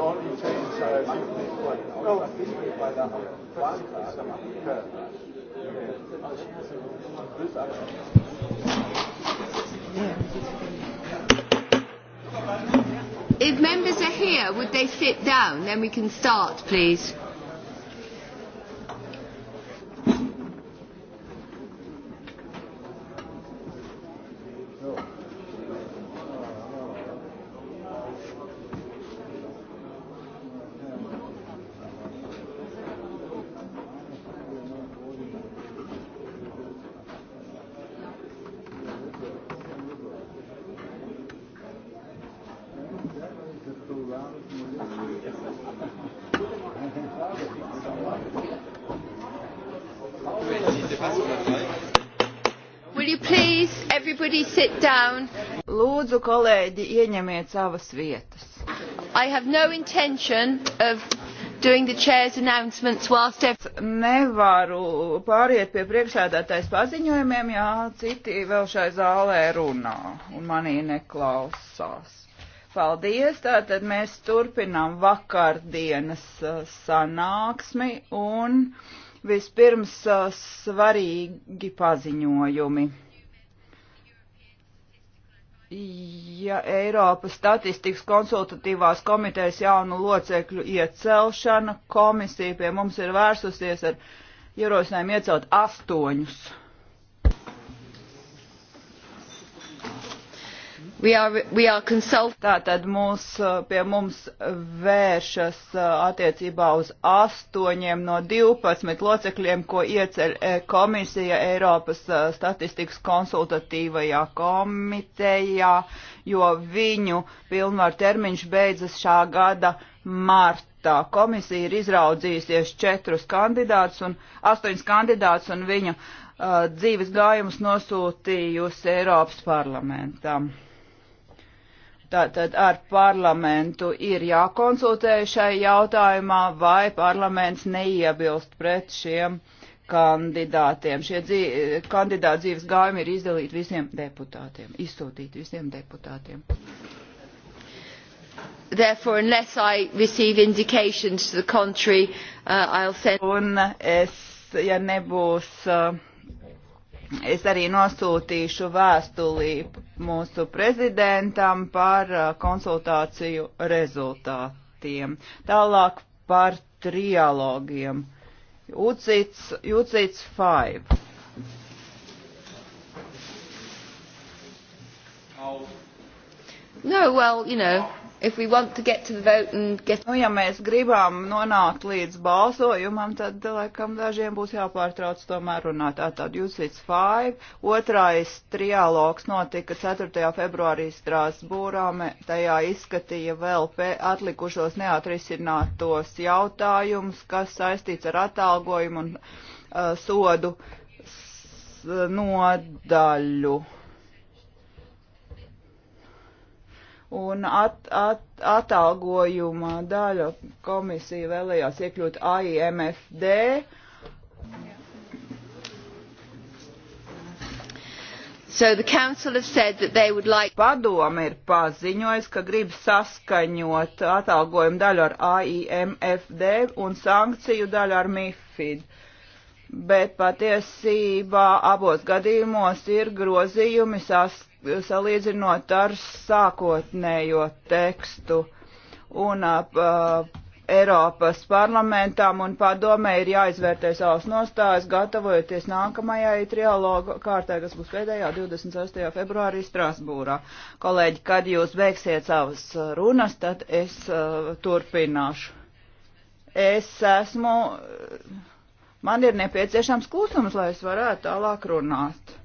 only change uh, simply for no, simply by the Wahlkarte machen können. If members are here, would they sit down? Then we can start, please. Lūdzu, kolēģi, ieņemiet savas vietas. No whilst... Nevaru pāriet pie priekšsēdētājs paziņojumiem, ja citi vēl šai zālē runā un manī neklausās. Paldies! Tātad mēs turpinām vakardienas uh, sanāksmi un vispirms uh, svarīgi paziņojumi ja Eiropas statistikas konsultatīvās komitejas jaunu locekļu iecelšana, komisija pie mums ir vērsusies ar ierosinājumu iecelt astoņus We are, we are Tātad mūs, uh, pie mums vēršas uh, attiecībā uz astoņiem no 12 locekļiem, ko ieceļ uh, komisija Eiropas statistikas konsultatīvajā komitejā, jo viņu pilnvar termiņš beidzas šā gada martā. Komisija ir izraudzījusies četrus kandidātus un astoņus kandidātus un viņu uh, dzīves gājumus nosūtījusi Eiropas parlamentam. Tātad ar parlamentu ir jākonsultē šai jautājumā, vai parlaments neiebilst pret šiem kandidātiem. Šie dzī kandidāti dzīves gājumi ir izdalīti visiem deputātiem, izsūtīti visiem deputātiem. Therefore, unless I receive indications to the contrary, uh, I'll send. Un es, ja nebūs. Uh, Es arī nosūtīšu vēstulī mūsu prezidentam par uh, konsultāciju rezultātiem. Tālāk par trialogiem. Ucits, Ucits 5. No, well, you know. Get... Nu, ja mēs gribam nonākt līdz balsojumam, tad laikam dažiem būs jāpārtrauc tomēr runāt. Tātad jūs līdz 5. Otrais trialogs notika 4. februārī Strāsbūrā. Tajā izskatīja vēl atlikušos neatrisinātos jautājumus, kas saistīts ar atalgojumu un uh, sodu nodaļu. un at, at, atalgojuma daļa komisija vēlējās iekļūt AIMFD. So the council has said that they would like Padome ir paziņojis, ka grib saskaņot atalgojumu daļu ar AIMFD un sankciju daļu ar MIFID. Bet patiesībā abos gadījumos ir grozījumi sas salīdzinot ar sākotnējo tekstu. Un uh, Eiropas parlamentām un padomē ir jāizvērtē savas nostājas, gatavojoties nākamajai trialogu kārtē, kas būs pēdējā 26. februārī Strasbūrā. Kolēģi, kad jūs beigsiet savas runas, tad es uh, turpināšu. Es esmu, man ir nepieciešams klusums, lai es varētu tālāk runāt.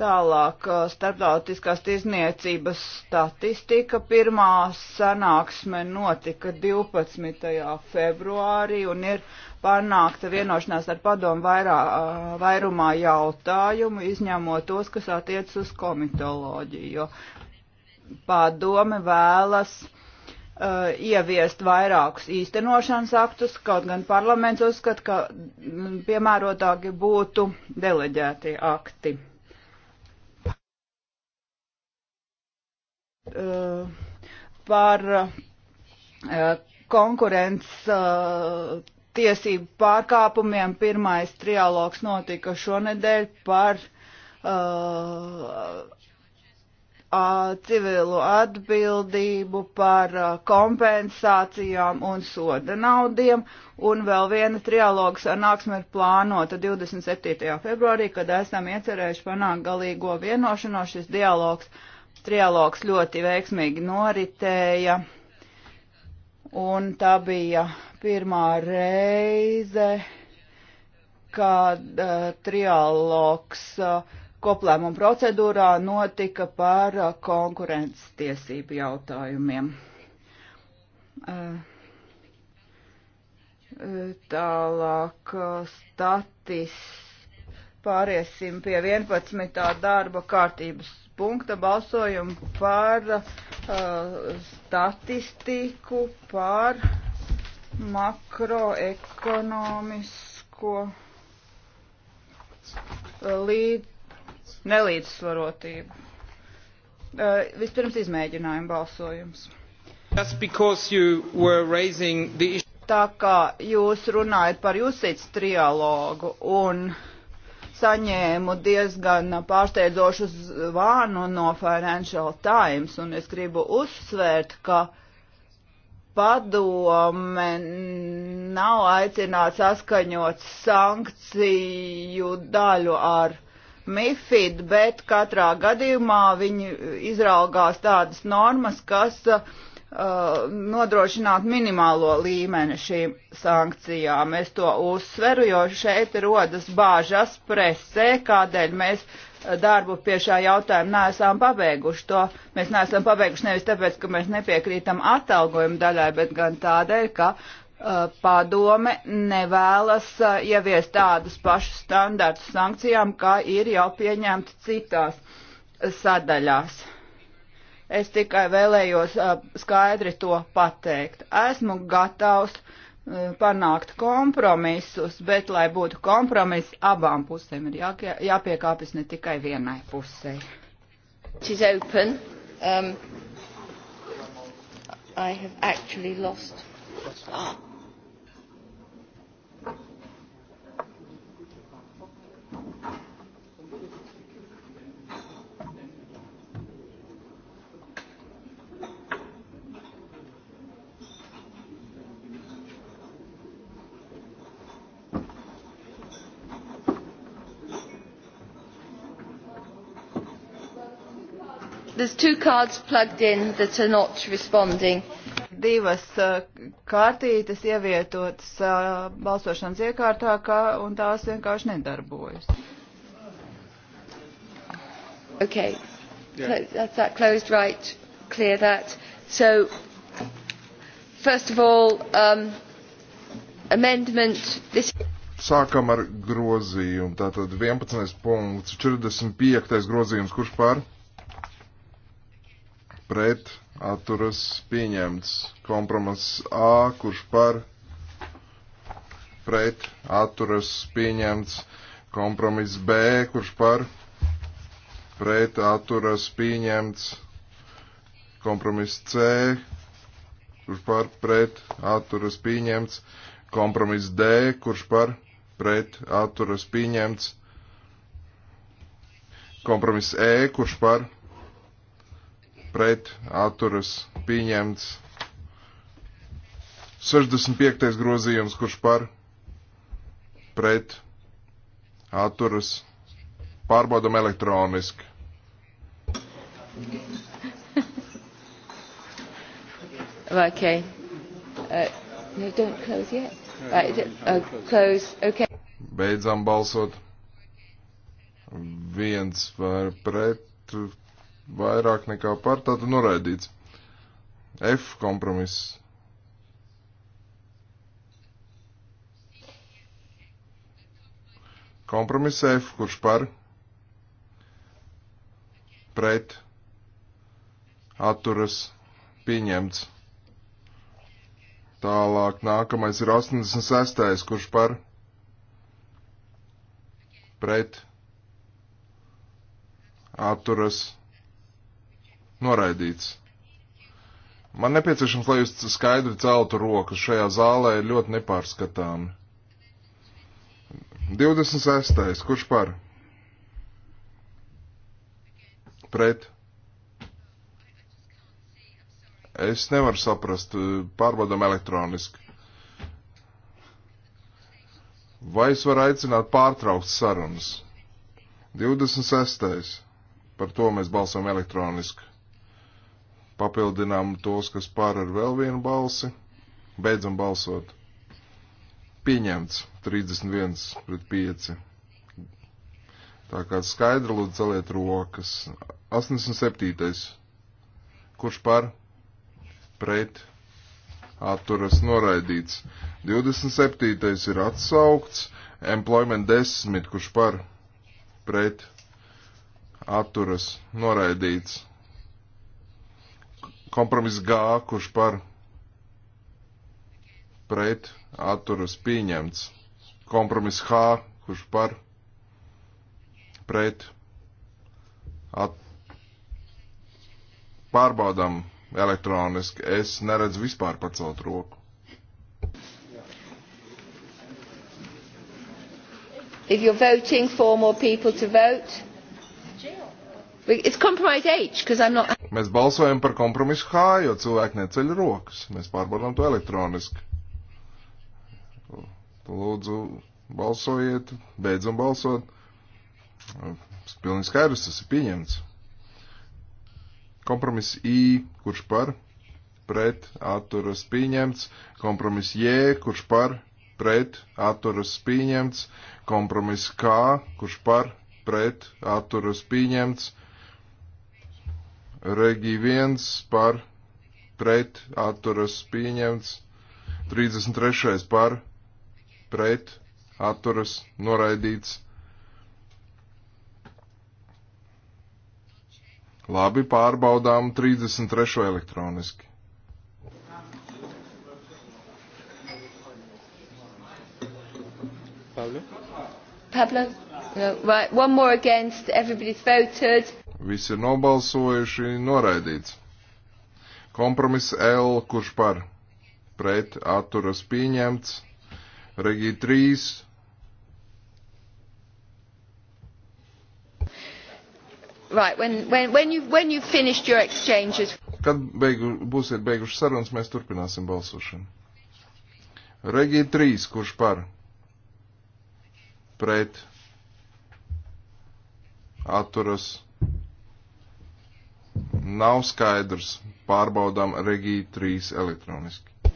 Tālāk starptautiskās tirzniecības statistika. Pirmā sanāksme notika 12. februārī un ir panākta vienošanās ar padomu vairā, vairumā jautājumu, izņemot tos, kas attiec uz komitoloģiju, jo padome vēlas uh, ieviest vairākus īstenošanas aktus, kaut gan parlaments uzskata, ka piemērotāki būtu deleģēti akti Uh, par uh, konkurences uh, tiesību pārkāpumiem. Pirmais trialogs notika šonedēļ par civilu atbildību par kompensācijām un soda naudiem, un vēl viena trialoga sanāksme ir plānota 27. februārī, kad esam iecerējuši panākt galīgo vienošanos šis dialogs uh, trialogs ļoti veiksmīgi noritēja, un tā bija pirmā reize, kad uh, trialogs uh, koplēmuma procedūrā notika par uh, konkurences tiesību jautājumiem. Uh, tālāk statis. Pāriesim pie 11. darba kārtības punkta balsojumu par uh, statistiku, par makroekonomisko uh, līd, nelīdzsvarotību. Uh, vispirms izmēģinājumu balsojums. The... Tā kā jūs runājat par jūsīts trialogu un uh, saņēmu diezgan pārsteidzošu zvānu no Financial Times, un es gribu uzsvērt, ka padome nav aicināts saskaņot sankciju daļu ar MIFID, bet katrā gadījumā viņi izraugās tādas normas, kas uh, Uh, nodrošināt minimālo līmeni šīm sankcijām. Es to uzsveru, jo šeit rodas bāžas presē, kādēļ mēs uh, darbu pie šā jautājuma neesam pabeiguši. To mēs neesam pabeiguši nevis tāpēc, ka mēs nepiekrītam atalgojuma daļai, bet gan tādēļ, ka uh, padome nevēlas uh, ieviest tādus pašus standartus sankcijām, kā ir jau pieņemti citās sadaļās Es tikai vēlējos skaidri to pateikt. Esmu gatavs panākt kompromisus, bet, lai būtu kompromiss, abām pusēm ir jā, jāpiekāpjas ne tikai vienai pusē. Um, I have actually lost. Ah. there's two cards plugged in that are not responding. Divas uh, kārtītes ievietotas uh, balsošanas iekārtā, kā, un tās vienkārši nedarbojas. Okay. Yeah. That's that closed, right? Clear that. So, first of all, um, amendment. This Sākam ar grozījumu. Tātad 11. punkts, 45. grozījums, kurš pār? pret atturas pieņemts. Kompromiss A, kurš par pret atturas pieņemts. Kompromiss B, kurš par pret atturas pieņemts. Kompromiss C, kurš par pret atturas pieņemts. Kompromiss D, kurš par pret atturas pieņemts. Kompromiss E, kurš par pret pret atturas pieņemts. 65. grozījums, kurš par pret atturas pārbaudam elektroniski. Okay. Uh, no, don't close yet. Right, uh, close. Okay. Beidzam balsot. Viens var pret vairāk nekā par, tātad noraidīts. F kompromiss. Kompromiss F, kurš par, pret, atturas, pieņemts. Tālāk nākamais ir 86. kurš par, pret, atturas, pieņemts Noraidīts. Man nepieciešams, lai jūs skaidri celtu rokas. Šajā zālē ir ļoti nepārskatāmi. 26. Kurš par? Pret. Es nevaru saprast. Pārbaudam elektroniski. Vai es varu aicināt pārtraukt sarunas? 26. Par to mēs balsam elektroniski. Papildinām tos, kas pār ar vēl vienu balsi. Beidzam balsot. Pieņemts 31 pret 5. Tā kā skaidri lūdzu celiet rokas. 87. Kurš par? Pret. Atturas noraidīts. 27. ir atsaukts. Employment 10. Kurš par? Pret. Atturas noraidīts. Kompromiss G, kurš par pret atturas pieņemts. Kompromiss H, kurš par pret at... pārbaudām elektroniski. Es neredzu vispār pacelt roku. If you're voting, four more people to vote. Not... Mēs balsojam par kompromisu H, jo cilvēki neceļ rokas. Mēs pārbaudām to elektroniski. Lūdzu, balsojiet, beidzam balsot. Pilnīgi skaidrs, tas ir pieņemts. Kompromiss I, kurš par, pret, atturas pieņemts. Kompromiss J, kurš par, pret, atturas pieņemts. Kompromiss K, kurš par, pret, atturas pieņemts. Regi 1 par pret atturas pieņemts. 33. par pret atturas noraidīts. Labi, pārbaudām 33. elektroniski. Pablo? Pablo? No, right, one more against, everybody's voted. Visi ir nobalsojuši, noraidīts. Kompromiss L, kurš par pret atturas pieņemts. Regī 3. Right, when, when, when you, when you finished your exchanges. Kad beigu, būsiet beiguši sarunas, mēs turpināsim balsošanu. Regī 3, kurš par pret atturas pieņemts nav skaidrs. Pārbaudām Regī 3 elektroniski.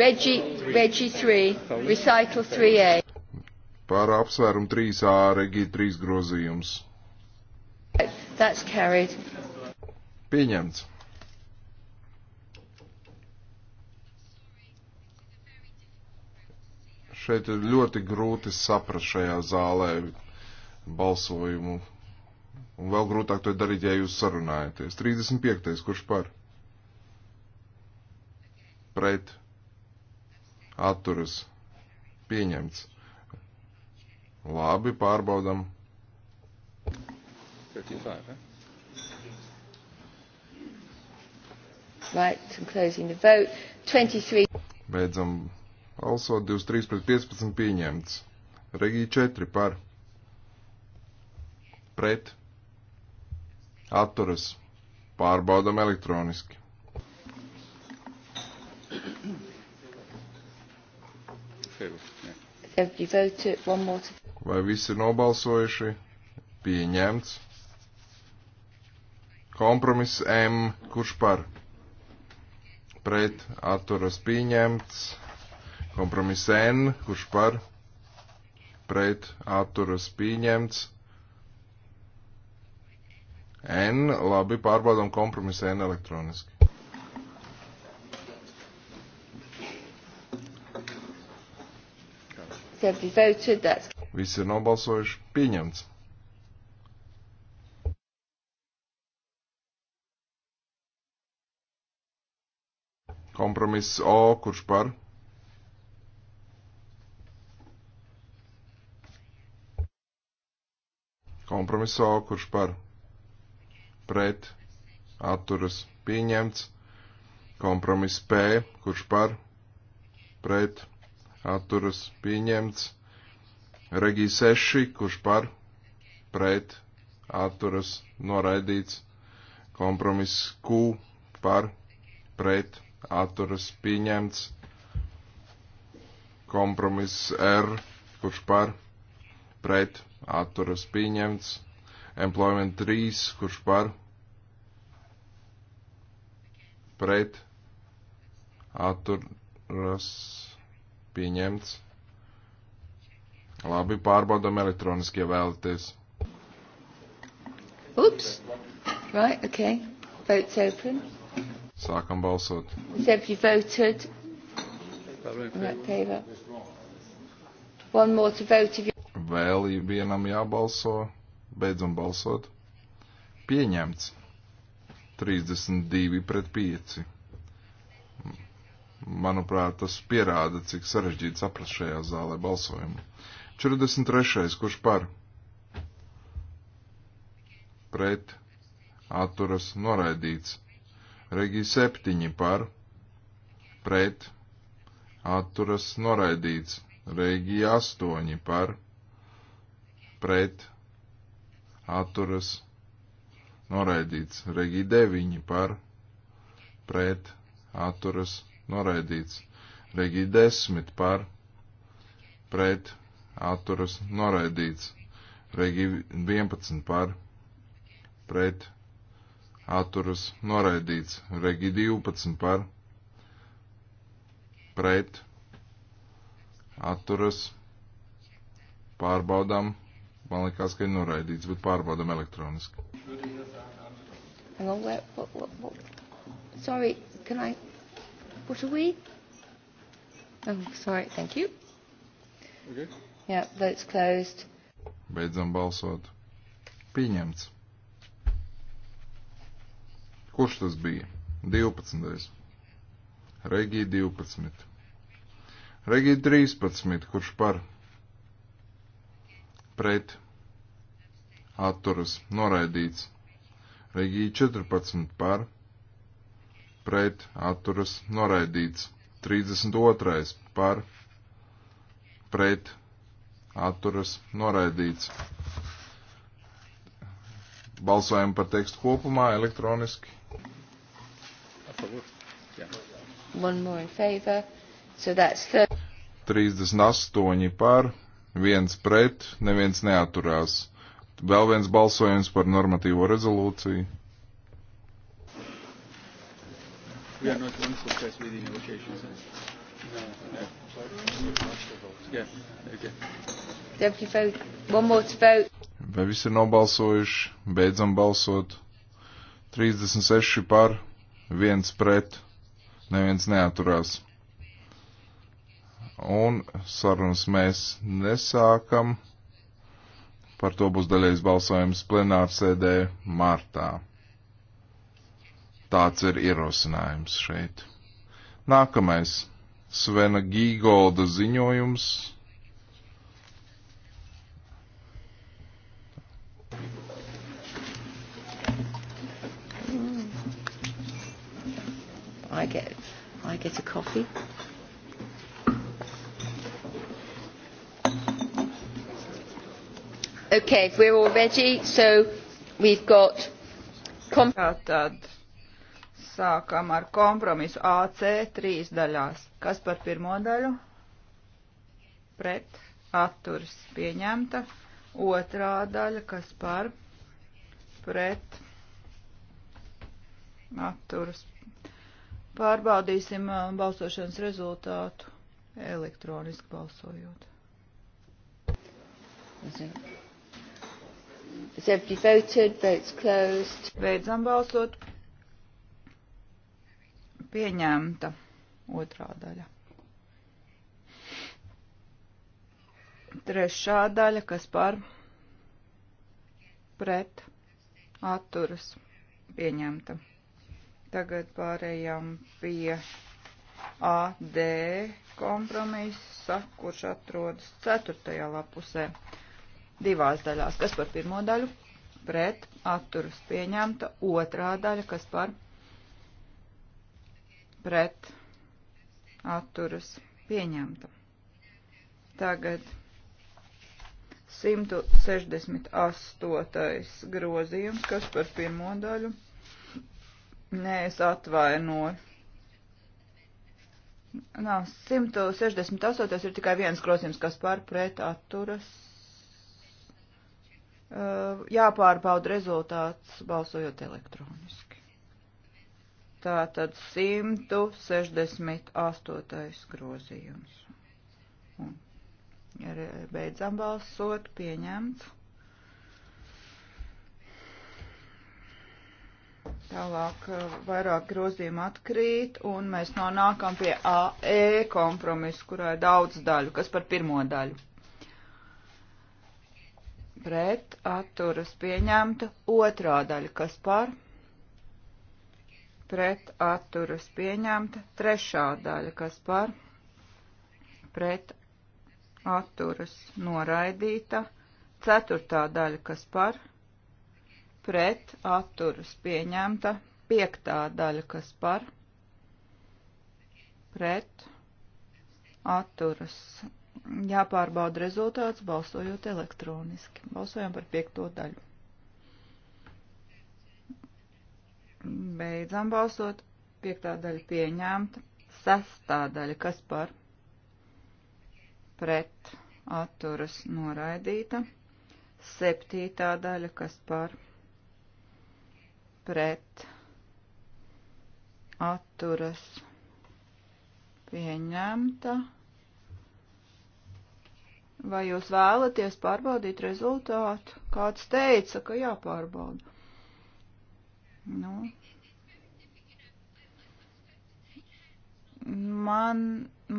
Regi, Regi 3, Recycle 3A. Par apsvērumu 3A Regī 3 grozījums. That's carried. Pieņemts. Šeit ir ļoti grūti saprast šajā zālē balsojumu Un vēl grūtāk to darīt, ja jūs sarunājaties. 35. kurš par? Pret. Atturas. Pieņemts. Labi, pārbaudam. 35, eh? Right, I'm closing the vote. 23. Beidzam balsot 23 pret 15 pieņemts. Regija 4 par. Pret atturas pārbaudam elektroniski. Vai visi ir nobalsojuši? Pieņemts. Kompromiss M. Kurš par? Pret atturas pieņemts. Kompromiss N. Kurš par? Pret atturas pieņemts. N, labi, pārbaudām kompromisu N elektroniski. Visi ir nobalsojuši. Pieņemts. Kompromiss O, kurš par? Kompromiss O, kurš par? pret atturas pieņemts. Kompromiss P, kurš par pret atturas pieņemts. Regija 6, kurš par pret atturas noraidīts. Kompromiss Q par pret atturas pieņemts. Kompromiss R, kurš par pret atturas pieņemts Employment 3, kurš par pret atturas pieņemts. Labi, pārbaudam elektroniski, ja vēlaties. Ups! Right, okay. Vote's open. Sākam balsot. Has everybody voted? Right, favor. One more to vote if you... Vēl vienam jābalso. Beidzam balsot. Pieņemts. 32 pret 5. Manuprāt, tas pierāda, cik sarežģīti saprast šajā zālē balsojumu. 43. Kurš par? Pret. Atturas noraidīts. Regī 7 par. Pret. Atturas noraidīts. Regī 8 par. Pret atturas noraidīts. Regi 9 par pret atturas noraidīts. Regi 10 par pret atturas noraidīts. Regi 11 par pret atturas noraidīts. Regi 12 par pret atturas pārbaudām Man liekas, ka ir noraidīts, bet pārbaudam elektroniski. On, where, what, what, what? Sorry, can I? What are we? Oh, sorry, thank you. Okay. Yeah, vote's closed. Beidzam balsot. Pieņemts. Kurš tas bija? 12. Regija 12. Regija 13. Kurš par? pret atturas noraidīts. Regija 14 par pret atturas noraidīts. 32 par pret atturas noraidīts. Balsojam par tekstu kopumā elektroniski. One more in favor. So that's 38 par viens pret, neviens neaturās. Vēl viens balsojums par normatīvo rezolūciju. We are not one for press meeting negotiations. No. Eh? no. Yeah. Okay. Don't you vote? One more to vote. Vai visi ir nobalsojuši? Beidzam balsot. 36 par, 1 pret, neviens neaturās un sarunas mēs nesākam. Par to būs daļais balsojums plenārsēdē martā. Tāds ir ierosinājums šeit. Nākamais Svena Gīgolda ziņojums. I get, I get a coffee. Okay, if we're all ready, so we've got... Tātad sākam ar kompromisu AC trīs daļās. Kas par pirmo daļu? Pret atturis pieņemta. Otrā daļa, kas par pret atturis. Pārbaudīsim uh, balsošanas rezultātu elektroniski balsojot. Zinu. Has everybody voted? Votes closed. Beidzam balsot. Pieņemta otrā daļa. Trešā daļa, kas par pret atturas pieņemta. Tagad pārējām pie AD kompromisa, kurš atrodas ceturtajā lapusē divās daļās. Kas par pirmo daļu? Pret atturas pieņemta. Otrā daļa, kas par pret atturas pieņemta. Tagad 168. grozījums, kas par pirmo daļu. Nē, es atvainoju. Nā, 168. ir tikai viens grozījums, kas par pret atturas Uh, jāpārbauda rezultāts balsojot elektroniski. Tātad 168. grozījums. Un beidzam balsot, pieņemts. Tālāk uh, vairāk grozījumi atkrīt, un mēs nonākam pie AE kompromisu, kurā ir daudz daļu. Kas par pirmo daļu? pret atturas pieņemta otrā daļa, kas par pret atturas pieņemta trešā daļa, kas par pret atturas noraidīta ceturtā daļa, kas par pret atturas pieņemta piektā daļa, kas par pret atturas jāpārbauda rezultāts balsojot elektroniski. Balsojam par piekto daļu. Beidzam balsot. Piektā daļa pieņemta. Sestā daļa kas par? Pret atturas noraidīta. Septītā daļa kas par? Pret atturas pieņemta. Vai jūs vēlaties pārbaudīt rezultātu? Kāds teica, ka jāpārbauda. Nu. Man,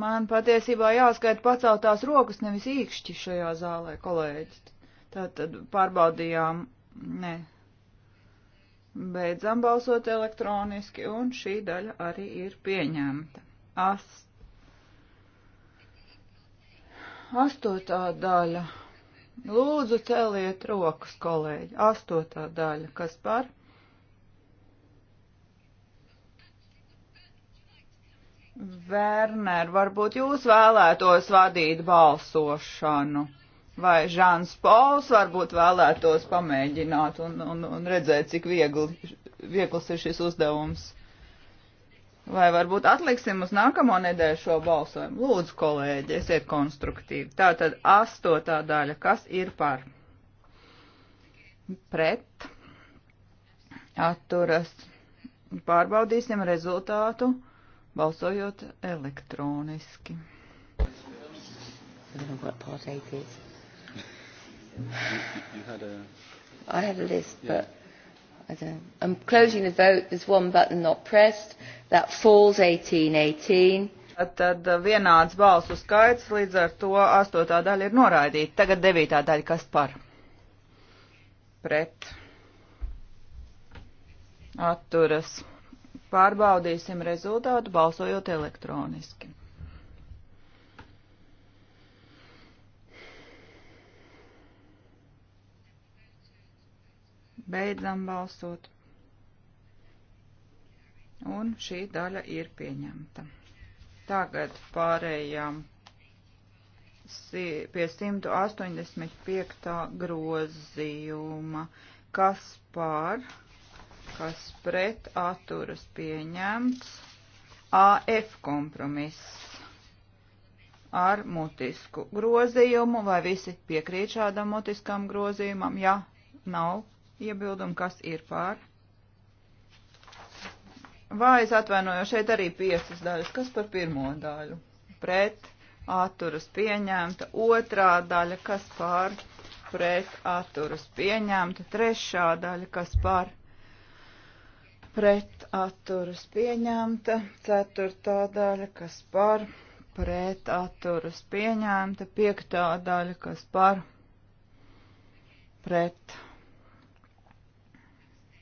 man patiesībā jāskaita paceltās rokas, nevis īkšķi šajā zālē, kolēģi. Tātad pārbaudījām, ne, beidzam balsot elektroniski, un šī daļa arī ir pieņemta. Ast Astotā daļa. Lūdzu, celiet rokas, kolēģi. Astotā daļa. Kas par? Werner, varbūt jūs vēlētos vadīt balsošanu, vai Žāns Pols varbūt vēlētos pamēģināt un, un, un redzēt, cik viegli, viegls ir šis uzdevums. Vai varbūt atliksim uz nākamo nedēļu šo balsojumu? Lūdzu, kolēģi, esiet konstruktīvi. Tā tad astotā daļa, kas ir par? Pret. Atturas. Pārbaudīsim rezultātu, balsojot elektroniski. You, you, you had a... I had a list, yeah. but I I'm closing the vote. There's one button not pressed. That falls 18-18. Tad uh, vienāds balsu skaits, līdz ar to astotā daļa ir noraidīta. Tagad devītā daļa, kas par? Pret. Atturas. Pārbaudīsim rezultātu balsojot elektroniski. Beidzam balsot. Un šī daļa ir pieņemta. Tagad pārējām pie 185. grozījuma. Kas pār, kas pret atturas pieņemts? AF kompromiss ar mutisku grozījumu, vai visi piekrīt šādam mutiskam grozījumam, ja nav iebildumu, kas ir pār. Vai es atvainoju, šeit arī piecas daļas, kas par pirmo daļu? Pret, atturas pieņemta, otrā daļa, kas pār, pret, atturas pieņemta, trešā daļa, kas pār, pret, atturas pieņemta, ceturtā daļa, kas pār, pret, atturas pieņemta, piektā daļa, kas pār, pret, atturas pieņemta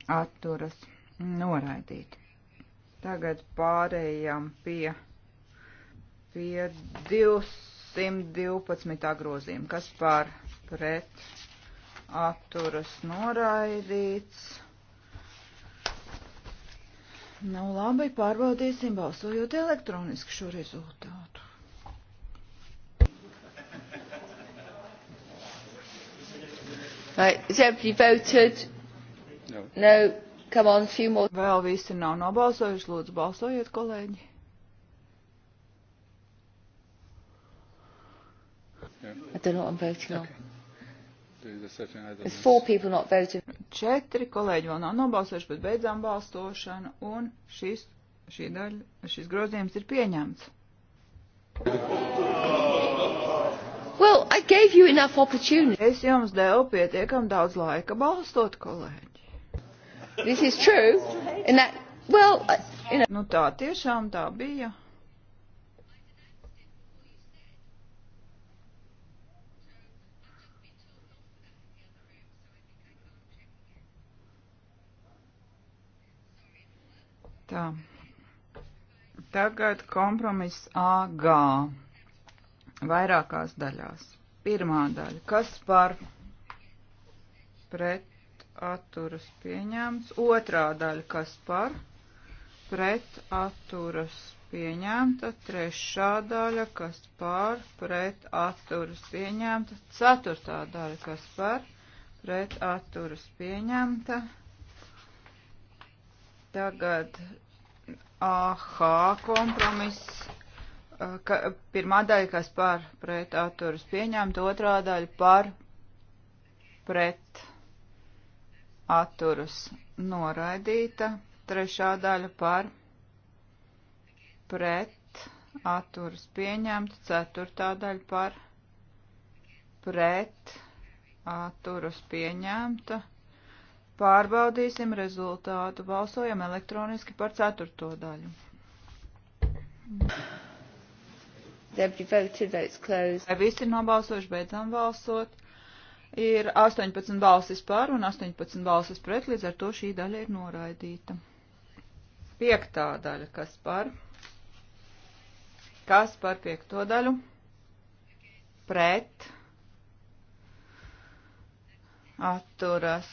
atturas noraidīt. Tagad pārējām pie, pie 212. grozījuma, kas par pret atturas noraidīts. Nu labi, pārbaudīsim balsojot elektroniski šo rezultātu. Right, is everybody voted? No. no. Come on, few more. Vēl visi nav nobalsojuši, lūdzu balsojiet, kolēģi. I don't know what I'm voting on. There's four people not voting. Četri kolēģi vēl nav nobalsojuši, bet beidzām balsošanu, un šis, šī daļa, šis grozījums ir pieņemts. Well, I gave you enough opportunity. Es jums devu pietiekam daudz laika balstot, kolēģi. This is true. And that, well, you uh, know. Nu tā tiešām tā bija. Tā. Tagad kompromiss AG vairākās daļās. Pirmā daļa. Kas par pret atturas pieņemts. Otrā daļa, kas par, pret atturas pieņemta. Trešā daļa, kas par, pret atturas pieņemta. Ceturtā daļa, kas par, pret atturas pieņemta. Tagad AH kompromiss ka, pirmā daļa, kas par pret atturas pieņemta, otrā daļa par pret atturas noraidīta, trešā daļa par pret atturas pieņemta, ceturtā daļa par pret atturas pieņemta. Pārbaudīsim rezultātu. Balsojam elektroniski par ceturto daļu. Deputy voted, votes closed. Vai visi ir nobalsojuši, beidzam balsot? ir 18 balsis par un 18 balsis pret, līdz ar to šī daļa ir noraidīta. Piektā daļa, kas par? Kas par piekto daļu? Pret. Atturas.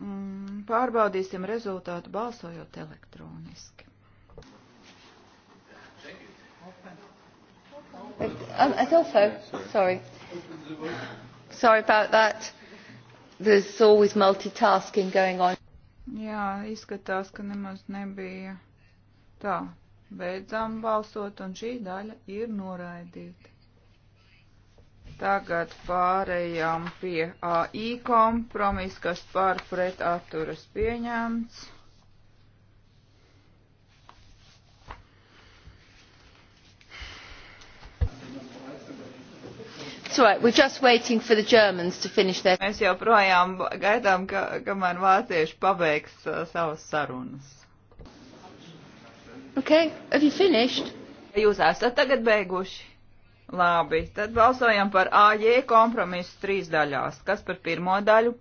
Mm, pārbaudīsim rezultātu balsojot elektroniski. As also, sorry. Sorry about that. There's always multitasking going on. Jā, izskatās, ka nemaz nebija tā. Beidzām balsot, un šī daļa ir noraidīta. Tagad pārējām pie AI kompromis, kas pārpret atturas pieņemts. Right, their... Mēs joprojām gaidām, ka, kamēr vācieši pabeigs uh, savas sarunas. Okay, have you finished? Jūs esat tagad beiguši. Labi, tad balsojam par AJ kompromisu trīs daļās. Kas par pirmo daļu?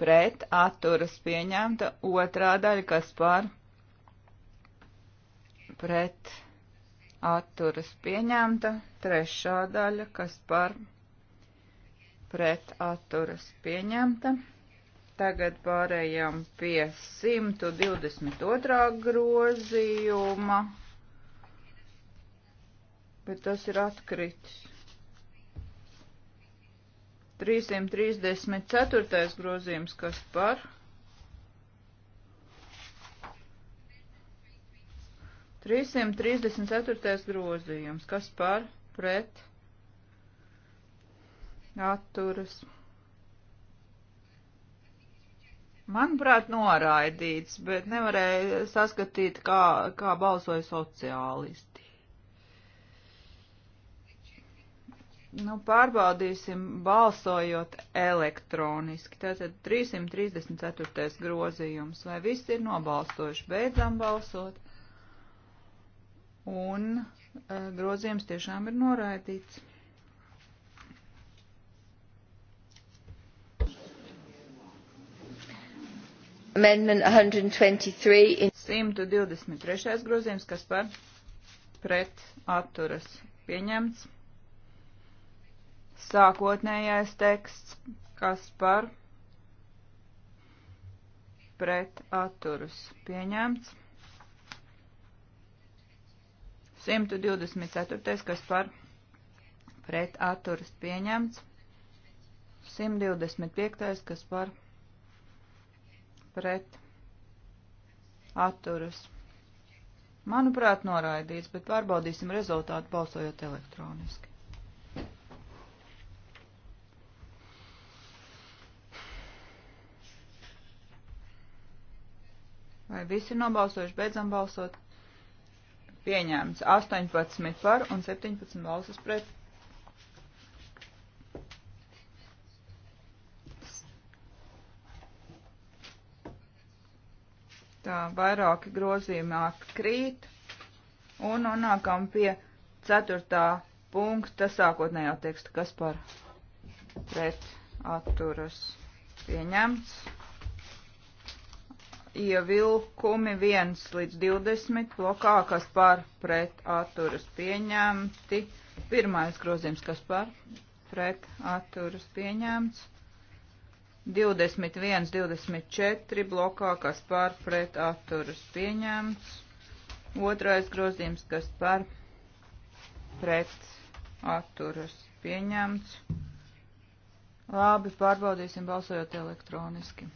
Pret atturas pieņemta. Otrā daļa, kas par? Pret atturas pieņemta, trešā daļa, kas par pret atturas pieņemta. Tagad pārējām pie 122. grozījuma, bet tas ir atkritis. 334. grozījums, kas par pret 334. grozījums. Kas par pret atturas? Manuprāt, noraidīts, bet nevarēja saskatīt, kā, kā balsoja sociālisti. Nu, pārbaudīsim balsojot elektroniski. Tātad 334. grozījums. Vai viss ir nobalsojuši? Beidzam balsot un e, grozījums tiešām ir noraidīts. Amendment 123. In... 123. grozījums, kas par pret atturas pieņemts. Sākotnējais teksts, kas par pret atturas pieņemts. 124. kas par pret atturas pieņemts. 125. kas par pret atturas. Manuprāt, noraidīts, bet pārbaudīsim rezultātu balsojot elektroniski. Vai visi nobalsojuši? Beidzam balsot pieņemts 18 par un 17 balsas pret. Tā vairāki grozījumi atkrīt un nonākam pie 4. punkta sākotnējā teksta, kas par pret atturas pieņemts ievilkumi 1 līdz 20 blokā, kas par pret atturas pieņemti. Pirmais grozījums, kas par pret atturas pieņemts. 21, 24 blokā, kas par pret atturas pieņemts. Otrais grozījums, kas par pret atturas pieņemts. Labi, pārbaudīsim balsojot elektroniski.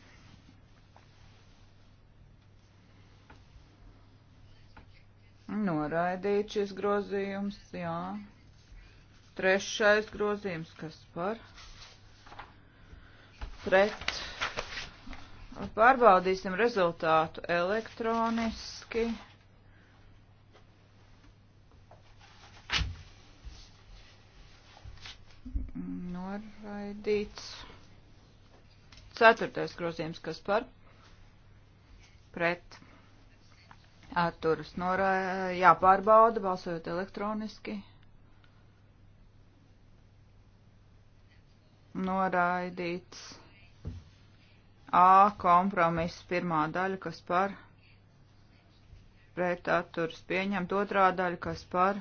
Noraidīt šis grozījums, jā. Trešais grozījums, kas par pret. Pārbaudīsim rezultātu elektroniski. Noraidīts. Ceturtais grozījums, kas par pret atturas norā, jāpārbauda, balsojot elektroniski. Noraidīts A kompromiss pirmā daļa, kas par pret atturas pieņemta, otrā daļa, kas par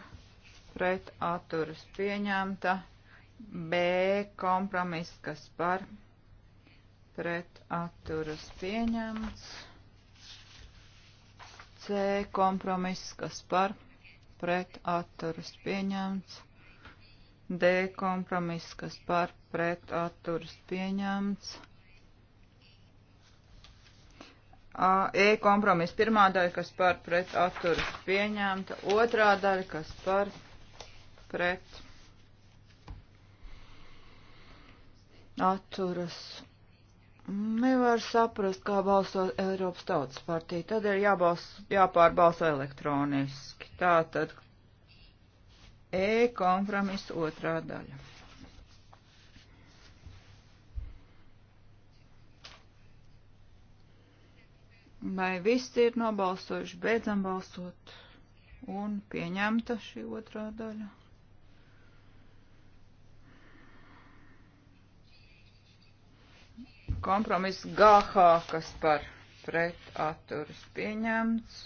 pret atturas pieņemta, B kompromiss, kas par pret atturas pieņemts. C kompromiss, kas par pret atturas pieņemts. D kompromiss, kas par pret atturas pieņemts. A, e kompromiss pirmā daļa, kas par pret atturas pieņemta, otrā daļa, kas par pret atturas pieņemta Nevar saprast, kā balso Eiropas Tautas partija. Tad ir jābalso, jāpārbalso elektroniski. Tā tad E kompromiss otrā daļa. Vai visi ir nobalsojuši, beidzam balsot un pieņemta šī otrā daļa? Kompromiss GH, kas par pret atturas pieņemts.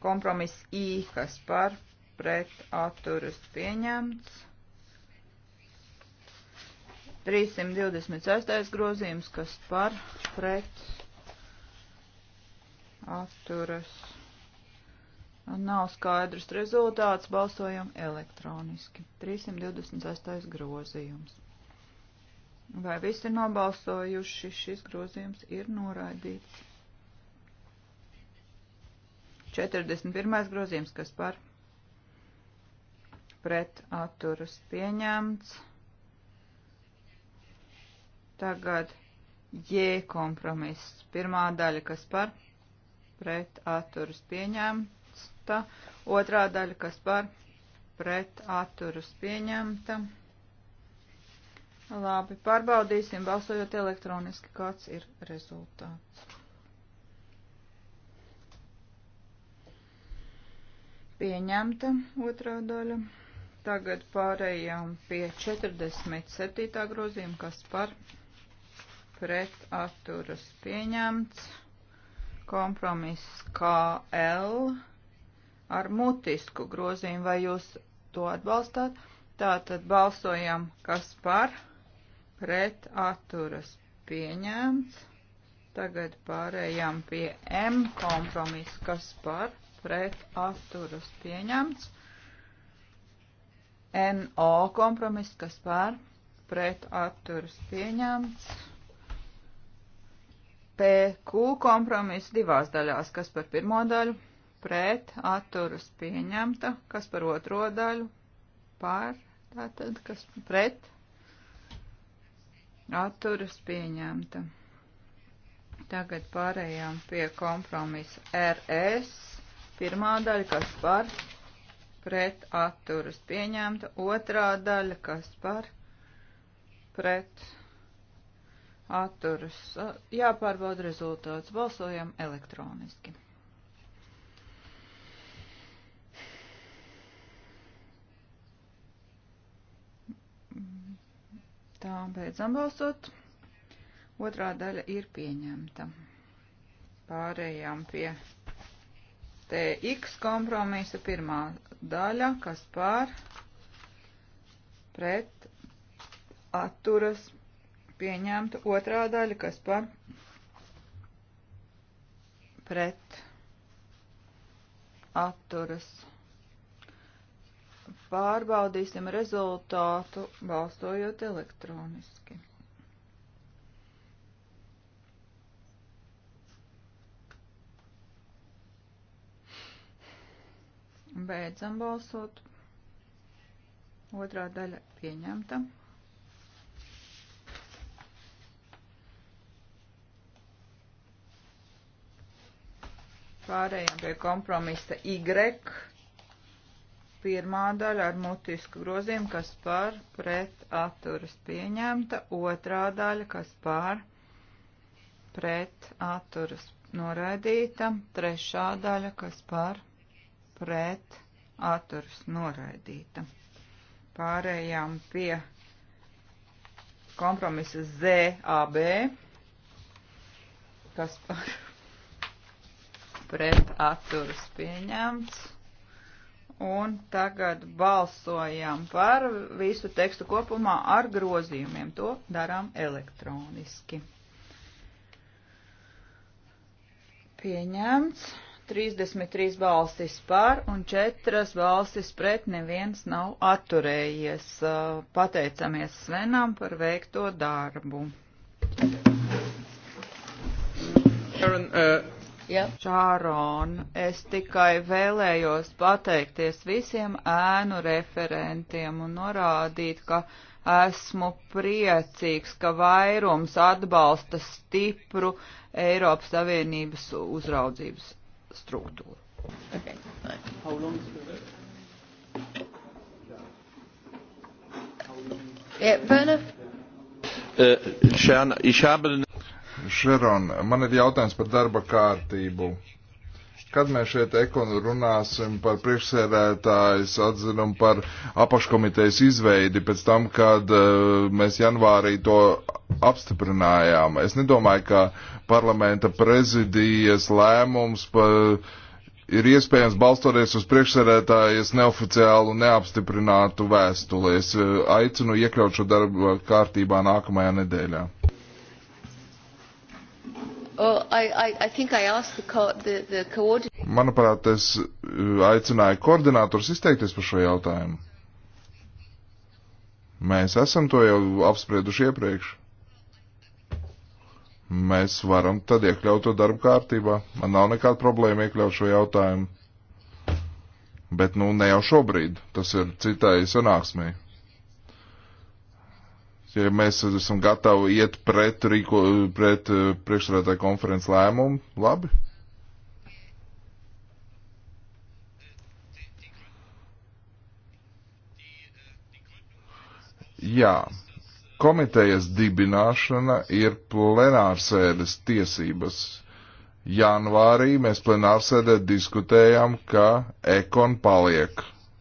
Kompromiss I, kas par pret atturas pieņemts. 326. grozījums, kas par pret atturas. Nav skaidrs rezultāts, balsojam elektroniski. 326. grozījums. Vai visi ir nobalsojuši? Šis grozījums ir noraidīts. 41. grozījums, kas par pret atturas pieņemts. Tagad J kompromiss. Pirmā daļa, kas par pret atturas pieņemta. Otrā daļa, kas par pret atturas pieņemta. Labi, pārbaudīsim, balsojot elektroniski, kāds ir rezultāts. Pieņemta otrā daļa. Tagad pārējām pie 47. grozījuma, kas par pret atturas pieņemts. Kompromiss KL ar mutisku grozījumu, vai jūs to atbalstāt? Tātad balsojam, kas par pret pret atturas pieņemts. Tagad pārējām pie M kompromiss, kas par pret atturas pieņemts. NO kompromiss, kas par pret atturas pieņemts. PQ kompromiss divās daļās, kas par pirmo daļu pret atturas pieņemta, kas par otro daļu par, tātad, kas pret atturas pieņemta. Tagad pārējām pie kompromisa RS. Pirmā daļa, kas par pret atturas pieņemta. Otrā daļa, kas par pret atturas. Jāpārbauda rezultāts. Balsojam elektroniski. Tā, beidzam balsot. Otrā daļa ir pieņemta. Pārējām pie TX kompromisa pirmā daļa, kas pār pret atturas pieņemta otrā daļa, kas par pret atturas pieņemta pārbaudīsim rezultātu balsojot elektroniski. Beidzam balsot. Otrā daļa pieņemta. Pārējām pie kompromisa Y. Pirmā daļa ar mutisku grozījumu, kas par pret atturas pieņemta, otrā daļa, kas par pret atturas noraidīta, trešā daļa, kas par pret atturas noraidīta. Pārējām pie kompromisa ZAB, kas par pret atturas pieņemts. Un tagad balsojam par visu tekstu kopumā ar grozījumiem. To darām elektroniski. Pieņemts. 33 balsis par un 4 balsis pret neviens nav atturējies. Pateicamies Svenam par veikto darbu. Aaron, uh... Jā. Čāron, es tikai vēlējos pateikties visiem ēnu referentiem un norādīt, ka esmu priecīgs, ka vairums atbalsta stipru Eiropas Savienības uzraudzības struktūru. Okay. Yeah, Werner? Uh, ich habe Šeron, man ir jautājums par darba kārtību. Kad mēs šeit ekonu runāsim par priekšsēdētājas atzinumu par apakškomitejas izveidi pēc tam, kad uh, mēs janvārī to apstiprinājām, es nedomāju, ka parlamenta prezidijas lēmums par, ir iespējams balstoties uz priekšsēdētājas neoficiālu neapstiprinātu vēstuli. Es uh, aicinu iekļaut šo darbu kārtībā nākamajā nedēļā. Manuprāt, es uh, aicināju koordinātors izteikties par šo jautājumu. Mēs esam to jau apsprieduši iepriekš. Mēs varam tad iekļaut to darbu kārtībā. Man nav nekāda problēma iekļaut šo jautājumu. Bet nu ne jau šobrīd, tas ir citai sanāksmēji ja mēs esam gatavi iet pret, rīko, pret eh, priekšsēdētāju konferences lēmumu, labi. Jā, komitejas dibināšana ir plenārsēdes tiesības. Janvārī mēs plenārsēdē diskutējām, ka ekon paliek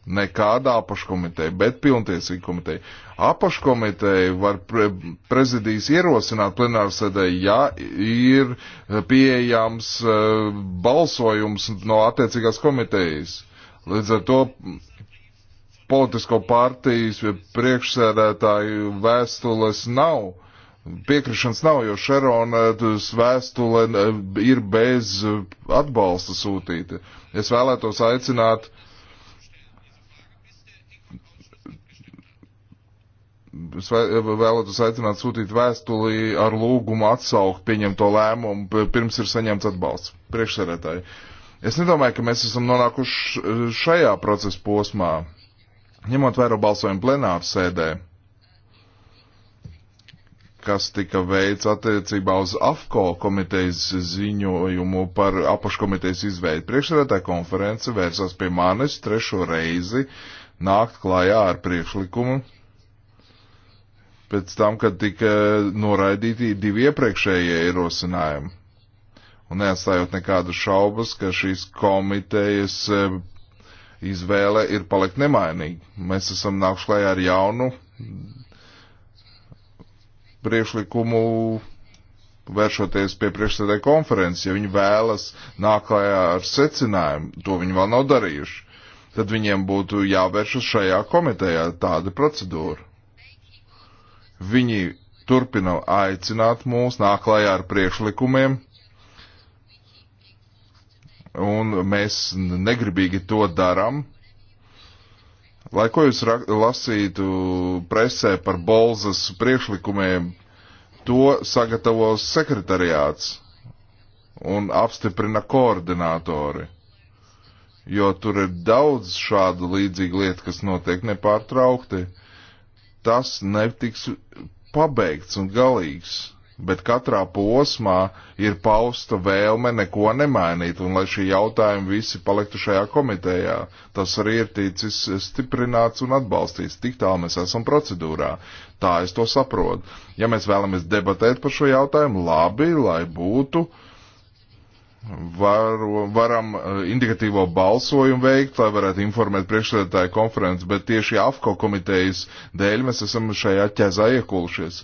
nekāda apaškomiteja, bet pilntiesīga komiteja apakškomiteju var pre prezidijas ierosināt plenārsēdē, ja ir pieejams e, balsojums no attiecīgās komitejas. Līdz ar to politisko partijas priekšsēdētāju vēstules nav. Piekrišanas nav, jo Šeronas vēstule e, ir bez atbalsta sūtīta. Es vēlētos aicināt vēlētos aicināt sūtīt vēstuli ar lūgumu atsaukt pieņemto lēmumu, pirms ir saņemts atbalsts priekšsēdētāji. Es nedomāju, ka mēs esam nonākuši šajā procesa posmā, ņemot vērā balsojumu plenāru sēdē, kas tika veids attiecībā uz AFCO komitejas ziņojumu par apaškomitejas izveidu. Priekšsēdētāja konference vērsās pie manis trešo reizi nākt klājā ar priekšlikumu pēc tam, kad tika noraidīti divi iepriekšējie ierosinājumi. Un neatstājot nekādas šaubas, ka šīs komitejas eh, izvēle ir palikt nemainīga. Mēs esam nākuši klajā ar jaunu priekšlikumu vēršoties pie priekšsēdē konferences, ja viņi vēlas nāklājā ar secinājumu, to viņi vēl nav darījuši, tad viņiem būtu jāvēršas šajā komitejā tāda procedūra. Viņi turpina aicināt mūs, nāk klajā ar priekšlikumiem, un mēs negribīgi to darām. Lai ko jūs lasītu presē par Bolzas priekšlikumiem, to sagatavos sekretariāts un apstiprina koordinātori. Jo tur ir daudz šādu līdzīgu lietu, kas notiek nepārtraukti. Uh, tas netiks pabeigts un galīgs. Bet katrā posmā ir pausta vēlme neko nemainīt, un lai šie jautājumi visi paliktu šajā komitejā. Tas arī ir ticis stiprināts un atbalstīts. Tik tālu mēs esam procedūrā. Tā es to saprotu. Ja mēs vēlamies debatēt par šo jautājumu, labi, lai būtu. Uh, var, varam eh, indikatīvo balsojumu veikt, lai varētu informēt priekšsēdētāju konferenci, bet tieši AFCO komitejas dēļ mēs esam šajā ķezā iekūlušies.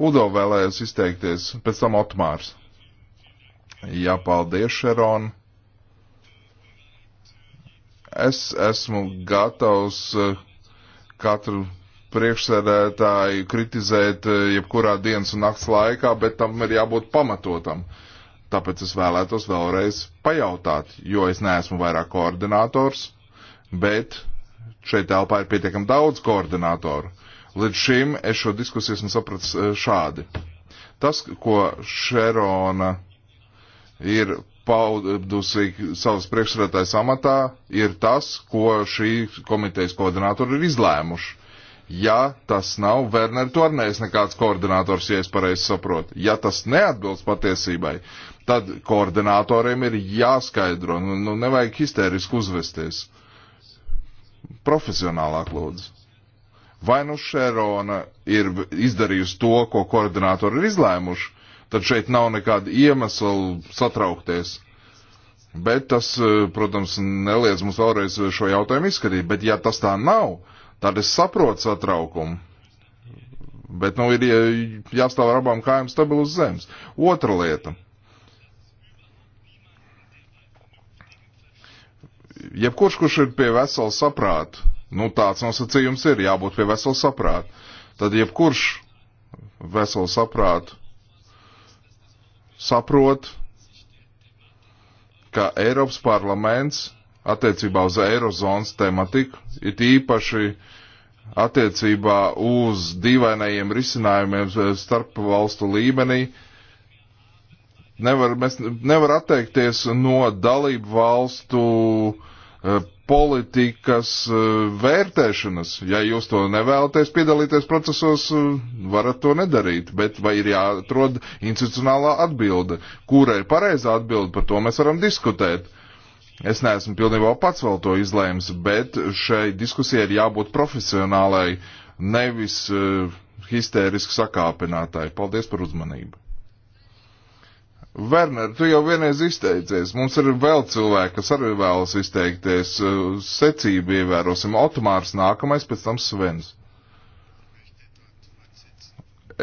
Udo vēlējos izteikties, pēc tam Otmārs. Jā, paldies, Šeron. Es esmu gatavs eh, katru priekšsēdētāju kritizēt eh, jebkurā dienas un nakts laikā, bet tam ir jābūt pamatotam. Uh, Tāpēc es vēlētos vēlreiz pajautāt, jo es neesmu vairāk koordinators, bet šeit telpā ir pietiekami daudz koordinatoru. Līdz šim es šo diskusiju esmu sapratis eh, šādi. Tas, ko Šerona ir paudusi savas priekšsredētājas amatā, ir tas, ko šī komitejas koordinātori ir izlēmuši. Ja tas nav Werner Tornējs nekāds koordinators, ja es pareizi saprotu, ja tas neatbilst patiesībai, tad koordinatoriem ir jāskaidro, nu, nu nevajag histēriski uzvesties. Profesionālāk lūdzu. Vai nu Šerona ir izdarījusi to, ko koordinatori ir izlēmuši, tad šeit nav nekāda iemesla satraukties. Bet tas, eh, protams, neliedz mums vēlreiz šo jautājumu izskatīt. Bet ja tas tā nav, Tad es saprotu satraukumu. Bet nu, ir jāstāv ar abām kājām stabilu uz zemes. Otra lieta. Jebkurš, kurš ir pie vesela saprāta, nu tāds nosacījums ir, jābūt pie vesela saprāta. Tad jebkurš veselu saprātu saprot, ka Eiropas parlaments attiecībā uz Eirozonas tematiku, it īpaši attiecībā uz dīvainajiem risinājumiem starp valstu līmenī. Nevar, mēs nevar atteikties no dalību valstu eh, politikas eh, vērtēšanas. Ja jūs to nevēlaties piedalīties procesos, eh, varat to nedarīt, bet vai ir jāatrod institucionālā atbilde? Kura ir pareizā atbilde, par to mēs varam diskutēt Es neesmu pilnībā pats vēl to izlēms, bet šai diskusijai ir jābūt profesionālai, nevis uh, histēriski sakāpinātāji. Paldies par uzmanību. Werner, tu jau vienreiz izteicies. Mums ir vēl cilvēki, kas arī vēlas izteikties. Uh, secību ievērosim. Automārs nākamais, pēc tam Svens.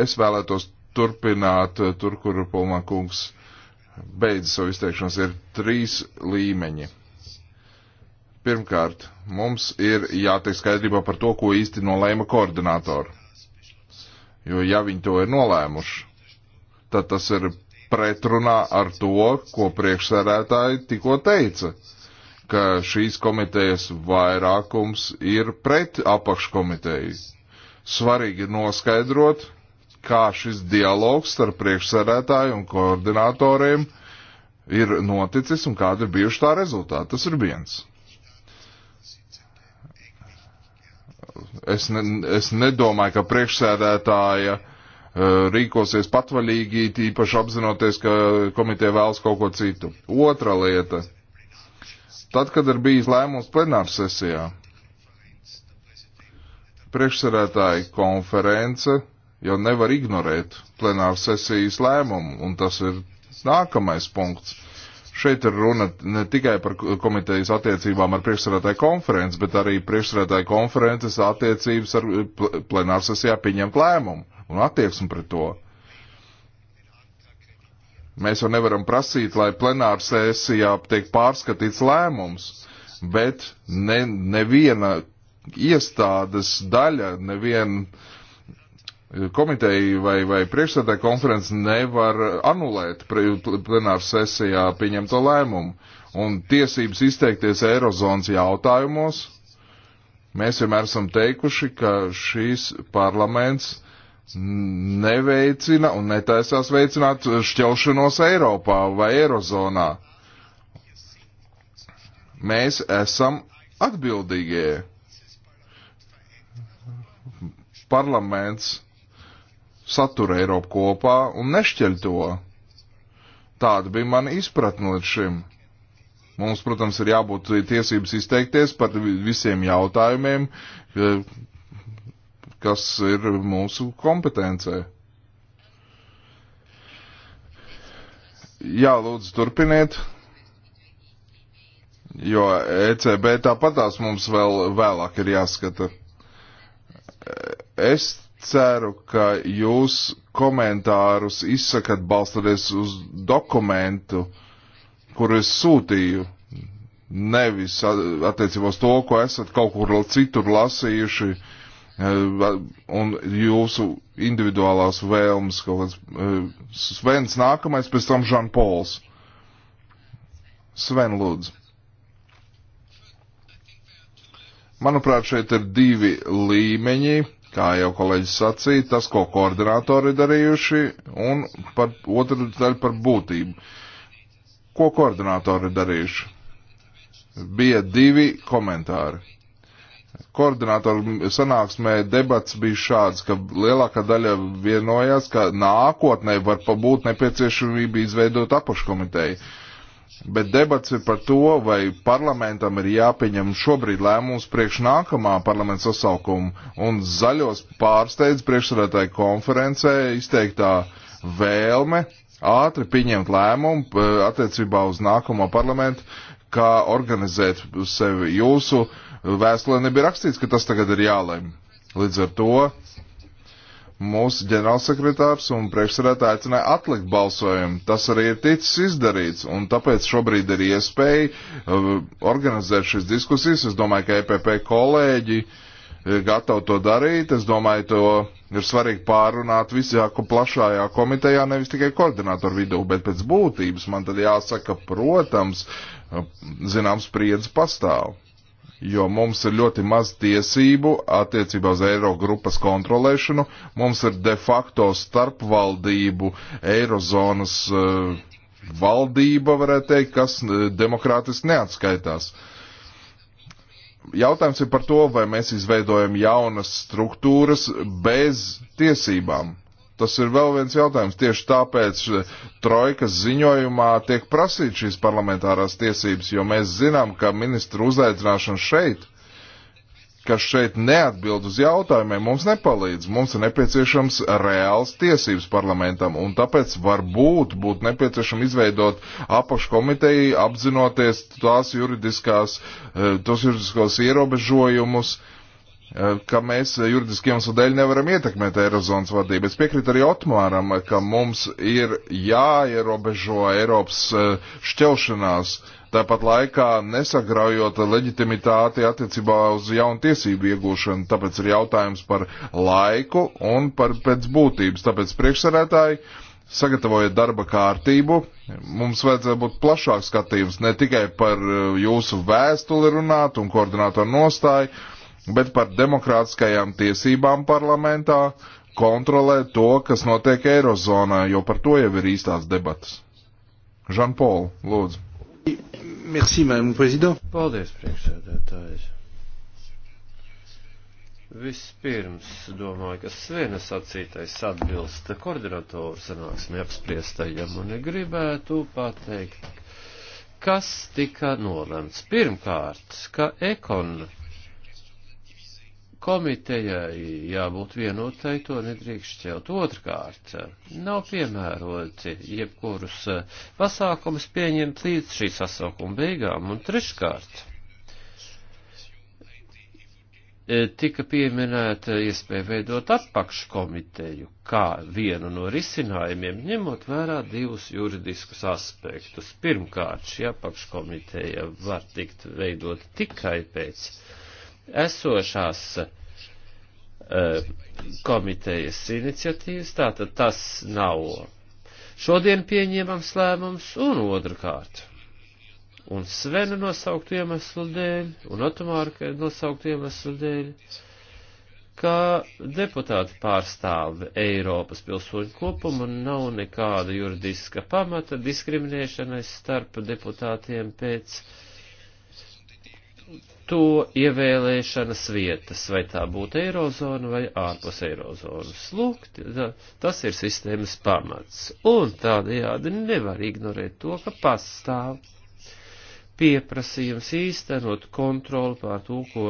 Es vēlētos turpināt uh, tur, kur Pulmā kungs beidz savu izteikšanos, ir trīs līmeņi. Pirmkārt, mums ir jātiek skaidrībā par to, ko īsti nolēma koordinātori. Jo ja viņi to ir nolēmuši, tad tas ir pretrunā ar to, ko priekšsēdētāji tikko teica, ka šīs komitejas vairākums ir pret apakškomiteju. Svarīgi noskaidrot, kā šis dialogs starp priekšsēdētāju un koordinatoriem ir noticis un kāda ir bijuši tā rezultāti. Tas ir viens. Es, ne, es nedomāju, ka priekšsēdētāja eh, rīkosies patvaļīgi, īpaši apzinoties, ka komiteja vēlas kaut ko citu. Otra lieta. Tad, kad ir bijis lēmums plenārsesijā, priekšsarētāja konference jo nevar ignorēt plenāru sesijas lēmumu, un tas ir nākamais punkts. Šeit ir runa ne tikai par komitejas attiecībām ar priekšsarētāju konferenci, bet arī priekšsarētāju konferences attiecības ar eh, plenāru sesijā pieņemt lēmumu un attieksmi pret to. Mēs jau nevaram prasīt, lai plenāru sesijā tiek pārskatīts lēmums, bet ne, neviena iestādes daļa, neviena uh, komiteja vai, vai priekšsēdē konferences nevar anulēt plenāru sesijā pieņemto lēmumu. Un tiesības izteikties Eirozonas jautājumos, mēs vienmēr esam teikuši, ka šīs parlaments neveicina un netaisās veicināt šķelšanos Eiropā vai Eirozonā. Mēs esam atbildīgie. Parlaments satura Eiropu kopā un nešķeļ to. Tāda bija mana izpratne līdz šim. Mums, protams, ir jābūt tiesības izteikties par visiem jautājumiem, eh, kas ir mūsu kompetencē. Jā, lūdzu, turpiniet. Jo ECB tāpatās mums vēl vēlāk ir jāskata. Es ceru, ka jūs komentārus izsakat balstoties uz dokumentu, kuru es sūtīju, nevis attiecībos to, ko esat kaut kur citur lasījuši, e, un jūsu individuālās vēlmes kaut kāds. E, Svens nākamais, pēc tam Žan Pols. Sven Lūdzu. Manuprāt, šeit ir divi līmeņi kā jau kolēģis sacīja, tas, ko koordinātori darījuši, un par otru daļu par būtību. Ko koordinātori darījuši? Bija divi komentāri. Koordinātoru sanāksmē debats bija šāds, ka lielākā daļa vienojās, ka nākotnē var būt nepieciešamība izveidot apakškomiteju. Uh, Bet debats ir par to, vai parlamentam ir jāpieņem šobrīd lēmums priekš nākamā parlamenta sasaukuma. Un zaļos pārsteidz priekšsēdētāju konferencē izteiktā vēlme ātri pieņemt lēmumu eh, attiecībā uz nākamo parlamentu, kā organizēt sevi. Jūsu vēstulē nebija rakstīts, ka tas tagad ir jālēm. Līdz ar to mūsu ģenerālsekretārs un priekšsarētāji aicināja atlikt balsojumu. Tas arī ir ticis izdarīts, un tāpēc šobrīd ir iespēja uh, organizēt šīs diskusijas. Es domāju, ka EPP kolēģi ir uh, gatavi to darīt. Es domāju, to ir svarīgi pārunāt visā plašajā komitejā, nevis tikai koordinātoru vidū, bet pēc būtības man tad jāsaka, protams, uh, zināms, spriedzi pastāv jo mums ir ļoti maz tiesību attiecībā uz eiro grupas kontrolēšanu. Mums ir de facto starpvaldību eirozonas eh, valdība, varētu teikt, kas eh, demokrātiski neatskaitās. Jautājums ir par to, vai mēs izveidojam jaunas struktūras bez tiesībām Tas ir vēl viens jautājums. Tieši tāpēc eh, trojkas ziņojumā tiek prasīt šīs parlamentārās tiesības, jo mēs zinām, ka ministru uzaicināšana šeit, kas šeit neatbild uz jautājumiem, mums nepalīdz. Mums ir nepieciešams reāls tiesības parlamentam, un tāpēc varbūt būtu nepieciešams izveidot apakškomiteju, apzinoties tās juridiskās, eh, tos juridiskos ierobežojumus, uh, Eh, ka mēs juridiski iemeslu dēļ nevaram ietekmēt Eirozonas vadību. Es piekrītu arī Otmāram, eh, ka mums ir jāierobežo Eiropas eh, šķelšanās, tāpat laikā nesagraujot leģitimitāti attiecībā uz jaunu tiesību iegūšanu. Tāpēc ir jautājums par laiku un par pēc būtības. Tāpēc priekšsarētāji sagatavojiet darba kārtību. Mums vajadzētu būt plašāk skatījums, ne tikai par jūsu vēstuli runāt un koordinātoru nostāju bet par demokrātiskajām tiesībām parlamentā kontrolē to, kas notiek Eirozonā, jo par to jau ir īstās debatas. Žanpol, lūdzu. Merci, madame prezident. Paldies, priekšsēdētājs. Vispirms domāju, ka Svenas sacītais atbilst koordinatoru sanāksmi apspriestajam un gribētu pateikt, kas tika nolemts. Pirmkārt, ka ekon komitejai jābūt vienotai, to nedrīkst šķelt. Otrkārt, nav piemēroti jebkurus eh, pasākumus pieņemt līdz šī sasaukuma beigām. Un treškārt, eh, tika pieminēta iespēja veidot apakškomiteju kā vienu no risinājumiem, ņemot vērā divus juridiskus aspektus. Pirmkārt, šī apakškomiteja var tikt veidot tikai pēc esošās uh, komitejas iniciatīvas, tātad tas nav šodien pieņemams lēmums un otrkārt. Un Svena nosauktu iemeslu dēļ, un Otomārka nosauktu iemeslu dēļ, ka deputāti pārstāv Eiropas pilsoņu kopumu un nav nekāda juridiska pamata diskriminēšanai starp deputātiem pēc uh, to ievēlēšanas vietas, vai tā būtu eirozona vai ārpus eirozonas. Lūk, tas ir sistēmas pamats. Un tādējādi nevar ignorēt to, ka pastāv pieprasījums īstenot kontroli pār to, ko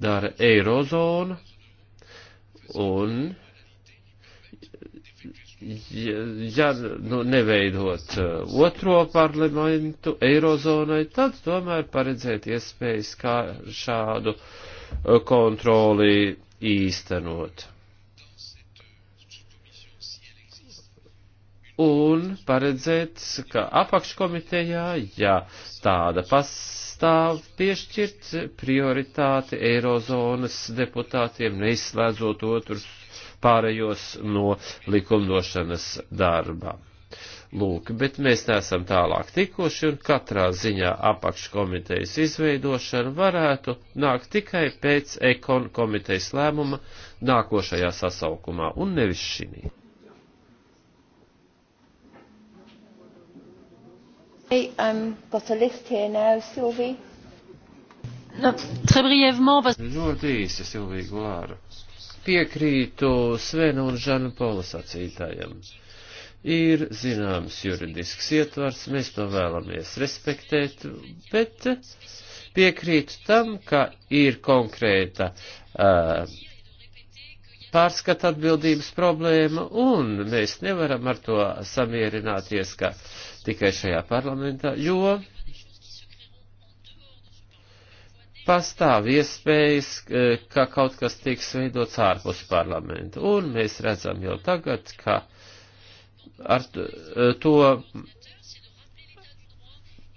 dara eirozona, un ja, ja nu, neveidot uh, otro parlamentu eirozonai, tad tomēr paredzēt iespējas, kā šādu uh, kontroli īstenot. Un paredzēt, ka apakškomitejā, ja tāda pastāv, piešķirt prioritāti eirozonas deputātiem, neizslēdzot otrus pārējos no likumdošanas darba. Lūk, bet mēs neesam tālāk tikuši, un katrā ziņā apakškomitejas izveidošana varētu nākt tikai pēc ekon komitejas lēmuma nākošajā sasaukumā, un nevis šī. Hey, um, got a list here now, Sylvie. No, nu, très brièvement, parce... Ļoti īsi, Silvija Gulāra piekrītu Svenu un Žanu Paula sacītājiem. Ir zināms juridisks ietvars, mēs to vēlamies respektēt, bet piekrītu tam, ka ir konkrēta uh, pārskata atbildības problēma, un mēs nevaram ar to samierināties, ka tikai šajā parlamentā, jo uh, pastāv iespējas, eh, ka kaut kas tiks veidots ārpus parlamenta. Un mēs redzam jau tagad, ka ar eh, to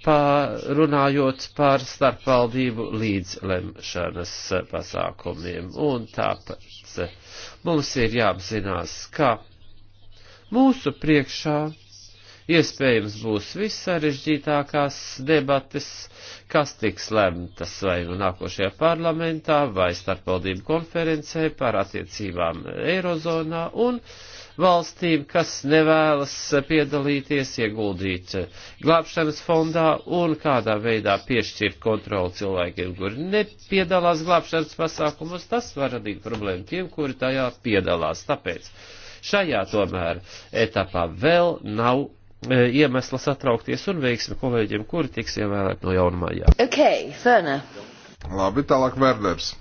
runājot par starpvaldību līdzlemšanas pasākumiem. Un tāpēc mums ir jāapzinās, ka mūsu priekšā iespējams būs vissarežģītākās debates, kas tiks lemtas vai nu nākošajā parlamentā, vai starpvaldību konferencē par attiecībām Eirozonā un valstīm, kas nevēlas piedalīties, ieguldīt glābšanas fondā un kādā veidā piešķirt kontroli cilvēkiem, kuri nepiedalās glābšanas pasākumos, tas var radīt problēmu tiem, kuri tajā piedalās. Tāpēc šajā tomēr etapā vēl nav E, iemesla satraukties un veiksmi kolēģiem, kuri tiks ievēlēti no jaunumā. Jā. Okay, Ferna. Labi, tālāk Verders.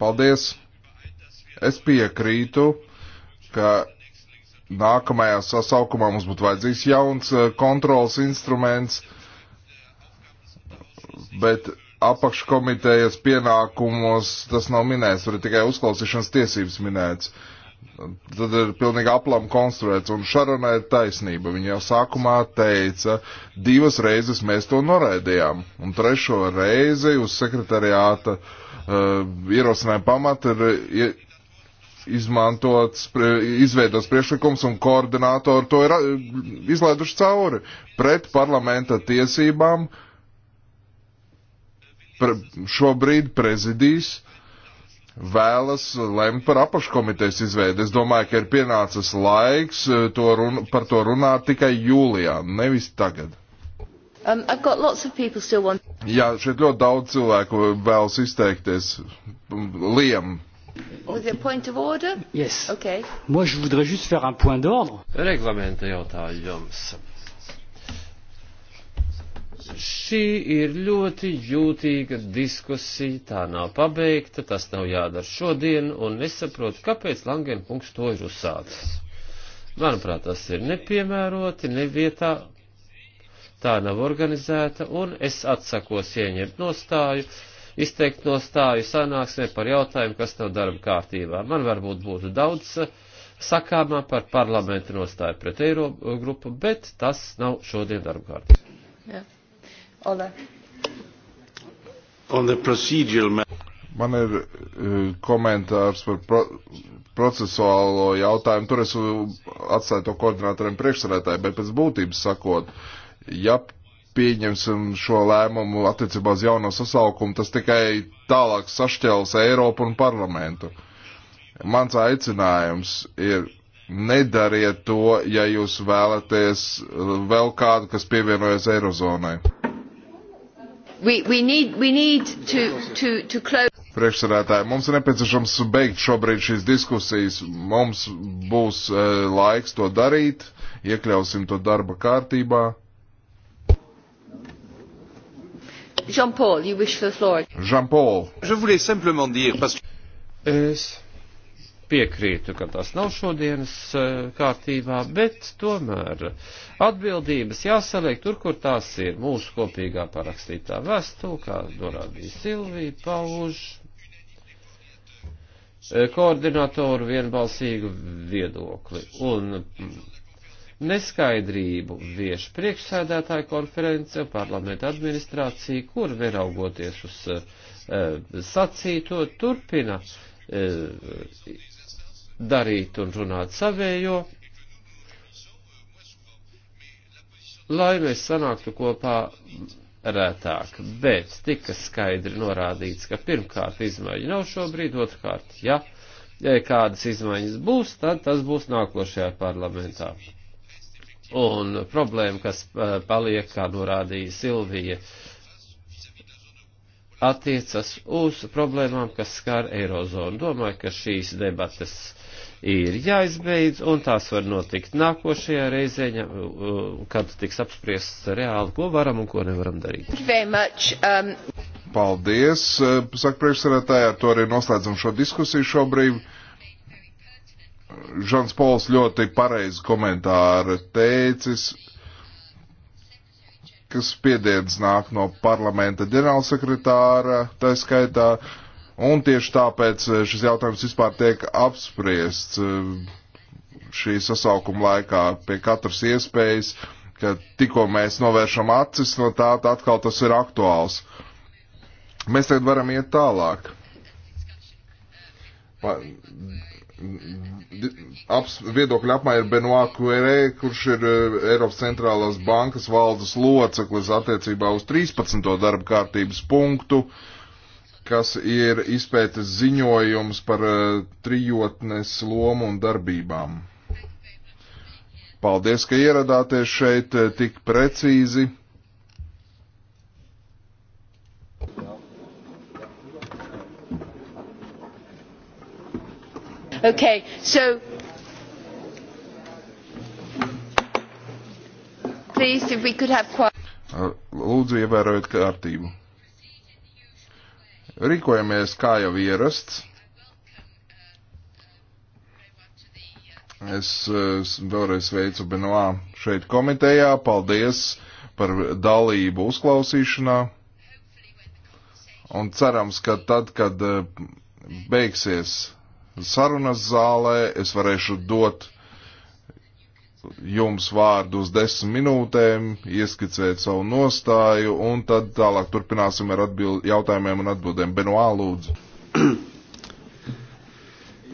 Paldies. Es piekrītu, ka nākamajā sasaukumā mums būtu vajadzīgs jauns e, kontrols instruments, bet apakškomitejas pienākumos tas nav minēts, tur ir tikai uzklausīšanas tiesības minēts. Uh, tad ir pilnīgi aplam konstruēts, un Šarona ir taisnība. Viņa jau sākumā teica, divas reizes mēs to noraidījām, un trešo reizi uz sekretariāta uh, eh, ierosinājumu pamatu ir izmantots, izveidots priekšlikums, un koordinātori to ir izlaiduši cauri pret parlamenta tiesībām. Pre, šobrīd prezidijs vēlas lemt par apakškomitejas izveidi. Es domāju, ka ir pienācis laiks eh, to run, par to runāt tikai jūlijā, nevis tagad. Um, want... Jā, šeit ļoti daudz cilvēku vēlas izteikties. Liem. Yes. Okay. Moi, je voudrais juste faire un point d'ordre. Reglamenta jautājums šī ir ļoti jūtīga diskusija, tā nav pabeigta, tas nav jādara šodien, un nesaprotu, kāpēc Langenkungs to ir uzsācis. Manuprāt, tas ir nepiemēroti, nevietā, tā nav organizēta, un es atsakos ieņemt nostāju, izteikt nostāju sanāksmē par jautājumu, kas nav darba kārtībā. Man varbūt būtu daudz eh, sakāmā par parlamentu nostāju pret Eiro grupu, bet tas nav šodien darba kārtībā. Yeah. Ole. On the procedural Man ir e, komentārs par pro procesuālo jautājumu. Tur es atstāju to koordinātoriem priekšsarētāju, bet pēc būtības sakot, ja pieņemsim šo lēmumu attiecībā uz jauno sasaukumu, tas tikai tālāk sašķels Eiropu un parlamentu. Mans aicinājums ir nedariet to, ja jūs vēlaties e, vēl kādu, kas pievienojas Eirozonai. We, we need, we need to, to, to close. Priekšsēdētāji, mums ir nepieciešams beigt šobrīd šīs diskusijas. Mums būs uh, laiks to darīt, iekļausim to darba kārtībā. Jean-Paul, you wish for the floor. Jean-Paul. Je voulais simplement dire parce que... Es piekrītu, ka tas nav šodienas e, kārtībā, bet tomēr atbildības jāsaliek tur, kur tās ir mūsu kopīgā parakstītā vēstule, kā norādīja Silvija Pauž, e, koordinatoru vienbalsīgu viedokli un neskaidrību vieš priekšsēdētāja konference, parlamenta administrācija, kur veraugoties uz e, sacīto, turpina darīt un runāt savējo, lai mēs sanāktu kopā rētāk, bet tika skaidri norādīts, ka pirmkārt izmaiņa nav šobrīd, otrkārt, ja, ja kādas izmaiņas būs, tad tas būs nākošajā parlamentā. Un problēma, kas eh, paliek, kā norādīja Silvija, attiecas uz problēmām, kas skar Eirozonu. Domāju, ka šīs debates ir jāizbeidz, un tās var notikt nākošajā reizē, kad tiks apspriests reāli, ko varam un ko nevaram darīt. Much, um... Paldies, eh, saka priekšsarētāji, ar to arī noslēdzam šo diskusiju šobrīd. Žans Pols ļoti pareizi komentāru teicis, kas piediens nāk no parlamenta ģenerālsekretāra, tā skaitā. Uh, Un tieši tāpēc eh, šis jautājums vispār tiek apspriests eh, šī sasaukuma laikā pie katras iespējas, ka tikko mēs novēršam acis no tā, tad atkal tas ir aktuāls. Mēs tagad varam iet tālāk. Pa, aps, viedokļa apmaiņa ir Benoit Kuerē, kurš ir eh, Eiropas centrālās bankas valdes loceklis attiecībā uz 13. darba kārtības punktu. Uh, kas ir izpētes ziņojums par eh, trijotnes lomu un darbībām. Paldies, ka ieradāties šeit eh, tik precīzi. Okay, so please, if we could have quiet. Lūdzu, ievērojiet kārtību. Rīkojamies kā jau ierasts. Es, es vēlreiz sveicu Benoā šeit komitejā. Paldies par dalību uzklausīšanā. Un cerams, ka tad, kad eh, beigsies sarunas zālē, es varēšu dot jums vārdu uz desmit minūtēm, ieskicēt savu nostāju, un tad tālāk turpināsim ar atbild, jautājumiem un atbildēm. Benoā, lūdzu.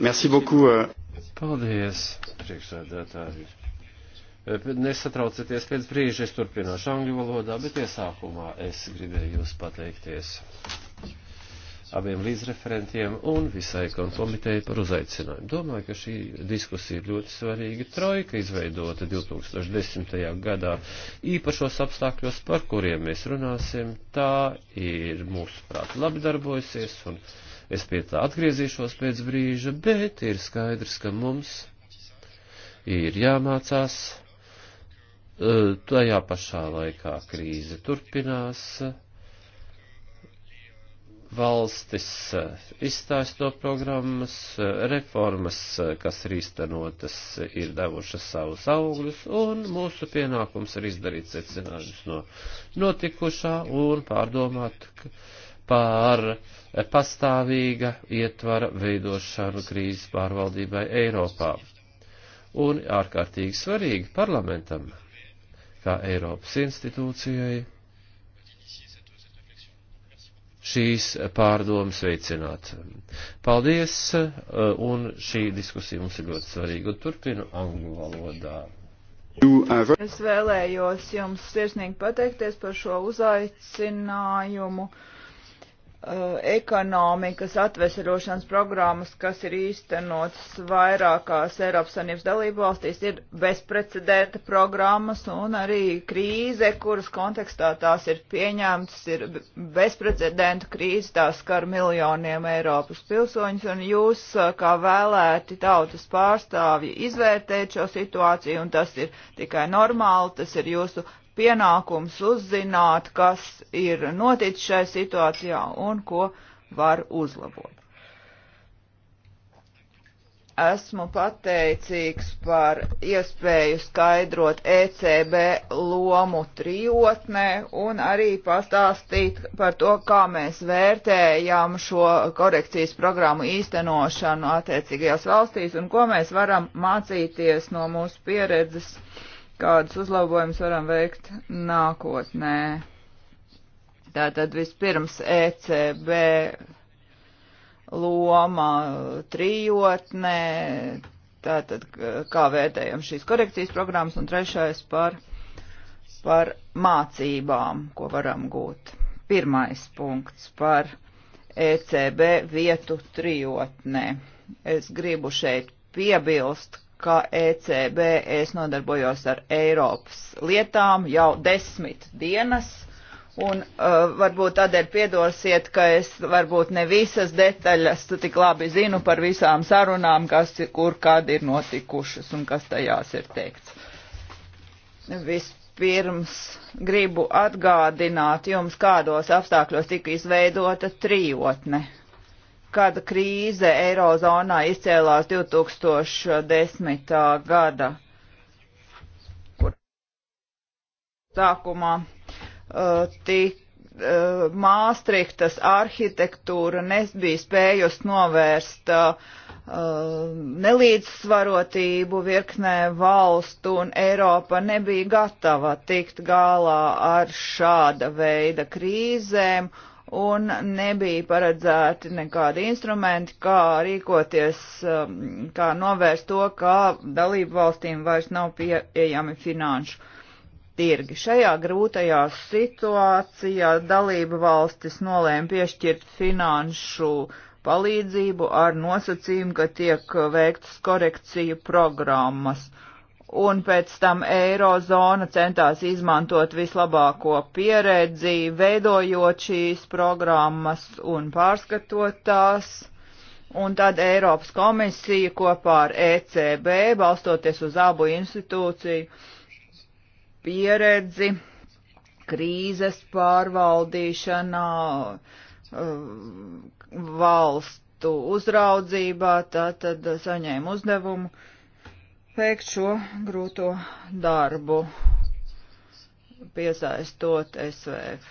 Merci beaucoup. Euh. Paldies, priekšsēdētāji. Nesatraucieties, pēc brīža es turpināšu angļu valodā, bet iesākumā es gribēju jūs pateikties abiem līdzreferentiem un visai komiteju par uzaicinājumu. Domāju, ka šī diskusija ir ļoti svarīga. Trojka izveidota 2010. gadā īpašos apstākļos, par kuriem mēs runāsim. Tā ir mūsu prāt labi darbojusies un es pie tā atgriezīšos pēc brīža, bet ir skaidrs, ka mums ir jāmācās. Eh, tajā pašā laikā krīze turpinās. Uh, valstis eh, izstājas no programmas, eh, reformas, eh, kas ir īstenotas, ir devušas savus augļus, un mūsu pienākums ir izdarīt secinājumus no notikušā un pārdomāt pār pastāvīga ietvara veidošanu krīzes pārvaldībai Eiropā. Un ārkārtīgi svarīgi parlamentam, kā Eiropas institūcijai, šīs pārdomas veicināt. Paldies, eh, un šī diskusija mums ir ļoti svarīga, un turpinu angļu valodā. Es vēlējos jums sirsnīgi pateikties par šo uzaicinājumu. Eh, ekonomikas atveseļošanas programmas, kas ir īstenotas vairākās Eiropas Savienības dalību valstīs, ir bezprecedenta programmas un arī krīze, kuras kontekstā tās ir pieņemtas, ir bezprecedenta krīze, tās skar miljoniem Eiropas pilsoņus, un jūs, eh, kā vēlēti tautas pārstāvji, izvērtēt šo situāciju, un tas ir tikai normāli, tas ir jūsu pienākums uzzināt, kas ir noticis šai situācijā un ko var uzlabot. Esmu pateicīgs par iespēju skaidrot ECB lomu trijotnē un arī pastāstīt par to, kā mēs vērtējam šo korekcijas programmu īstenošanu attiecīgajās valstīs un ko mēs varam mācīties no mūsu pieredzes uh, kādus uzlabojumus varam veikt nākotnē. Tātad vispirms ECB loma trijotnē, tātad kā vērtējam šīs korekcijas programmas, un trešais par, par mācībām, ko varam gūt. Pirmais punkts par ECB vietu trijotnē. Es gribu šeit piebilst, kā ECB es nodarbojos ar Eiropas lietām jau desmit dienas. Un uh, varbūt tādēļ piedosiet, ka es varbūt ne visas detaļas tik labi zinu par visām sarunām, kas kur kad ir notikušas un kas tajās ir teikts. Vispirms gribu atgādināt jums, kādos apstākļos tika izveidota trijotne. Uh, kad krīze Eirozonā izcēlās 2010. gada kur sākumā uh, tik uh, Māstrihtas arhitektūra nebija spējusi novērst uh, uh, nelīdzsvarotību virknē valstu un Eiropa nebija gatava tikt galā ar šāda veida krīzēm un nebija paredzēti nekādi instrumenti, kā rīkoties, um, kā novērst to, kā dalību valstīm vairs nav pieejami finanšu tirgi. Šajā grūtajā situācijā dalību valstis nolēma piešķirt finanšu palīdzību ar nosacījumu, ka tiek veiktas korekciju programmas. Uh, un pēc tam Eirozona centās izmantot vislabāko pieredzi, veidojot šīs programmas un pārskatot tās. Un tad Eiropas komisija kopā ar ECB, balstoties uz abu institūciju pieredzi, krīzes pārvaldīšanā, uh, valstu uzraudzībā, tātad saņēma uzdevumu uh, veikt šo grūto darbu, piesaistot SVF.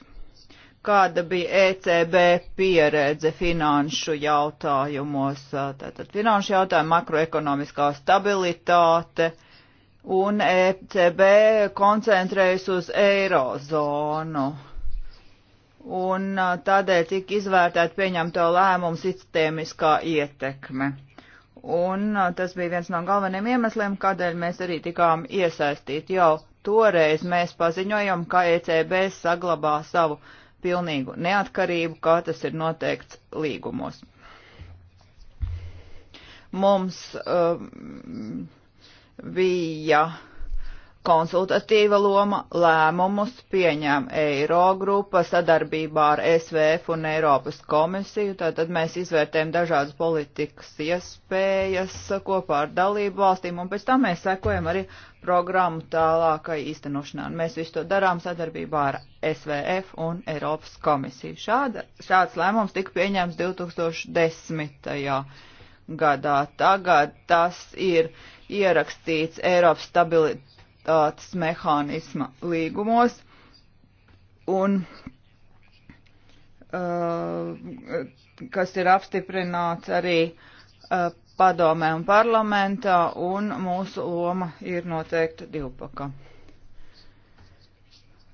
Kāda bija ECB pieredze finanšu jautājumos, tātad finanšu jautājumu, makroekonomiskā stabilitāte, un ECB koncentrējas uz eirozonu. Un tādēļ tika izvērtēta pieņemto lēmumu sistēmiskā ietekme Un tas bija viens no galveniem iemesliem, kādēļ mēs arī tikām iesaistīti. Jau toreiz mēs paziņojam, ka ECB saglabā savu pilnīgu neatkarību, kā tas ir noteikts līgumos. Mums um, bija Konsultatīva loma lēmumus pieņem Eirogrupa sadarbībā ar SVF un Eiropas komisiju. Tātad mēs izvērtējam dažādas politikas iespējas kopā ar dalību valstīm un pēc tam mēs sekojam arī programmu tālākai īstenošanā. Un mēs visu to darām sadarbībā ar SVF un Eiropas komisiju. Šāda, šāds lēmums tika pieņemts 2010. gadā. Tagad tas ir ierakstīts Eiropas stabilitātes neutralitātes mehānisma līgumos un uh, kas ir apstiprināts arī uh, padomē un parlamentā, un mūsu loma ir noteikti divpaka.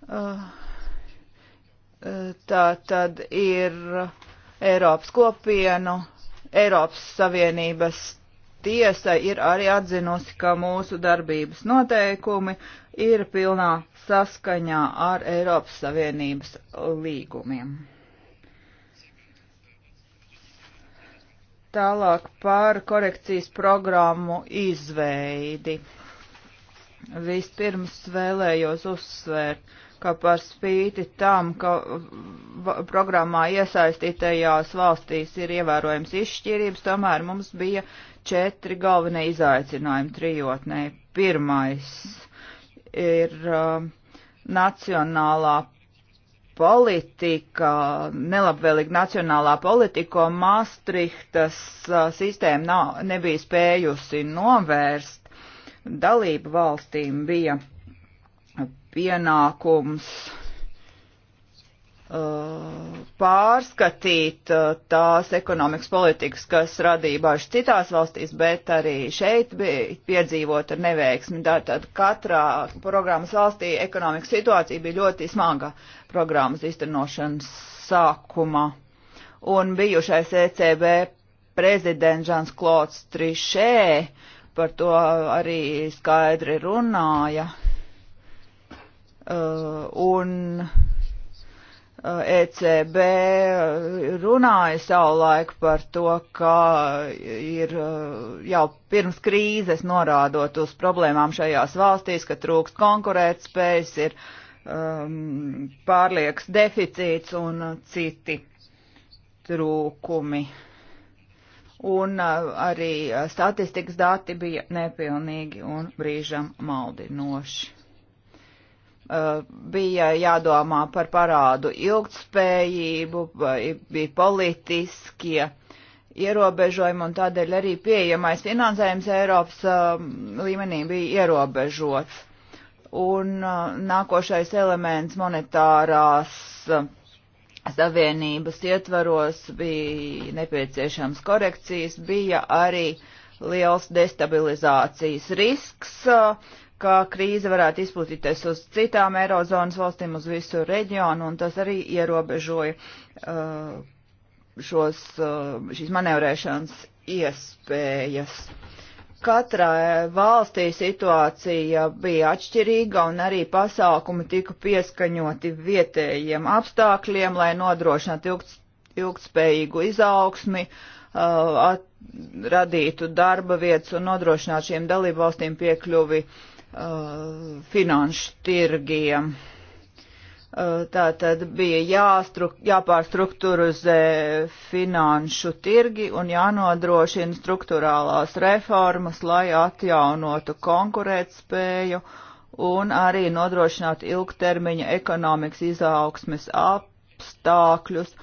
Uh, tā tad ir Eiropas kopienu, Eiropas Savienības tiesa ir arī atzinusi, ka mūsu darbības noteikumi ir pilnā saskaņā ar Eiropas Savienības līgumiem. Tālāk par korekcijas programmu izveidi. Vispirms vēlējos uzsvērt, ka par spīti tam, ka programmā iesaistītajās valstīs ir ievērojams izšķirības, tomēr mums bija četri galvenie izaicinājumi trijotnē. Pirmais ir uh, nacionālā politika, nelabvēlīga nacionālā politika, ko Maastrichtas uh, sistēma nav, nebija spējusi novērst, dalību valstīm bija pienākums uh, pārskatīt uh, tās ekonomikas politikas, kas radīja bažas citās valstīs, bet arī šeit bija piedzīvota neveiksmi. Tātad katrā programmas valstī ekonomikas situācija bija ļoti smaga programmas iztenošanas sākuma. Un bijušais ECB prezidents Žans Klods Trišē par to arī skaidri runāja. Uh, un uh, ECB uh, runāja savulaik par to, ka ir uh, jau pirms krīzes norādot uz problēmām šajās valstīs, ka trūkst konkurētspējas, ir um, pārlieks deficīts un citi trūkumi. Uh, un arī statistikas dati bija nepilnīgi un brīžam maldinoši. Bija jādomā par parādu ilgtspējību, bija politiskie ierobežojumi, un tādēļ arī pieejamais finansējums Eiropas līmenī bija ierobežots. Un nākošais elements monetārās Savienības ietvaros bija nepieciešams korekcijas, bija arī liels destabilizācijas risks, ka krīze varētu izplatīties uz citām Eirozonas valstīm, uz visu reģionu, un tas arī ierobežoja uh, šos, uh, šīs manevrēšanas iespējas. Katrai valstī situācija bija atšķirīga un arī pasākumi tika pieskaņoti vietējiem apstākļiem, lai nodrošinātu ilgt, ilgtspējīgu izaugsmi, uh, at, radītu darba vietas un nodrošinātu šiem dalību valstīm piekļuvi uh, finanšu tirgiem. Uh, tā tad bija jāstruk, jāpārstruktūrizē finanšu tirgi un jānodrošina struktūrālās reformas, lai atjaunotu konkurētspēju un arī nodrošinātu ilgtermiņa ekonomikas izaugsmes apstākļus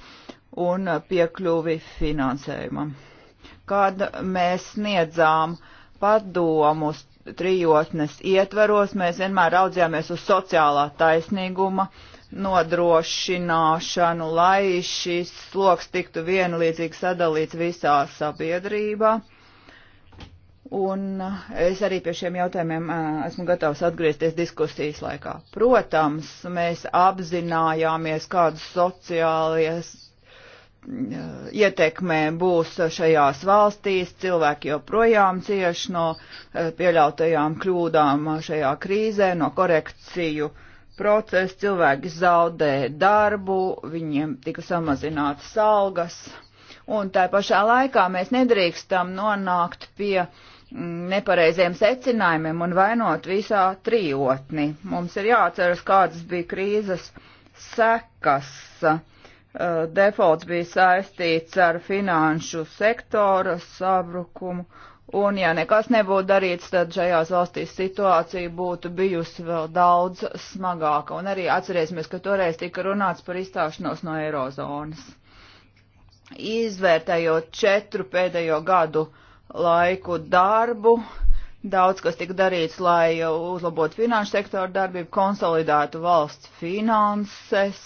un piekļuvi finansējumam. Kad mēs sniedzām padomus trijotnes ietveros, mēs vienmēr raudzījāmies uz sociālā taisnīguma uh, nodrošināšanu, lai šis sloks tiktu vienlīdzīgi sadalīts visā sabiedrībā. Un eh, es arī pie šiem jautājumiem eh, esmu gatavs atgriezties diskusijas laikā. Protams, mēs apzinājāmies, kādas sociālajās eh, ietekmē būs šajās valstīs. Cilvēki joprojām cieš no pieļautajām kļūdām šajā krīzē, no korekciju uh, process, cilvēki zaudē darbu, viņiem tika samazinātas algas, un tā pašā laikā mēs nedrīkstam nonākt pie mm, nepareiziem secinājumiem un vainot visā trijotni. Mums ir jāatceras, kādas bija krīzes sekas. Uh, defaults bija saistīts ar finanšu sektora sabrukumu Un ja nekas nebūtu darīts, tad šajās valstīs situācija būtu bijusi vēl daudz smagāka. Un arī atcerēsimies, ka toreiz tika runāts par izstāšanos no eirozonas. Izvērtējot četru pēdējo gadu laiku darbu, daudz kas tika darīts, lai uzlabotu finanšu sektoru darbību, konsolidētu valsts finanses,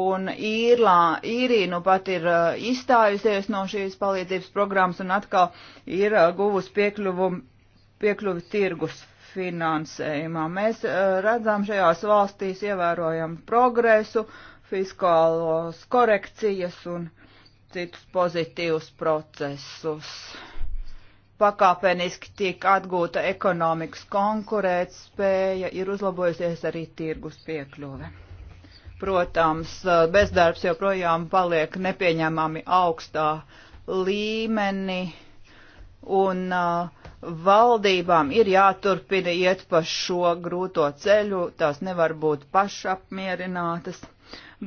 Un Īrlā, Īrija nu pat ir uh, izstājusies no šīs palīdzības programmas un atkal ir uh, guvusi piekļuvu, piekļuvi tirgus finansējumā. Mēs uh, redzam šajās valstīs ievērojam progresu, fiskālos korekcijas un citus pozitīvus procesus. Pakāpeniski tiek atgūta ekonomikas konkurētspēja, ir uzlabojusies arī tirgus piekļuve. Protams, eh, bezdarbs joprojām paliek nepieņemami augstā līmenī, un eh, valdībām ir jāturpina iet pa šo grūto ceļu, tās nevar būt pašapmierinātas.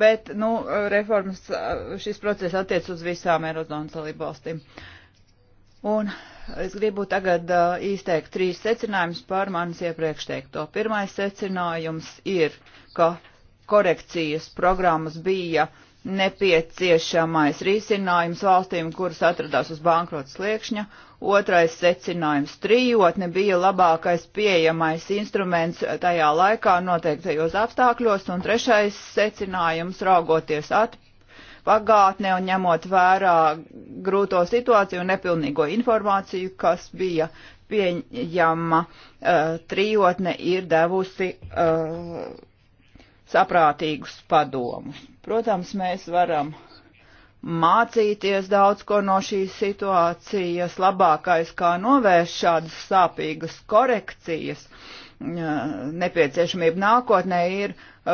Bet, nu, reformas, eh, šis process attiec uz visām Eirozonas dalību valstīm. Un es gribu tagad uh, izteikt trīs secinājumus par manis iepriekš teikto. Pirmais secinājums ir, ka korekcijas programmas bija nepieciešamais risinājums valstīm, kuras atradās uz bankrota sliekšņa. Otrais secinājums - trijotne bija labākais pieejamais instruments tajā laikā noteiktajos apstākļos. Un trešais secinājums - raugoties atpakaļ pagātne un ņemot vērā grūto situāciju un nepilnīgo informāciju, kas bija pieņemama, uh, eh, trijotne ir devusi uh, saprātīgus padomus. Protams, mēs varam mācīties daudz ko no šīs situācijas, labākais, kā novērst šādas sāpīgas korekcijas, nepieciešamība nākotnē ir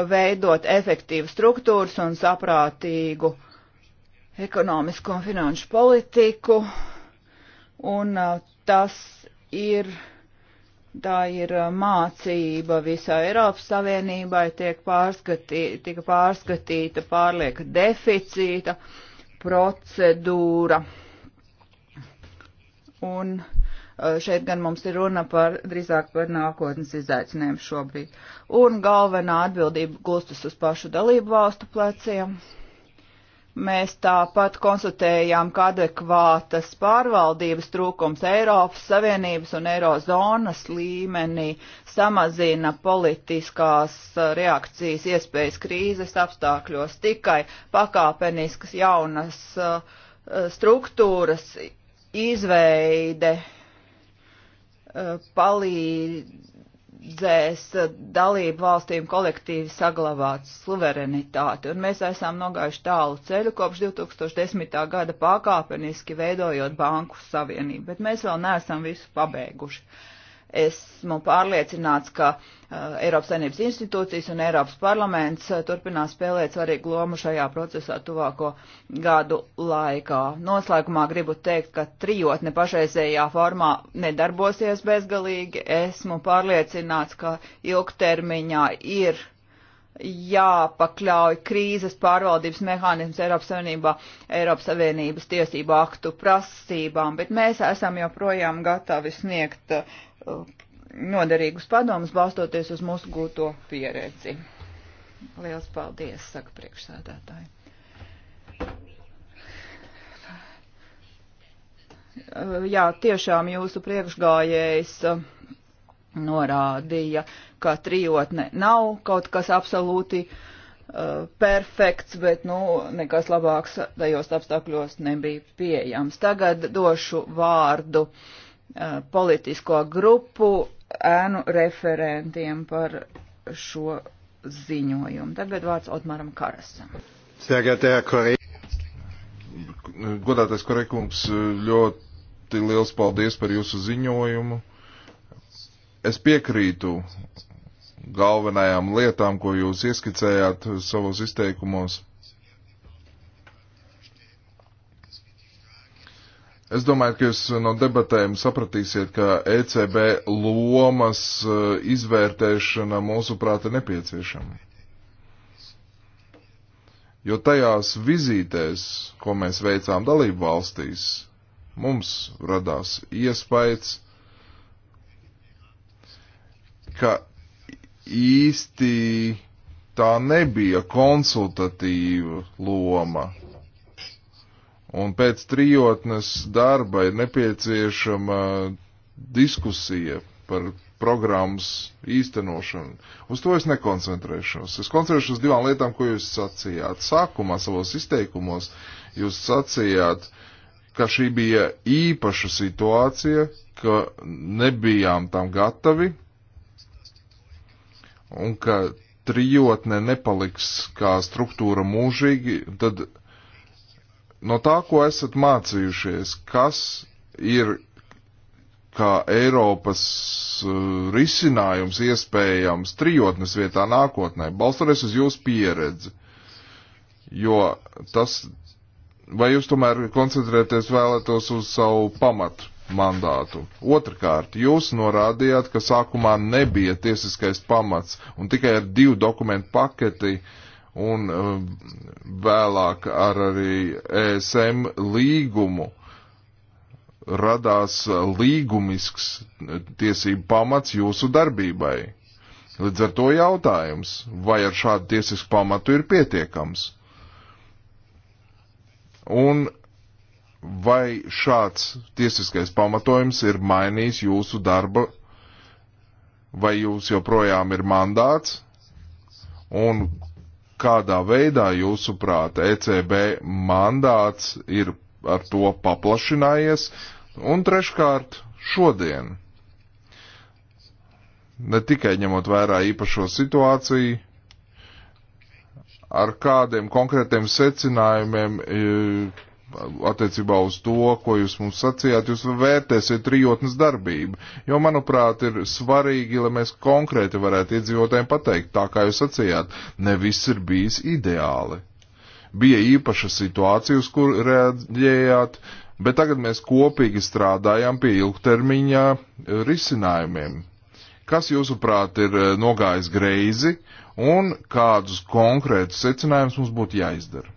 veidot efektīvu struktūras un saprātīgu ekonomisko un finanšu politiku, un tas ir tā ir uh, mācība visā Eiropas Savienībai, tiek pārskatī, tika pārskatīta pārlieka deficīta procedūra. Un uh, šeit gan mums ir runa par drīzāk par nākotnes izaicinājumu šobrīd. Un galvenā atbildība gulstas uz pašu dalību valstu pleciem. Mēs tāpat konstatējām, ka adekvātas pārvaldības trūkums Eiropas Savienības un Eirozonas līmenī samazina politiskās uh, reakcijas iespējas krīzes apstākļos. Tikai pakāpeniskas jaunas uh, uh, struktūras izveide palīdz palīdzēs eh, dalību valstīm kolektīvi saglabāt suverenitāti. Un mēs esam nogājuši tālu ceļu kopš 2010. gada pakāpeniski veidojot banku savienību, bet mēs vēl neesam visu pabeiguši. Uh, Esmu pārliecināts, ka uh, Eiropas Savienības institūcijas un Eiropas parlaments uh, turpinās spēlēt svarīgu lomu šajā procesā tuvāko gadu laikā. Noslēgumā gribu teikt, ka trijotne pašreizējā formā nedarbosies bezgalīgi. Esmu pārliecināts, ka ilgtermiņā ir jāpakļauj krīzes pārvaldības mehānisms Eiropas Savienībā, Eiropas Savienības tiesību aktu prasībām, bet mēs esam joprojām gatavi sniegt uh, noderīgus padomus, balstoties uz mūsu gūto pieredzi. Liels paldies, saka priekšsēdētāji. Jā, tiešām jūsu priekšgājējs uh, norādīja, ka trijotne nav kaut kas absolūti uh, perfekts, bet, nu, nekas labāks tajos apstākļos nebija pieejams. Tagad došu vārdu uh, politisko grupu ēnu referentiem par šo ziņojumu. Tagad vārds Otmaram Karasam. Godātais korekums, ļoti liels paldies par jūsu ziņojumu. Es piekrītu galvenajām lietām, ko jūs ieskicējāt savos izteikumos. Es domāju, ka jūs no debatēm sapratīsiet, ka ECB lomas e, izvērtēšana mūsuprāt ir nepieciešama. Jo tajās vizītēs, ko mēs veicām dalību valstīs, mums radās iespējas, ka īsti tā nebija konsultatīva loma. Un pēc trijotnes darba ir nepieciešama diskusija par programmas īstenošanu. Uz to es nekoncentrēšos. Es koncentrēšos uz divām lietām, ko jūs sacījāt. Sākumā savos izteikumos jūs sacījāt, ka šī bija īpaša situācija, ka nebijām tam gatavi, un ka trijotne nepaliks kā struktūra mūžīgi, tad no tā, ko esat mācījušies, kas ir kā Eiropas uh, risinājums iespējams trijotnes vietā nākotnē, balstoties uz jūsu pieredzi. Jo tas, vai jūs tomēr koncentrēties vēlētos uz savu pamatu? mandātu. Otrakārt, jūs norādījāt, ka sākumā nebija tiesiskais pamats un tikai ar divu dokumentu paketi un um, vēlāk ar arī ESM līgumu radās līgumisks uh, tiesību pamats jūsu darbībai. Līdz ar to jautājums, vai ar šādu tiesisku pamatu ir pietiekams? Un vai šāds tiesiskais pamatojums ir mainījis jūsu darba, vai jūs joprojām ir mandāts, un kādā veidā jūsuprāt ECB mandāts ir ar to paplašinājies, un treškārt šodien. Ne tikai ņemot vērā īpašo situāciju, ar kādiem konkrētiem secinājumiem e, attiecībā uz to, ko jūs mums sacījāt, jūs vērtēsiet trijotnes darbību. Jo, manuprāt, ir svarīgi, lai mēs konkrēti varētu iedzīvotājiem pateikt, tā kā jūs sacījāt, ne viss ir bijis ideāli. Bija īpaša situācija, uz kur reaģējāt, bet tagad mēs kopīgi strādājam pie ilgtermiņā eh, risinājumiem. Kas, jūsuprāt, ir eh, nogājis greizi un kādus konkrētus secinājumus mums būtu jāizdara?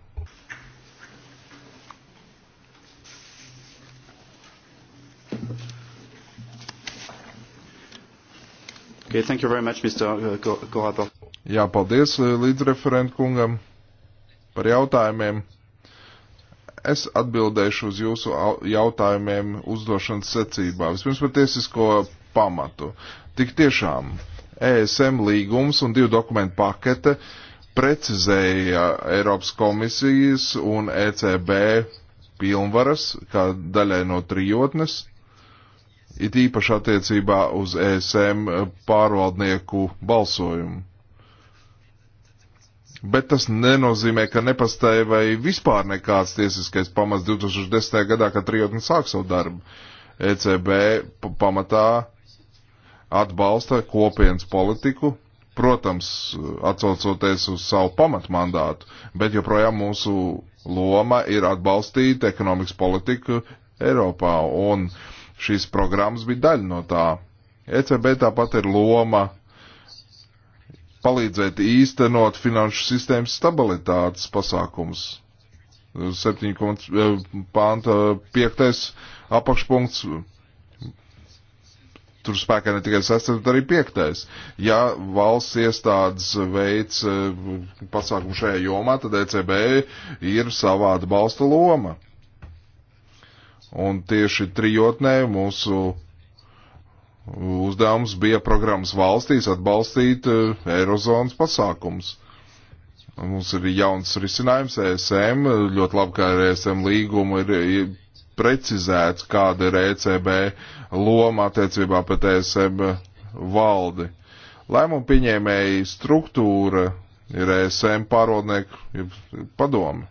Okay, thank you very much, Mr. Korapa. Uh, Jā, paldies uh, līdzreferentu kungam par jautājumiem. Es atbildēšu uz jūsu jautājumiem uzdošanas secībā. Vispirms par tiesisko pamatu. Tik tiešām ESM līgums un divu dokumentu pakete precizēja Eiropas komisijas un ECB pilnvaras, kā daļai no trijotnes, it īpaši attiecībā uz ESM eh, pārvaldnieku balsojumu. Bet tas nenozīmē, ka nepastāja vai vispār nekāds tiesiskais pamats 2010. gadā, kad trijotni sāk savu darbu. ECB pamatā atbalsta kopienas politiku, protams, atsaucoties uz savu pamatmandātu, bet joprojām mūsu loma ir atbalstīt ekonomikas politiku Eiropā. Un uh, Šīs programmas bija daļa no tā. ECB tāpat ir loma palīdzēt īstenot finanšu sistēmas stabilitātes pasākums. 7. Eh, pānta 5. apakšpunkts. Tur spēkā ne tikai 6, bet arī 5. Ja valsts iestādes veids eh, pasākumu šajā jomā, tad ECB ir savā atbalsta loma. Un tieši trijotnē mūsu uzdevums bija programmas valstīs atbalstīt eh, Eirozonas pasākums. Mums ir jauns risinājums ESM, ļoti labi, ka ar ESM līgumu ir precizēts, kāda ir ECB loma attiecībā pret ESM valdi. Lēmumu pieņēmēji struktūra ir ESM pārvaldnieku padome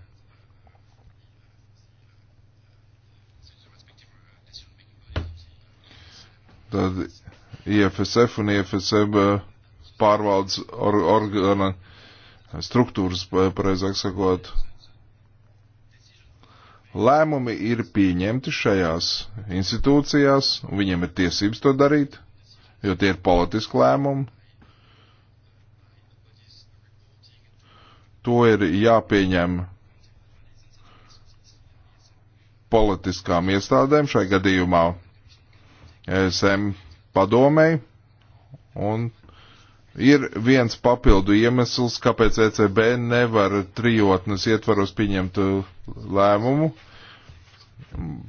Tad IFSF un IFSF e pārvaldes or, organa struktūras, pareizāk sakot, lēmumi ir pieņemti šajās institūcijās, un viņiem ir tiesības to darīt, jo tie ir politiski lēmumi. To ir jāpieņem politiskām iestādēm, šai gadījumā ESM padomēji, un ir viens papildu iemesls, kāpēc ECB nevar trijotnes ietvaros pieņemt uh, lēmumu.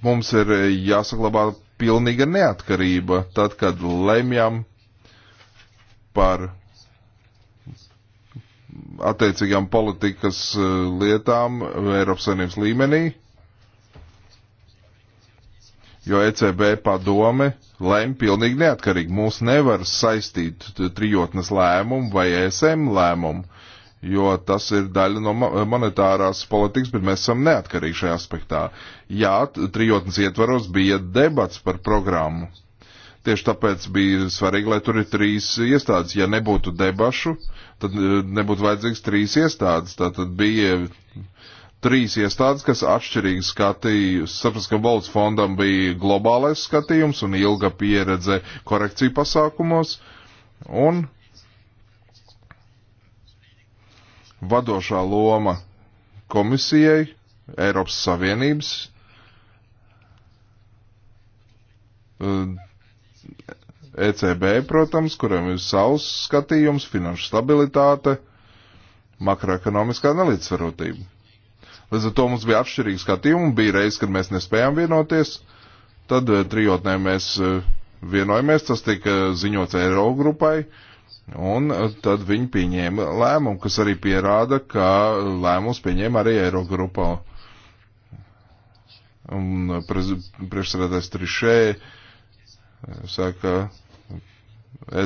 Mums ir jāsaglabā pilnīga neatkarība tad, kad lemjam par attiecīgām politikas uh, lietām Eiropas Savienības līmenī jo ECB padome lem pilnīgi neatkarīgi. Mūs nevar saistīt trijotnes lēmumu vai ESM lēmumu, jo tas ir daļa no monetārās politikas, bet mēs esam neatkarīgi šajā aspektā. Jā, trijotnes ietvaros bija debats par programmu. Tieši tāpēc bija svarīgi, lai tur ir trīs iestādes. Ja nebūtu debašu, tad e, nebūtu vajadzīgs trīs iestādes. Tā tad bija trīs iestādes, kas atšķirīgi skatīja. Saprast, ka valsts fondam bija globālais skatījums un ilga pieredze korekciju pasākumos. Un vadošā loma komisijai, Eiropas Savienības ECB, eh, e protams, kuriem ir savs skatījums, finanšu stabilitāte, makroekonomiskā nelīdzsvarotība. Līdz ar to mums bija atšķirīgi skatījumi, bija reizes, kad mēs nespējām vienoties, tad eh, trijotnē mēs eh, vienojamies, tas tika eh, ziņots Eirogrupai, un tad viņi pieņēma lēmumu, kas arī pierāda, ka lēmums pieņēma arī Eirogrupa. Un priekšsēdētājs Trišē saka,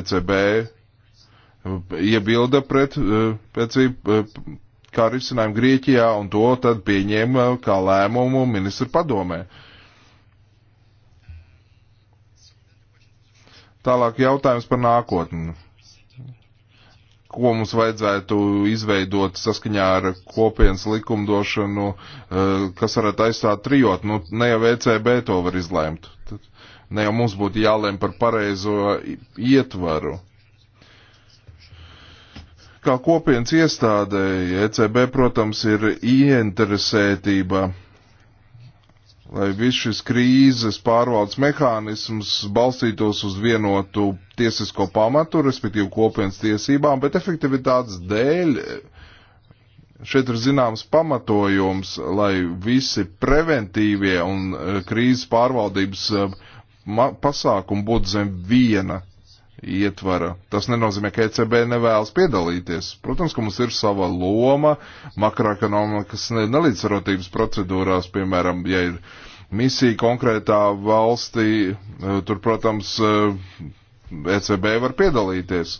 ECB iebilda pret, pēc kā risinājumu Grieķijā, un to tad pieņēma kā lēmumu ministra padomē. Tālāk jautājums par nākotni. Ko mums vajadzētu izveidot saskaņā ar kopienas likumdošanu, eh, kas varētu aizstāt trijot? Nu, ne jau ECB to var izlēmt. Ne jau mums būtu jālēm par pareizo ietvaru Kā kopienas iestādēji, ECB, protams, ir ieinteresētība lai viss šis krīzes pārvaldes mehānisms balstītos uz vienotu tiesisko pamatu, respektīvi kopienas tiesībām, bet efektivitātes dēļ e, šeit ir zināms pamatojums, lai visi preventīvie un e, krīzes pārvaldības e, pasākumi būtu zem viena ietvara. Tas nenozīmē, ka ECB nevēlas piedalīties. Protams, ka mums ir sava loma makroekonomikas nelīdzsvarotības procedūrās, piemēram, ja ir misija konkrētā valstī, eh, tur, protams, ECB eh, e var piedalīties.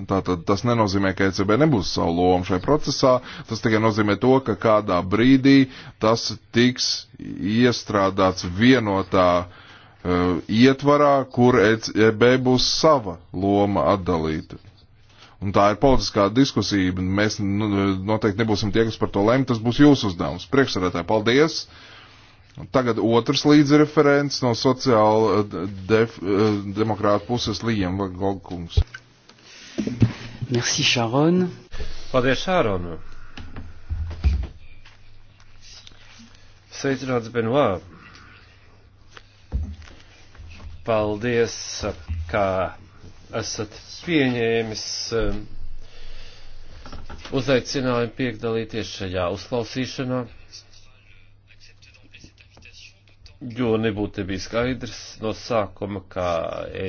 Tātad tas nenozīmē, ka ECB nebūs savu lomu šajā procesā, tas tikai nozīmē to, ka kādā brīdī tas tiks iestrādāts vienotā uh, Uh, ietvarā, kur ECB būs sava loma atdalīta. Un tā ir politiskā diskusija, un mēs nu, noteikti nebūsim tie, kas par to lemj, tas būs jūsu uzdevums. Priekšsarētāji, paldies! Tagad otrs līdzreferents no sociāla uh, def, uh, demokrāta puses Lijam Golkungs. Merci, Šaron. Paldies, Šaron. Sveicināts, Benoā paldies, kā esat pieņēmis um, uzaicinājumu piedalīties šajā uzklausīšanā, jo nebūtu bijis skaidrs no sākuma, kā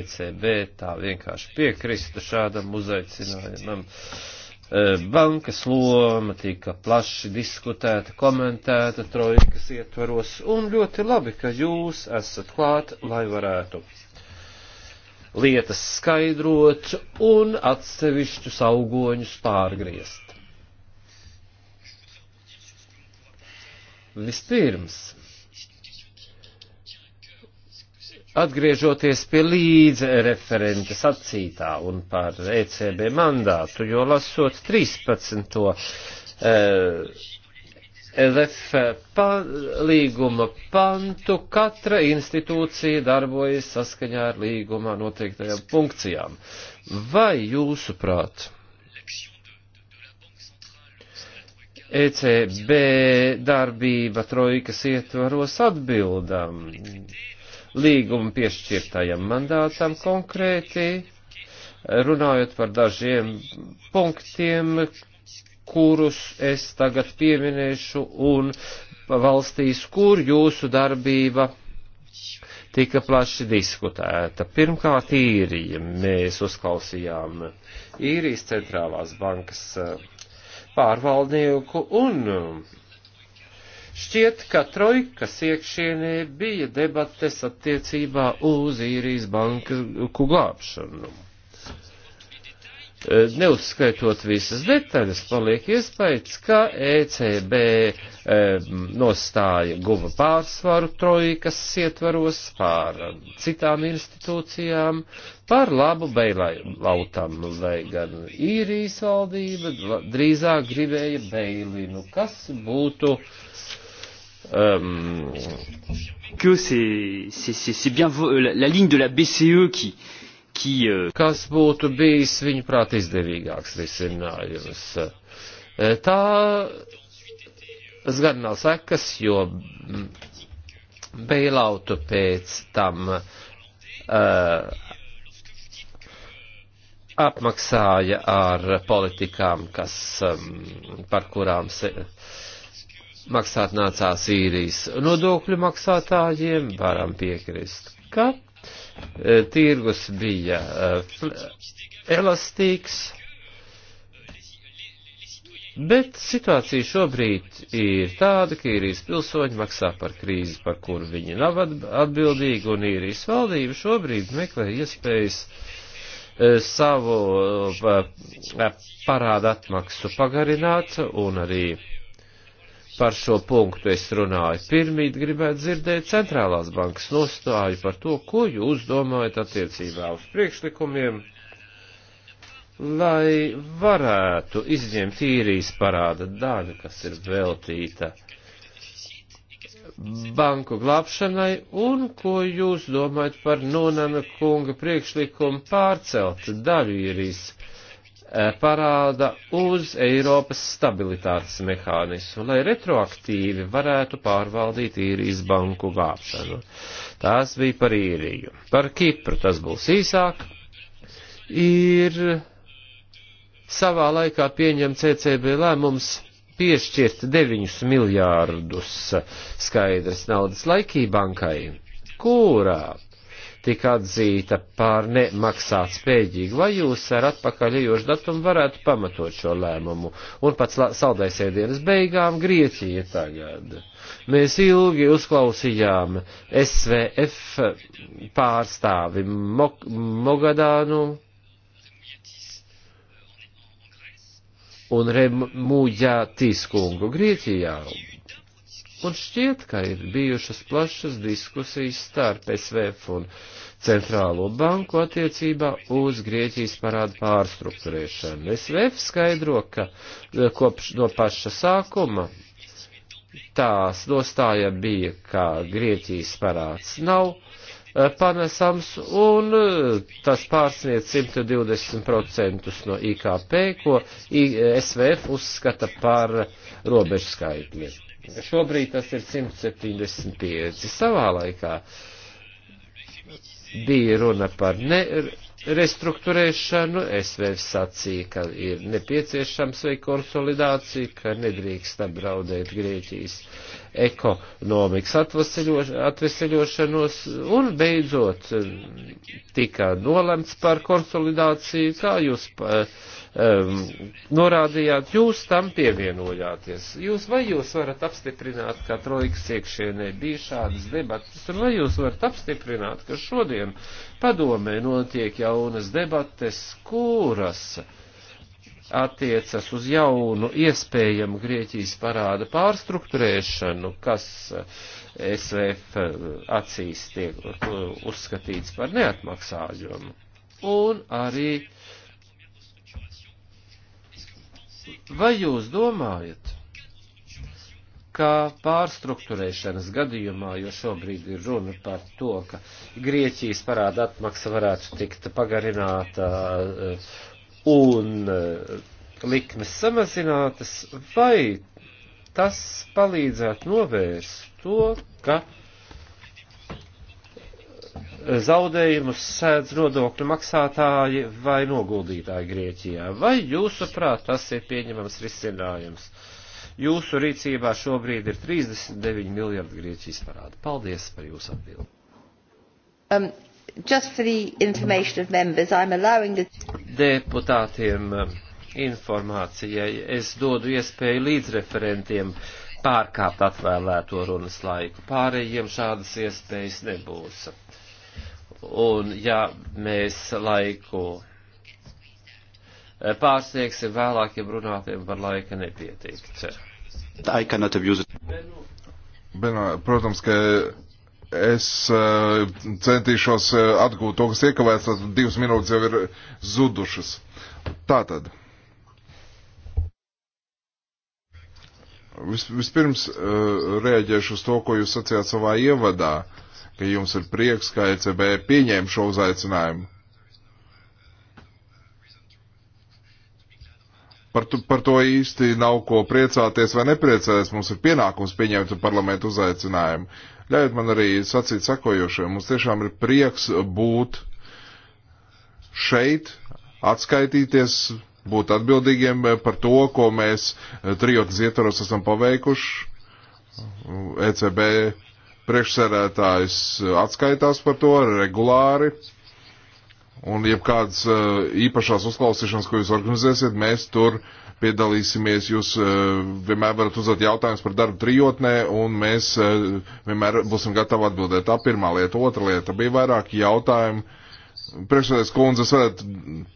ECB tā vienkārši piekrista šādam uzaicinājumam. Uh, Eh, bankas loma tika plaši diskutēta, komentēta trojkas ietvaros, un ļoti labi, ka jūs esat klāt, lai varētu lietas skaidrot un atsevišķus augoņus pārgriezt. Vispirms Atgriežoties pie līdz referenta sacītā un par ECB mandātu, jo lasot 13. Eh, LF pa, līguma pantu, katra institūcija darbojas saskaņā ar līgumā noteiktajām funkcijām. Vai jūsuprāt? ECB darbība trojkas ietvaros atbildam līguma piešķirtajam mandātam konkrēti, runājot par dažiem punktiem, kurus es tagad pieminēšu, un valstīs, kur jūsu darbība tika plaši diskutēta. Pirmkārt, īrija. Mēs uzklausījām īrijas centrālās bankas eh, pārvaldnieku un Šķiet, ka trojkas iekšienē bija debates attiecībā uz īrijas banku glābšanu. E, neuzskaitot visas detaļas, paliek iespējas, ka ECB e, nostāja guva pārsvaru trojkas ietvaros pār citām institūcijām, par labu beilautam, lai gan īrijas valdība drīzāk gribēja beilinu, kas būtu e, euh, que c'est bien la ligne de la BCE qui, qui euh, kas būtu bijis viņuprāt izdevīgāks risinājums. Tā gan nav sekas, jo beilautu pēc tam uh, apmaksāja ar politikām, kas, um, par kurām se, uh, maksāt nācās īrijas nodokļu maksātājiem, varam piekrist, ka e, tirgus bija e, elastīgs, bet situācija šobrīd ir tāda, ka īrijas pilsoņi maksā par krīzi, par kuru viņi nav atbildīgi, un īrijas valdība šobrīd meklē iespējas e, savu e, e, parādu atmaksu pagarināt un arī par šo punktu es runāju. Pirmīt gribētu dzirdēt centrālās bankas nostāju par to, ko jūs domājat attiecībā uz priekšlikumiem, lai varētu izņemt īrijas parāda daļu, kas ir veltīta banku glābšanai, un ko jūs domājat par Nonana kunga priekšlikumu pārcelt daļu īrijas Eh, parāda uz Eiropas stabilitātes mehānismu, lai retroaktīvi varētu pārvaldīt īrijas banku vāpšanu. Tās bija par īriju. Par Kipru tas būs īsāk. Ir savā laikā pieņem CCB lēmums piešķirt 9 miljārdus skaidras naudas laikī bankai, kurā tika atzīta par nemaksāt spējīgu, vai jūs ar atpakaļejošu datumu varētu pamatot šo lēmumu? Un pats saldēsēdienas beigām Grieķija tagad. Mēs ilgi uzklausījām SVF pārstāvi Mok Mogadānu. un Remūģā Tīskungu Grieķijā Un šķiet, ka ir bijušas plašas diskusijas starp SVF un Centrālo banku attiecībā uz Grieķijas parādu pārstruktūrēšanu. SVF skaidro, ka eh, kopš no paša sākuma tās nostāja bija, ka Grieķijas parāds nav eh, panesams un eh, tas pārsniedz 120% no IKP, ko SVF uzskata par robežu skaitļiem. Šobrīd tas ir 175. Savā laikā bija runa par ne restruktūrēšanu. SVF sacīja, ka ir nepieciešams veikt konsolidāciju, ka nedrīkst apdraudēt Grieķijas ekonomikas atveseļošanos, un beidzot tika nolemts par konsolidāciju, kā jūs um, norādījāt, jūs tam pievienojāties. Jūs vai jūs varat apstiprināt, ka trojkas iekšienē bija šādas debatas, un vai jūs varat apstiprināt, ka šodien padomē notiek jaunas debates, kuras attiecas uz jaunu iespējamu Grieķijas parāda pārstruktūrēšanu, kas eh, SVF eh, acīs tiek eh, uzskatīts par neatmaksājumu. Un arī uh, Vai jūs domājat, ka pārstruktūrēšanas gadījumā, jo šobrīd ir runa par to, ka Grieķijas parāda atmaksa varētu tikt pagarināta eh, un eh, likmes samazinātas, vai tas palīdzētu novērst to, ka zaudējumus sēdz nodokļu maksātāji vai noguldītāji Grieķijā? Vai jūsuprāt tas ir pieņemams risinājums? Jūsu rīcībā šobrīd ir 39 miljardi Grieķijas parāda. Paldies par jūsu atbildi. Um, the... Deputātiem um, informācijai es dodu iespēju līdzreferentiem pārkāpt atvēlēto runas laiku. Pārējiem šādas iespējas nebūs. Un ja mēs laiku eh, pārsniegsim vēlākiem runātiem, var laika nepietikt. I cannot abuse it. Ben, protams, ka es uh, centīšos eh, atgūt to, kas iekavēts, tad divas minūtes jau ir zudušas. Tātad. Vis, vispirms uh, rēģēšu uz to, ko jūs sacījāt savā ievadā. Uh, ka jums ir prieks, ka ECB pieņēma šo uzaicinājumu. Par, tu, par to īsti nav ko priecāties vai nepriecāties. Mums ir pienākums pieņemt parlamentu uzaicinājumu. Ļaujiet man arī sacīt sakojošo. Mums tiešām ir prieks būt šeit, atskaitīties būt atbildīgiem par to, ko mēs trijotas ietvaros esam paveikuši. ECB priekšsēdētājs eh, atskaitās par to regulāri. Un jebkādas eh, īpašās uzklausīšanas, ko jūs organizēsiet, mēs tur piedalīsimies. Jūs eh, vienmēr varat uzdot jautājumus par darbu trijotnē, un mēs vienmēr būsim gatavi atbildēt. Tā pirmā lieta, otra lieta bija vairāk jautājumu. Priekšsēdēs kundze, es varētu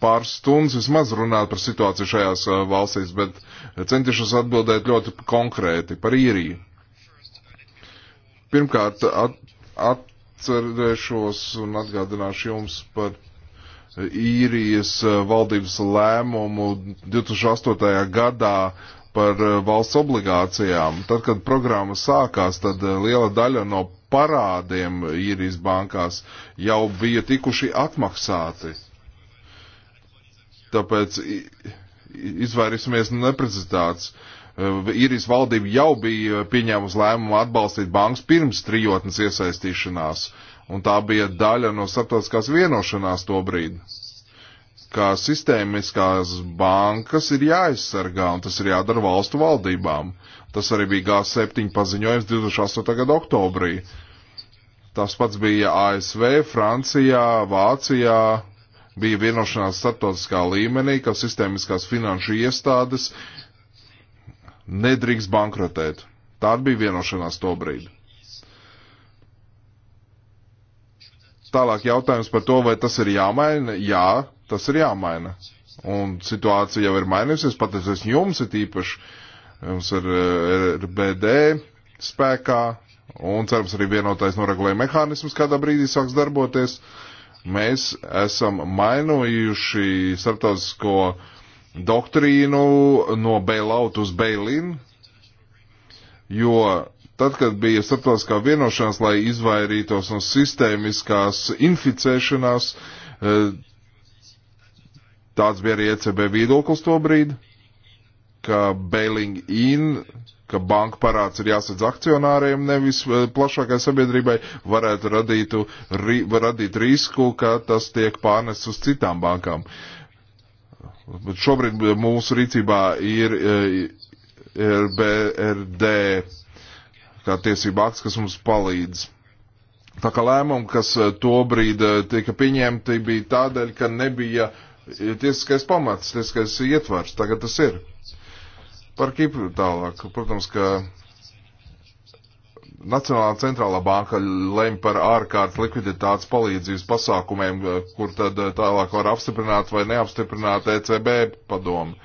pāris stundas vismaz runāt par situāciju šajās valstīs, bet centīšos atbildēt ļoti konkrēti par īriju. Pirmkārt, at, atcerēšos un atgādināšu jums par īrijas valdības lēmumu 2008. gadā par valsts obligācijām. Tad, kad programma sākās, tad liela daļa no parādiem īrijas bankās jau bija tikuši atmaksāti. Tāpēc izvairīsimies no neprecizitātes. Uh, īrijas eh, valdība jau bija eh, pieņēmusi lēmumu atbalstīt bankas pirms trijotnes iesaistīšanās, un tā bija daļa no starptautiskās vienošanās to brīdi ka sistēmiskās bankas ir jāaizsargā, un tas ir jādara valstu valdībām. Tas arī bija G7 paziņojums 28. gada oktobrī. Tas pats bija ASV, Francijā, Vācijā, bija vienošanās starptautiskā līmenī, ka sistēmiskās finanšu iestādes nedrīkst bankrotēt. Tā bija vienošanās to brīdi. Tālāk jautājums par to, vai tas ir jāmaina. Jā, tas ir jāmaina. Un situācija jau ir mainījusies, pateicoties jums ir īpaši, jums ir, ir BD spēkā, un cerams arī vienotais noregulējuma mehānisms kādā brīdī sāks darboties. Mēs esam mainījuši starptautisko uh, doktrīnu no bailout uz bailin, jo tad, kad bija starptautiskā vienošanās, lai izvairītos no sistēmiskās inficēšanās, e, tāds bija arī ECB viedoklis to brīdi, ka bailing in, ka banka parāds ir jāsadz akcionāriem, nevis e, plašākai sabiedrībai, varētu radītu, ri, radīt risku, ka tas tiek pārnests uz citām bankām. Uh, Bet šobrīd mūsu rīcībā ir e, RBRD kā tiesība akts, kas mums palīdz. Tā kā lēmumi, kas e, to brīdi e, tika pieņemti, bija tādēļ, ka nebija tiesiskais pamats, tiesiskais ietvars. Tagad tas ir. Par Kipru tālāk. Protams, ka Nacionālā centrālā banka lem par ārkārtas likviditātes palīdzības pasākumiem, eh, kur tad eh, tālāk var apstiprināt vai neapstiprināt ECB padomu.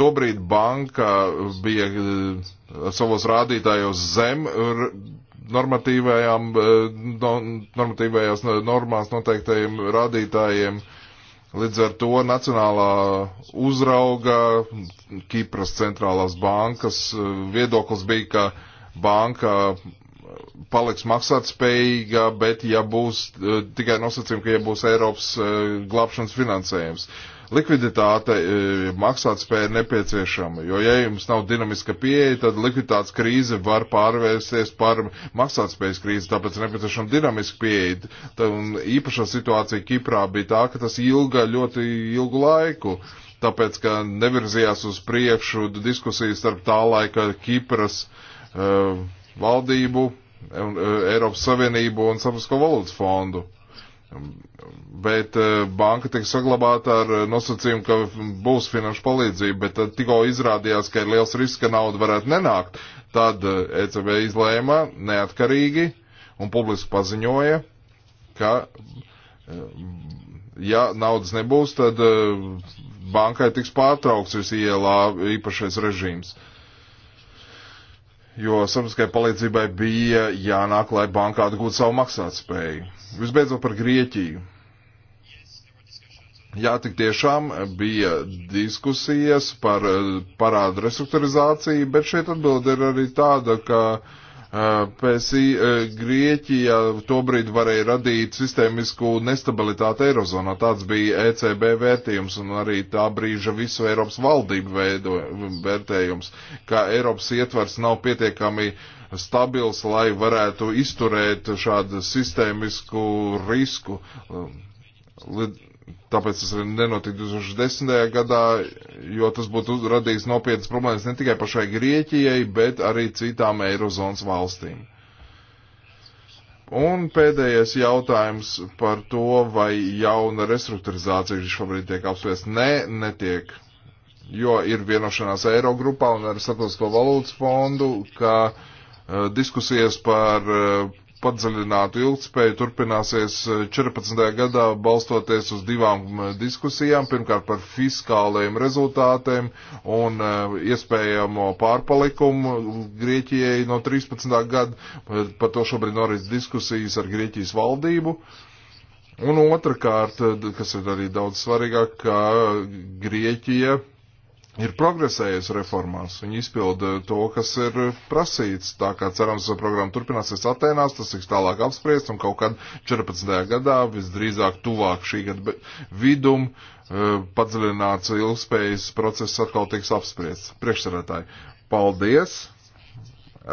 Tobrīd banka bija eh, savos rādītājos zem normatīvajām, normatīvajās normās noteiktajiem rādītājiem. Līdz ar to Nacionālā uzrauga Kipras centrālās bankas viedoklis bija, ka banka paliks maksātspējīga, bet ja būs eh, tikai nosacījumi, ka ja būs Eiropas eh, glābšanas finansējums. Likviditāte eh, maksātspēja ir nepieciešama, jo ja jums nav dinamiska pieeja, tad likviditātes krīze var pārvērsties par maksātspējas krīzi, tāpēc ir nepieciešama dinamiska pieeja. Un īpašā situācija Kiprā bija tā, ka tas ilga ļoti ilgu laiku tāpēc, ka nevirzījās uz priekšu diskusijas starp tā laika Kipras uh, valdību E, Eiropas Savienību un Sabiedrisko valūtas fondu. Bet e, banka tiek saglabāta ar nosacījumu, ka būs finanšu palīdzība, bet tad tikko izrādījās, ka ir liels risks, ka nauda varētu nenākt. Tad ECB e izlēma neatkarīgi un publiski paziņoja, ka ja naudas nebūs, tad bankai tiks pārtraukts šis ILA īpašais režīms. Uh, jo sabiedriskai palīdzībai bija jānāk, lai banka atgūtu savu maksātspēju. Visbeidzot par Grieķiju. Jā, tik tiešām bija diskusijas par eh, parādu restruktūrizāciju, bet šeit atbilde ir arī tāda, ka uh, PSI Grieķijā tobrīd varēja radīt sistēmisku nestabilitāti Eirozonā. Tāds bija ECB vērtījums un arī tā brīža visu Eiropas valdību veido, vērtējums, ka Eiropas ietvars nav pietiekami stabils, lai varētu izturēt šādu sistēmisku risku. Lid tāpēc tas nenotika 2010. gadā, jo tas būtu radījis nopietnas problēmas ne tikai pašai Grieķijai, bet arī citām Eirozonas valstīm. Un pēdējais jautājums par to, vai jauna restruktūrizācija šobrīd tiek apspriesta. Nē, ne, netiek jo ir vienošanās Eirogrupā un ar Starptautisko valūtas fondu, ka uh, diskusijas par uh, padziļinātu ilgspēju turpināsies 14. Eh, gadā, balstoties uz divām eh, diskusijām. Pirmkārt par fiskālajiem rezultātiem un eh, iespējamo pārpalikumu Grieķijai no 13. gada. Par to šobrīd norit diskusijas ar Grieķijas valdību. Un otrkārt, kas ir arī daudz svarīgāk, ka Grieķija ir progresējusi reformās. Viņi izpilda to, kas ir prasīts. Tā kā cerams, programma turpināsies Atenās, tas tiks tālāk apspriest un kaut kad 14. gadā, visdrīzāk tuvāk šī gada vidum, eh, padziļināts ilgspējas process atkal tiks apspriests. Priekšsarētāji, paldies!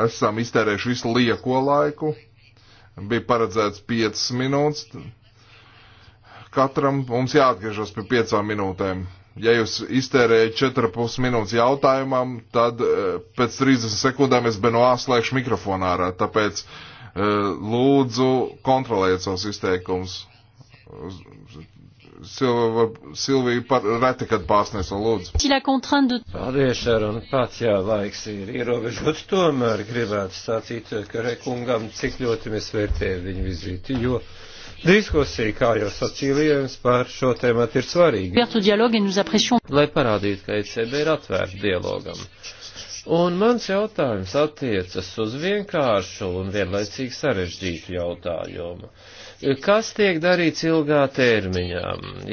Esam iztērējuši visu lieko laiku. Bija paredzēts 5 minūtes. Katram mums jāatgriežas pie 5 minūtēm ja jūs iztērējat 4,5 minūtes jautājumam, tad eh, pēc 30 sekundēm es beno āslēgšu mikrofonā ārā. Tāpēc eh, lūdzu kontrolējiet savus izteikumus. Silva, Silvija par, reti, kad pārsnieso lūdzu. Paldies, Šarun, pat jā, laiks ir ierobežots. Tomēr gribētu sacīt, eh, ka rekungam, cik ļoti mēs vērtējam viņu vizīti, jo. Uh, Diskusija, kā jau sacījums par šo tēmatu ir svarīga. Lai parādītu, ka ECB ir atvērta dialogam. Un mans jautājums attiecas uz vienkāršu un vienlaicīgi sarežģītu jautājumu. Kas tiek darīts ilgā termiņā?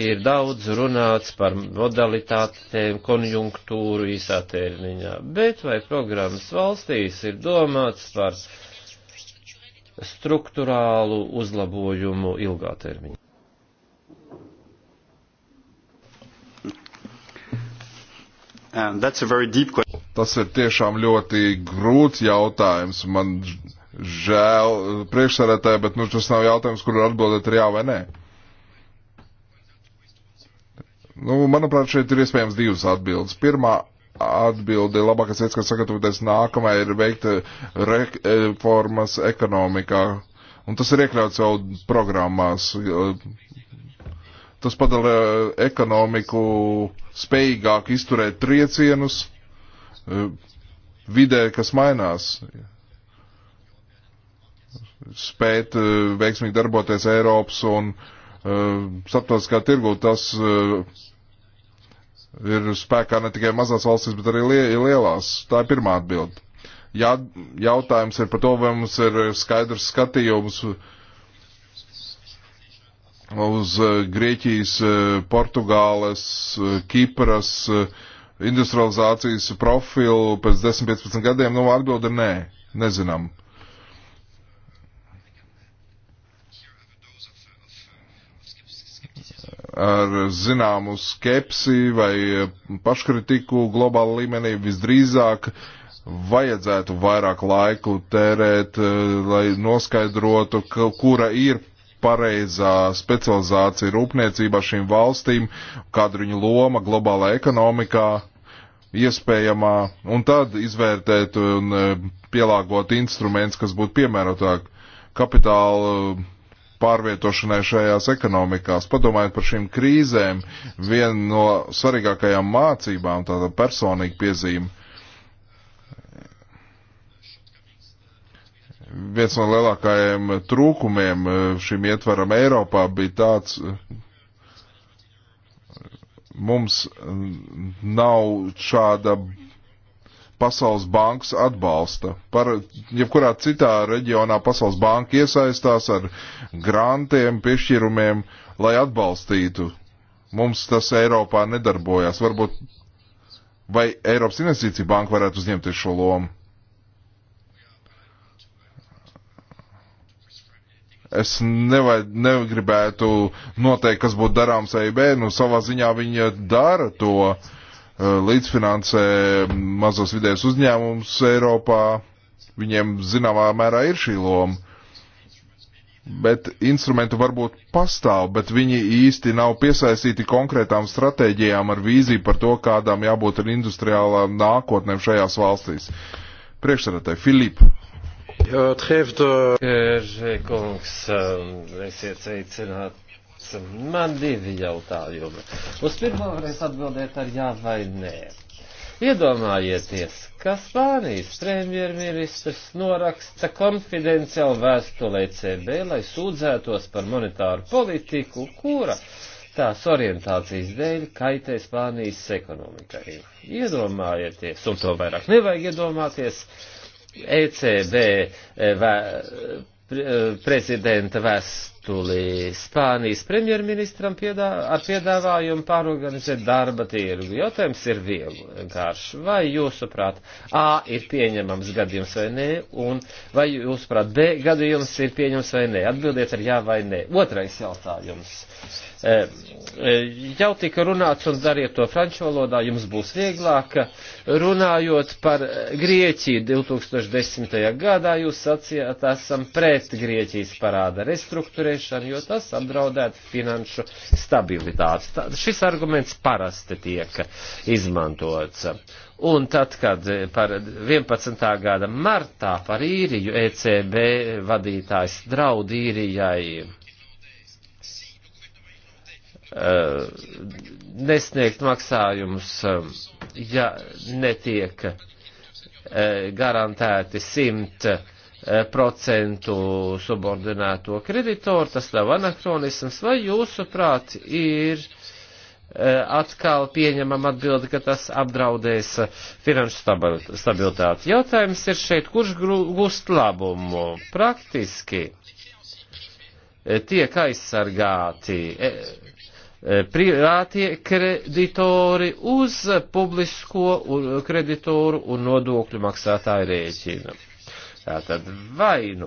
Ir daudz runāts par modalitātēm, konjunktūru īsā termiņā, bet vai programmas valstīs ir domāts par struktūrālu uzlabojumu ilgā termiņā. Tas ir tiešām ļoti grūts jautājums. Man žēl priekšsarētāji, bet nu, tas nav jautājums, kur atbildēt ar jā vai nē. Nu, manuprāt, šeit ir iespējams divas atbildes. Pirmā atbildi labākais veids, kā sagatavoties nākamajai, ir veikt eh, reformas ekonomikā. Un tas ir iekļauts jau programmās. Tas padara ekonomiku spējīgāk izturēt triecienus eh, vidē, kas mainās spēt eh, veiksmīgi darboties Eiropas un uh, starptautiskā tirgu, tas uh, ir spēkā ne tikai mazās valstīs, bet arī lielās. Tā ir pirmā atbilde. Jā, jautājums ir par to, vai mums ir skaidrs skatījums uz eh, Grieķijas, eh, Portugāles, eh, Kipras industrializācijas profilu pēc 10-15 gadiem. Nu, atbilde ir nē, nezinām. ar zināmu skepsi vai paškritiku globāla līmenī visdrīzāk vajadzētu vairāk laiku tērēt, eh, lai noskaidrotu, kura ir pareizā specializācija rūpniecībā šīm valstīm, kāda viņu loma globālā ekonomikā iespējamā, un tad izvērtēt un eh, pielāgot instruments, kas būtu piemērotāk kapitāla pārvietošanai šajās ekonomikās. Padomājiet par šīm krīzēm, viena no svarīgākajām mācībām, tāda personīga piezīme. Viens no lielākajiem trūkumiem eh, šim ietveram Eiropā bija tāds, eh, mums nav šāda Pasaules bankas atbalsta. Par jebkurā citā reģionā Pasaules banka iesaistās ar grantiem, piešķirumiem, lai atbalstītu. Mums tas Eiropā nedarbojās. Varbūt vai Eiropas investīcija banka varētu uzņemties šo lomu? es nevajad, negribētu noteikt, kas būtu darāms EIB, nu savā ziņā viņa dara to, Eh, līdzfinansē mazos vidējos uzņēmumus Eiropā. Viņiem zināmā mērā ir šī loma. Bet instrumenti varbūt pastāv, bet viņi īsti nav piesaistīti konkrētām stratēģijām ar vīziju par to, kādām jābūt ar industriālām nākotnēm šajās valstīs. Priekšsēdētāji, Filipa, Treffda. Kungs, um, esiet sveicināti punkts. Man divi jautājumi. Uz pirmo varēs atbildēt ar jā vai nē. Iedomājieties, ka Spānijas premjerministrs noraksta konfidenciālu vēstulē e CB, lai sūdzētos par monetāru politiku, kura tās orientācijas dēļ kaitē Spānijas ekonomikai. Iedomājieties, un to vairāk nevajag iedomāties, ECB eh, vē, eh, prezidenta vēst vēstuli Spānijas premjerministram piedā, ar piedāvājumu pārorganizēt darba tirgu. Jautājums ir vienkārši. Vai jūsuprāt A ir pieņemams gadījums vai nē, un vai jūsuprāt B gadījums ir pieņemams vai nē? Atbildiet ar jā vai nē. Otrais jautājums. Jau tika runāts un dariet to franču valodā, jums būs vieglāk. Runājot par Grieķiju 2010. gadā, jūs sacījāt, esam pret Grieķijas parāda restruktūrē regulēšanu, jo tas apdraudētu finanšu stabilitāti. Tā, šis arguments parasti tiek izmantots. Un tad, kad par 11. gada martā par īriju ECB vadītājs draud īrijai uh, nesniegt maksājumus, uh, ja netiek uh, garantēti simt uh, procentu subordināto kreditoru, tas nav anakronisms, vai jūsuprāt ir e, atkal pieņemam atbildi, ka tas apdraudēs finanšu stabilitāti. Jautājums ir šeit, kurš gūst labumu? Praktiski e, tiek aizsargāti e, privātie kreditori uz publisko kreditoru un nodokļu maksātāju rēķina. Tātad vai nu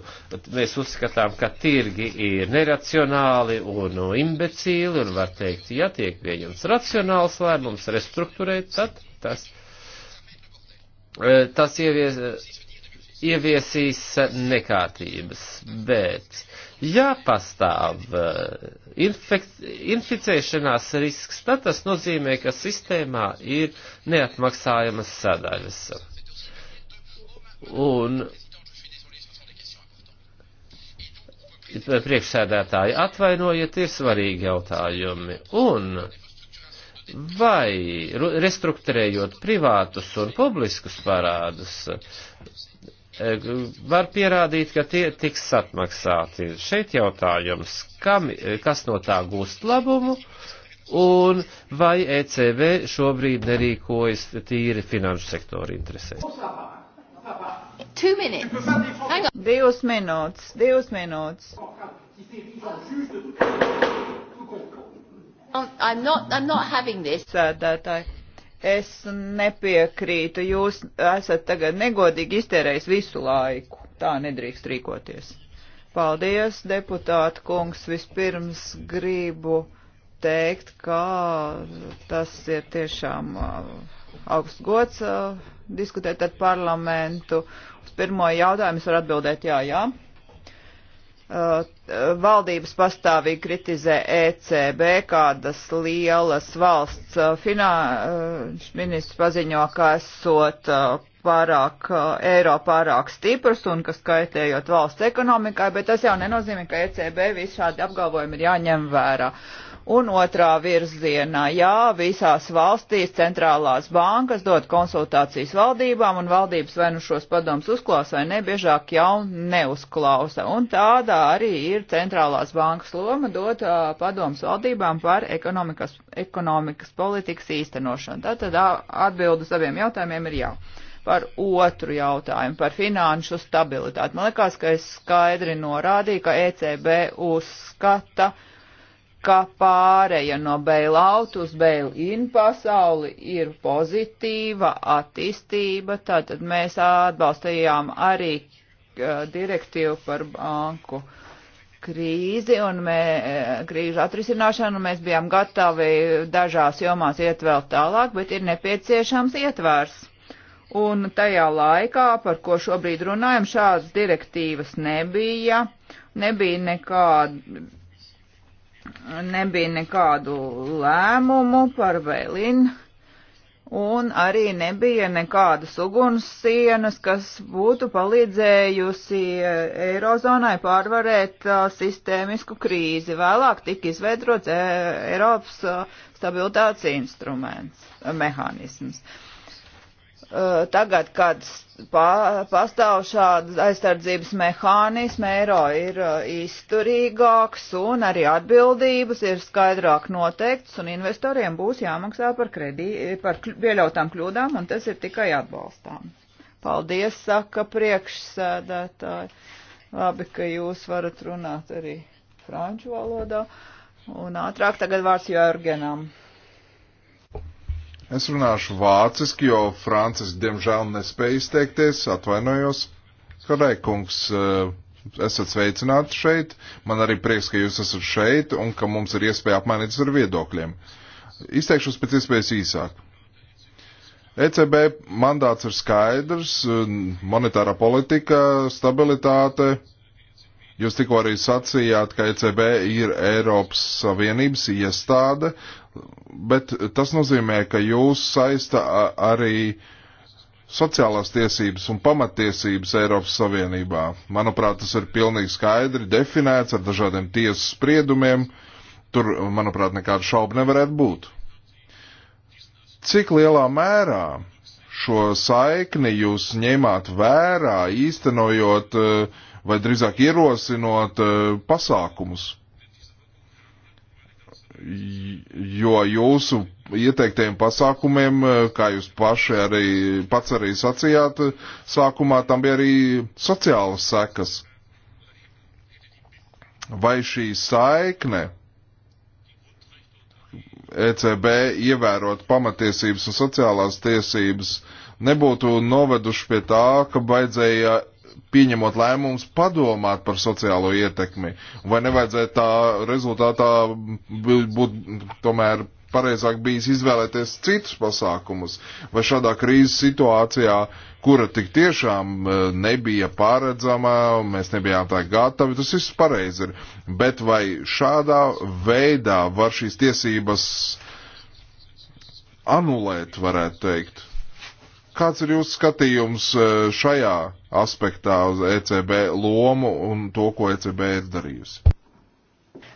mēs uzskatām, ka tirgi ir neracionāli un nu, imbecīli un var teikt, ja tiek pieņemts racionāls lēmums restruktūrēt, tad tas, e, tas ievies, ieviesīs nekārtības. Bet ja pastāv e, infekt, inficēšanās risks, tad tas nozīmē, ka sistēmā ir neatmaksājamas sadaļas. Un priekšsēdētāji, atvainojiet, ir svarīgi jautājumi. Un vai restruktūrējot privātus un publiskus parādus, e, var pierādīt, ka tie tiks atmaksāti. Šeit jautājums, kam, kas no tā gūst labumu un vai ECB šobrīd nerīkojas tīri finanšu sektoru interesēs. Two minutes. Hang on. Divas minūtes, divas minūtes. Um, I'm not, I'm not having this. Sēdētāji, es nepiekrītu, jūs esat tagad negodīgi iztērējis visu laiku. Tā nedrīkst rīkoties. Paldies, deputāta kungs. Vispirms gribu teikt, ka tas ir tiešām uh, augsts gods uh, diskutēt ar parlamentu. Uz pirmo jautājumu es varu atbildēt jā, jā. Uh, valdības pastāvīgi kritizē ECB, kādas lielas valsts uh, finanšu uh, ministrs paziņo, ka esot uh, pārāk, uh, eiro pārāk stiprs un ka skaitējot valsts ekonomikai, bet tas jau nenozīmē, ka ECB visi šādi apgalvojumi ir jāņem vērā. Uh, un otrā virzienā. Jā, visās valstīs centrālās bankas dod konsultācijas valdībām, un valdības vai nu šos padomus uzklausa vai ne, biežāk jau neuzklausa. Un tādā arī ir centrālās bankas loma dot uh, padomus valdībām par ekonomikas, ekonomikas politikas īstenošanu. Tātad atbildu saviem jautājumiem ir jā par otru jautājumu, par finanšu stabilitāti. Man liekas, ka es skaidri norādīju, ka ECB uzskata, uh, ka pāreja no bailout uz bail-in pasauli ir pozitīva attīstība, tātad mēs atbalstījām arī uh, direktīvu par banku krīzi un mē, uh, krīžu atrisināšanu, mēs bijām gatavi dažās jomās iet vēl tālāk, bet ir nepieciešams ietvērs. Un tajā laikā, par ko šobrīd runājam, šādas direktīvas nebija, nebija nekāda nebija nekādu lēmumu par Vēlinu, un arī nebija nekādas uguns sienas, kas būtu palīdzējusi e, Eirozonai pārvarēt e, sistēmisku krīzi. Vēlāk tika izveidots e, Eiropas stabilitātes instruments, mehānisms. Uh, Eh, tagad, kad pastāv šāda aizsardzības mehānisma, eiro ir eh, izturīgāks un arī atbildības ir skaidrāk noteikts un investoriem būs jāmaksā par, kredī, par pieļautām kļūdām un tas ir tikai atbalstām. Paldies, saka priekšsēdētāji. Labi, ka jūs varat runāt arī franču valodā. Un ātrāk tagad vārds Jörgenam. Es runāšu vāciski, jo franciski, diemžēl, nespēju izteikties, atvainojos. Karēkungs, eh, esat sveicināti šeit. Man arī prieks, ka jūs esat šeit un ka mums ir iespēja apmainīties ar viedokļiem. Izteikšos pēc iespējas īsāk. ECB mandāts ir skaidrs, eh, monetārā politika, stabilitāte. Jūs tikko arī sacījāt, ka ECB ir Eiropas Savienības iestāde, bet tas nozīmē, ka jūs saista arī sociālās tiesības un pamatiesības Eiropas Savienībā. Manuprāt, tas ir pilnīgi skaidri definēts ar dažādiem tiesas spriedumiem. Tur, manuprāt, nekāda šauba nevarētu būt. Cik lielā mērā šo saikni jūs ņemāt vērā, īstenojot eh, vai drīzāk ierosinot eh, pasākumus? jo jūsu ieteiktajiem pasākumiem, eh, kā jūs paši arī, pats arī sacījāt, eh, sākumā tam bija arī sociālas sekas. Vai šī saikne ECB ievērot pamatiesības un sociālās tiesības nebūtu noveduši pie tā, ka vajadzēja pieņemot lēmumus, padomāt par sociālo ietekmi. Vai nevajadzētu tā rezultātā būt tomēr pareizāk bijis izvēlēties citus pasākumus, vai šādā krīzes situācijā, kura tik tiešām e, nebija pāredzama, mēs nebijām tā gatavi, tas viss pareizi ir. Bet vai šādā veidā var šīs tiesības anulēt, varētu teikt? Kāds ir jūsu skatījums e, šajā aspektā uz ECB lomu un to, ko ECB ir darījusi?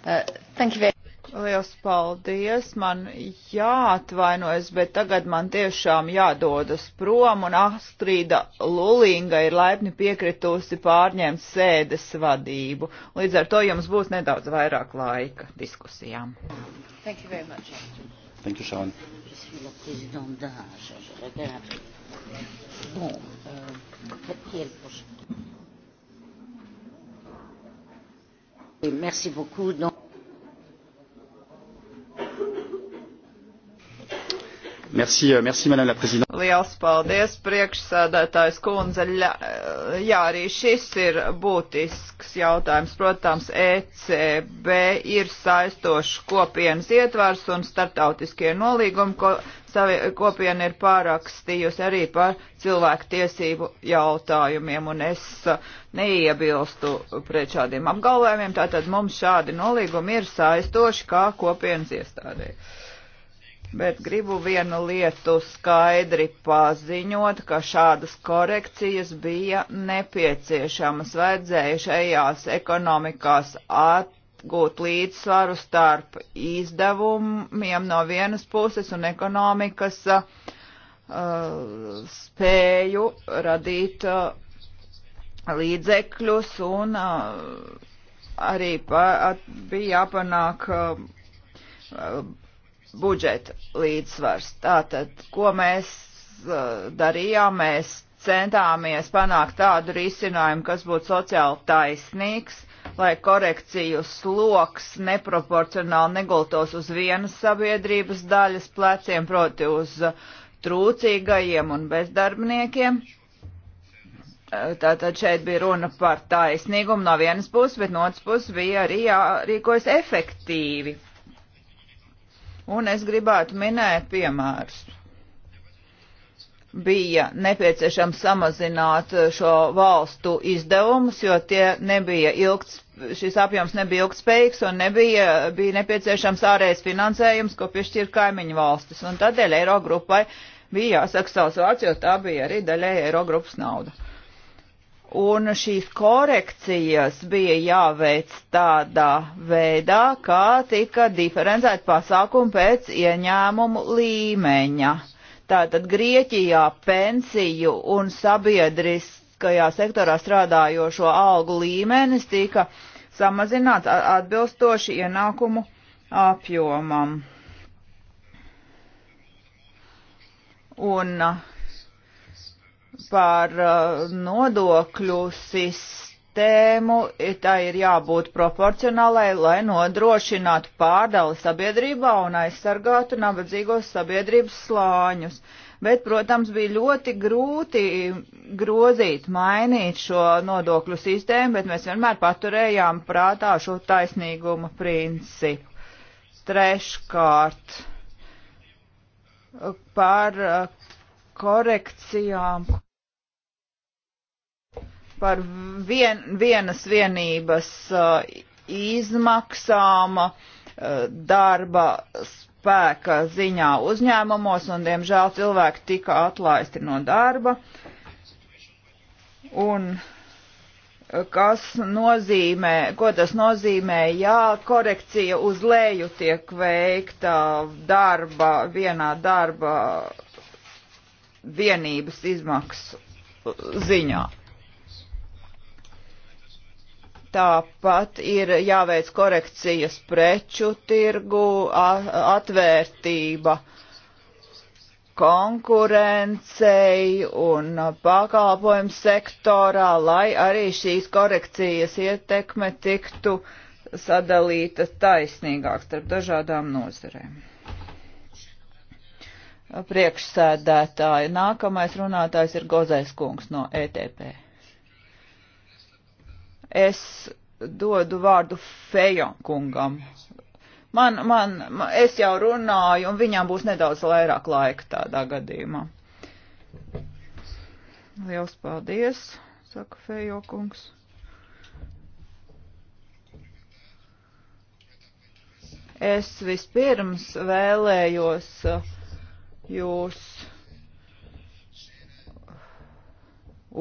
Uh, Liels paldies, man jāatvainojas, bet tagad man tiešām jādodas prom, un Astrīda Lulinga ir laipni piekritusi pārņemt sēdes vadību. Līdz ar to jums būs nedaudz vairāk laika diskusijām. Thank you very much. Thank you, Sean. Bon, euh, qui est le prochain Merci beaucoup. Donc, Merci, euh, merci, madame la présidente. Liels paldies, priekšsēdētājs kundze. Eh, jā, arī šis ir būtisks jautājums. Protams, ECB ir saistošs kopienas ietvars un startautiskie nolīgumi, ko savi, kopiena ir pārakstījusi arī par cilvēku tiesību jautājumiem, un es eh, neiebilstu pret šādiem apgalvojumiem. Tātad mums šādi nolīgumi ir saistoši kā kopienas iestādēji bet gribu vienu lietu skaidri paziņot, ka šādas korekcijas bija nepieciešamas. Vajadzēja šajās ekonomikās atgūt līdzsvaru starp izdevumiem no vienas puses un ekonomikas uh, spēju radīt uh, līdzekļus un uh, arī pa, at, bija jāpanāk uh, uh budžeta līdzsvars. Tātad, ko mēs uh, darījām, mēs centāmies panākt tādu risinājumu, kas būtu sociāli taisnīgs, lai korekciju sloks neproporcionāli negultos uz vienas sabiedrības daļas pleciem, proti uz uh, trūcīgajiem un bezdarbniekiem. Uh, tātad šeit bija runa par taisnīgumu no vienas puses, bet no otras puses bija arī jārīkojas efektīvi. Un es gribētu minēt piemērus. Bija nepieciešams samazināt šo valstu izdevumus, jo tie nebija ilgts, šis apjoms nebija ilgtspējīgs un nebija, bija nepieciešams ārējais finansējums, ko piešķir kaimiņu valstis. Un tādēļ Eirogrupai bija jāsaka savs vārds, jo tā bija arī daļai Eirogrupas nauda. Un šīs korekcijas bija jāveic tādā veidā, kā tika diferencēta pasākuma pēc ieņēmumu līmeņa. Tātad Grieķijā pensiju un sabiedriskajā sektorā strādājošo algu līmenis tika samazināts atbilstoši ienākumu apjomam. Un uh, par uh, nodokļu sistēmu, tā ir jābūt proporcionālai, lai nodrošinātu pārdali sabiedrībā un aizsargātu nabadzīgos sabiedrības slāņus. Bet, protams, bija ļoti grūti grozīt, mainīt šo nodokļu sistēmu, bet mēs vienmēr paturējām prātā šo taisnīguma principu. Treškārt par uh, korekcijām par vien, vienas vienības uh, izmaksām uh, darba spēka ziņā uzņēmumos, un diemžēl cilvēki tika atlaisti no darba, un uh, kas nozīmē, ko tas nozīmē, ja korekcija uz leju tiek veikta darba, vienā darba vienības izmaksu ziņā. Tāpat ir jāveic korekcijas preču tirgu, atvērtība konkurencei un pakalpojumu sektorā, lai arī šīs korekcijas ietekme tiktu sadalīta taisnīgāk starp dažādām nozarēm. Priekšsēdētāji, nākamais runātājs ir Gozais kungs no ETP. Es dodu vārdu Fejo kungam. Man, man, man, es jau runāju, un viņām būs nedaudz vairāk laika tādā gadījumā. Liels paldies, saka Fejo kungs. Es vispirms vēlējos uh, jūs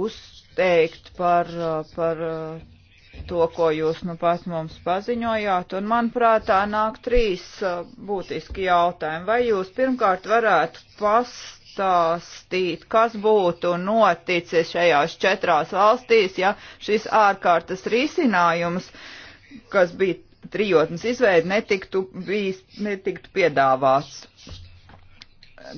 uzteikt par, uh, par uh, to, ko jūs nu pats mums paziņojāt, un manuprāt, tā nāk trīs uh, būtiski jautājumi. Vai jūs pirmkārt varētu pastāstīt, kas būtu noticis šajās četrās valstīs, ja šis ārkārtas risinājums, kas bija trijotnes izveidi, netiktu, bijis, netiktu piedāvāts?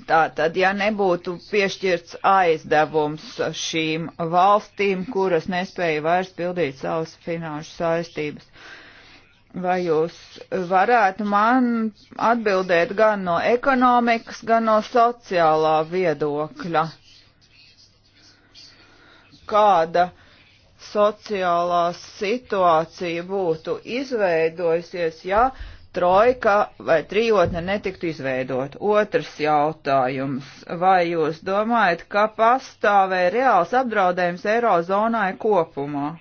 Tātad, ja nebūtu piešķirts aizdevums šīm valstīm, kuras nespēja vairs pildīt savas finanšu saistības, vai jūs varētu man atbildēt gan no ekonomikas, gan no sociālā viedokļa? Kāda sociālā situācija būtu izveidojusies, ja uh, trojka vai trijotne netiktu izveidot. Otrs jautājums. Vai jūs domājat, ka pastāvē reāls apdraudējums eirozonai kopumā?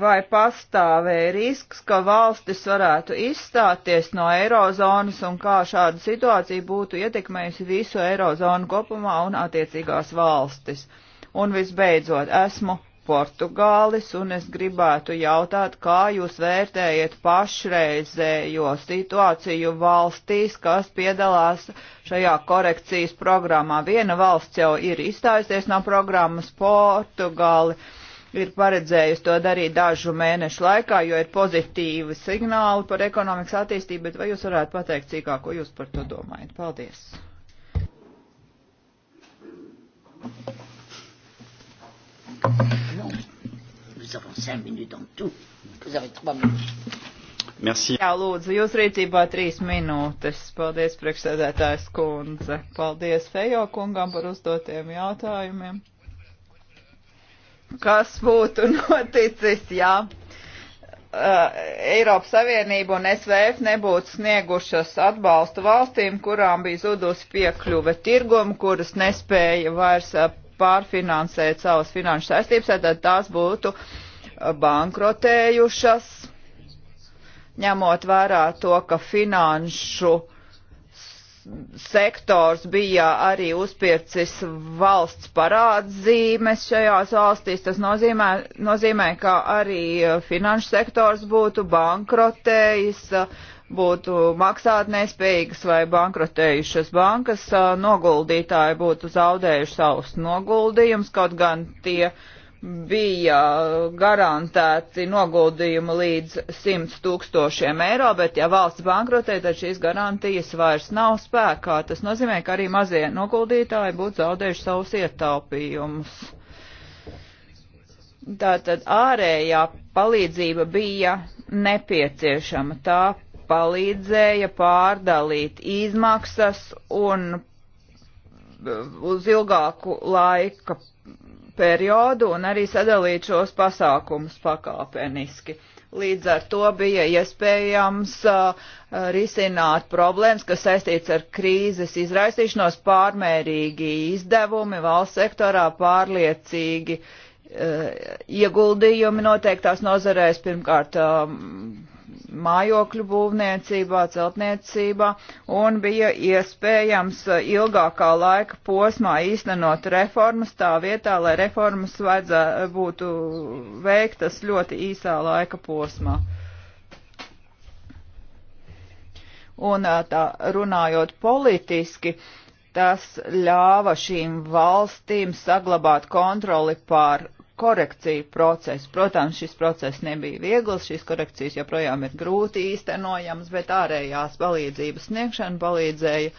vai pastāvēja risks, ka valstis varētu izstāties no eirozonas un kā šāda situācija būtu ietekmējusi visu eirozonu kopumā un attiecīgās valstis. Un visbeidzot, esmu Portugālis, un es gribētu jautāt, kā jūs vērtējat pašreizējo situāciju valstīs, kas piedalās šajā korekcijas programmā. Viena valsts jau ir izstājusies no programmas Portugāli, ir paredzējusi to darīt dažu mēnešu laikā, jo ir pozitīvi signāli par ekonomikas attīstību, bet vai jūs varētu pateikt cīkāk, ko jūs par to domājat? Paldies! Thank you nous avons cinq minutes en tout. Vous avez trois minutes. Merci. Jā, lūdzu, jūs rīcībā trīs minūtes. Paldies, priekšsēdētājs kundze. Paldies Fejo kungam par uzdotiem jautājumiem. Kas būtu noticis, jā? Uh, eh, Eiropas Savienība un SVF nebūtu sniegušas atbalstu valstīm, kurām bija zudusi piekļuve tirgumu, kuras nespēja vairs eh, pārfinansēt savas finanšu saistības, tad tās būtu uh, bankrotējušas, ņemot vērā to, ka finanšu sektors bija arī uzpircis valsts parādzīmes šajās valstīs. Tas nozīmē, nozīmē ka arī uh, finanšu sektors būtu bankrotējis, uh, būtu maksāt nespējīgas vai bankrotējušas bankas, noguldītāji būtu zaudējuši savus noguldījumus, kaut gan tie bija garantēti noguldījumi līdz 100 tūkstošiem eiro, bet ja valsts bankrotē, tad šīs garantijas vairs nav spēkā. Tas nozīmē, ka arī mazie noguldītāji būtu zaudējuši savus ietaupījumus. Tātad ārējā palīdzība bija nepieciešama. Tā palīdzēja pārdalīt izmaksas un uh, uz ilgāku laika periodu un arī sadalīt šos pasākumus pakāpeniski. Līdz ar to bija iespējams uh, risināt problēmas, kas saistīts ar krīzes izraisīšanos, pārmērīgi izdevumi valsts sektorā, pārliecīgi uh, ieguldījumi noteiktās nozarēs, pirmkārt um, mājokļu būvniecībā, celtniecībā un bija iespējams ilgākā laika posmā īstenot reformas tā vietā, lai reformas vajadzē, būtu veiktas ļoti īsā laika posmā. Un tā runājot politiski, tas ļāva šīm valstīm saglabāt kontroli pār korekciju procesu. Protams, šis process nebija viegls, šīs korekcijas joprojām ir grūti īstenojams, bet ārējās palīdzības sniegšana palīdzēja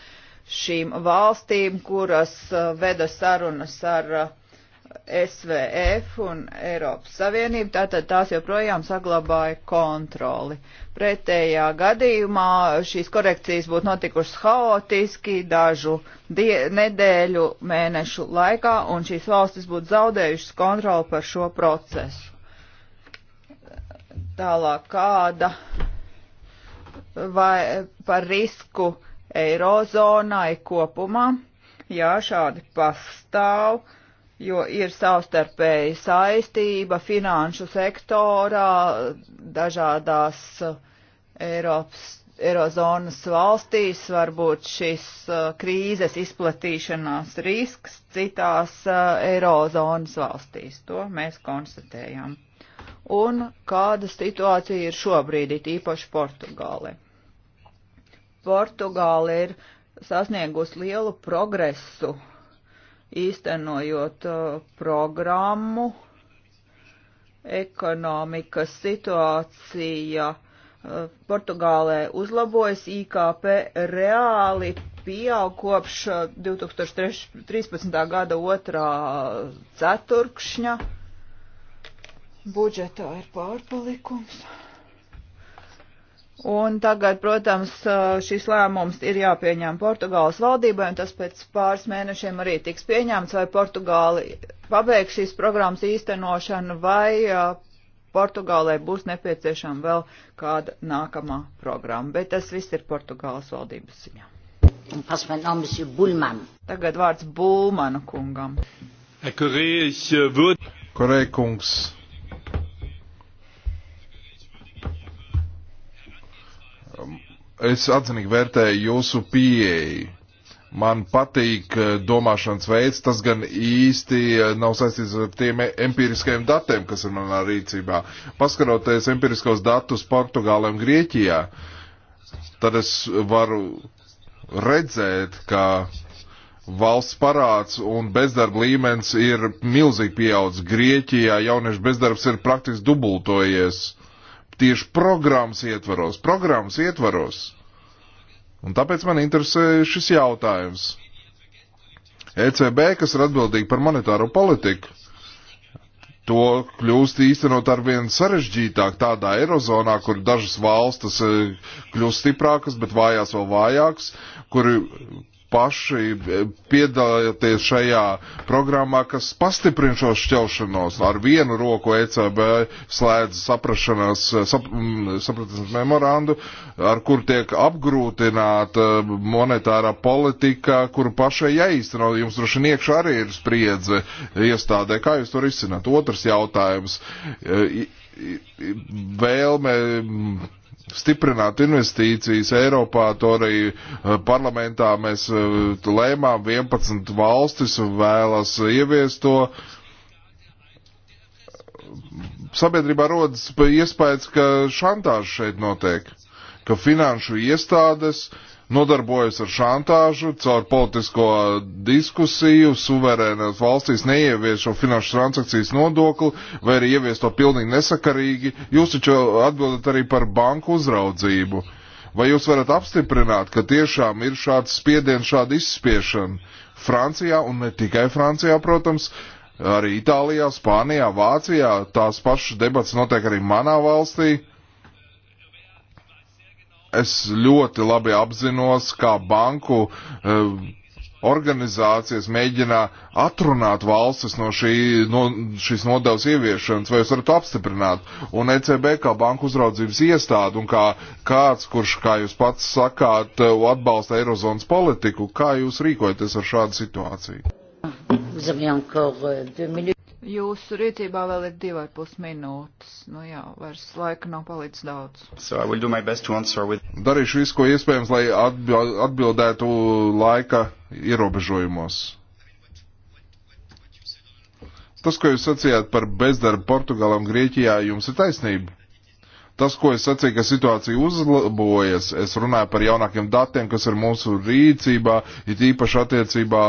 šīm valstīm, kuras uh, veda sarunas ar uh, SVF un Eiropas Savienību, tātad tās joprojām saglabāja kontroli. Pretējā gadījumā šīs korekcijas būtu notikušas haotiski dažu die, nedēļu, mēnešu laikā, un šīs valstis būtu zaudējušas kontroli par šo procesu. Tālāk kāda vai par risku eirozonai kopumā, jā, šādi pastāv jo ir savstarpēji saistība finanšu sektorā dažādās uh, Eiropas, Eirozonas valstīs, varbūt šis uh, krīzes izplatīšanās risks citās uh, Eirozonas valstīs. To mēs konstatējam. Un kāda situācija ir šobrīd, it īpaši Portugāle? Portugāla ir sasniegusi lielu progresu uh, īstenojot uh, programmu ekonomikas situācija uh, Portugālē uzlabojas, IKP reāli pieaug kopš 2013. Uh, gada otrā ceturkšņa. Budžetā ir pārpalikums. Un tagad, protams, šis lēmums ir jāpieņem Portugāles valdībai, un tas pēc pāris mēnešiem arī tiks pieņemts, vai Portugāli pabeigs šīs programmas īstenošanu, vai Portugālē būs nepieciešama vēl kāda nākamā programma. Bet tas viss ir Portugāles valdības ziņā. Tagad vārds Bulmanu kungam. Korei kungs es atzinīgi vērtēju jūsu pieeju. Man patīk eh, domāšanas veids, tas gan īsti eh, nav saistīts ar tiem e-, empiriskajiem datiem, kas ir manā rīcībā. Paskaroties empiriskos datus Portugālē un Grieķijā, tad es varu redzēt, ka valsts parāds un bezdarba līmenis ir milzīgi pieaudzis. Grieķijā jauniešu bezdarbs ir praktiski dubultojies tieši programmas ietvaros. Programmas ietvaros. Un tāpēc man interesē šis jautājums. ECB, kas ir atbildīga par monetāro politiku, to kļūst īstenot ar vien sarežģītāk tādā Eirozonā, kur dažas valstas eh, kļūst stiprākas, bet vājās vēl vājākas, kur paši eh, piedalāties šajā programmā, kas pastiprina šo šķelšanos. Ar vienu roku ECB slēdz saprašanās, eh, sap, mm, saprašanās memorandu, ar kur tiek apgrūtināta eh, monetārā politika, kuru pašai jāīsteno. Jums droši vien iekšā arī ir spriedze iestādē. Kā jūs to risināt? Otrs jautājums vēlme mm, stiprināt investīcijas Eiropā, to arī eh, parlamentā mēs eh, lēmām, 11 valstis vēlas ieviest to. Sabiedrībā rodas iespējas, ka šantāža šeit notiek, ka finanšu iestādes uh, nodarbojas ar šantāžu, caur politisko diskusiju, suverēnās valstīs neievies šo finanšu transakcijas nodokli vai arī ievies to pilnīgi nesakarīgi. Jūs taču atbildat arī par banku uzraudzību. Vai jūs varat apstiprināt, ka tiešām ir šāds spiediens, šāda izspiešana Francijā un ne tikai Francijā, protams, arī Itālijā, Spānijā, Vācijā? Tās pašas debats notiek arī manā valstī. Uh, es ļoti labi apzinos, kā banku e, organizācijas mēģina atrunāt valstis no, šī, no šīs nodevas ieviešanas, vai jūs varat apstiprināt? Un ECB kā banku uzraudzības iestāde un kā kāds, kurš, kā jūs pats sakāt, e, atbalsta Eirozonas politiku, kā jūs rīkojaties ar šādu situāciju? Jūsu rīcībā vēl ir divi ar pus minūtes. Nu jā, vairs laika nav palicis daudz. So with... Darīšu visu, ko iespējams, lai atbildētu laika ierobežojumos. Tas, ko jūs sacījāt par bezdarbu Portugālam, Grieķijā, jums ir taisnība. Tas, ko es sacīju, ka situācija uzlabojas, es runāju par jaunākiem datiem, kas ir mūsu rīcībā, it īpaši attiecībā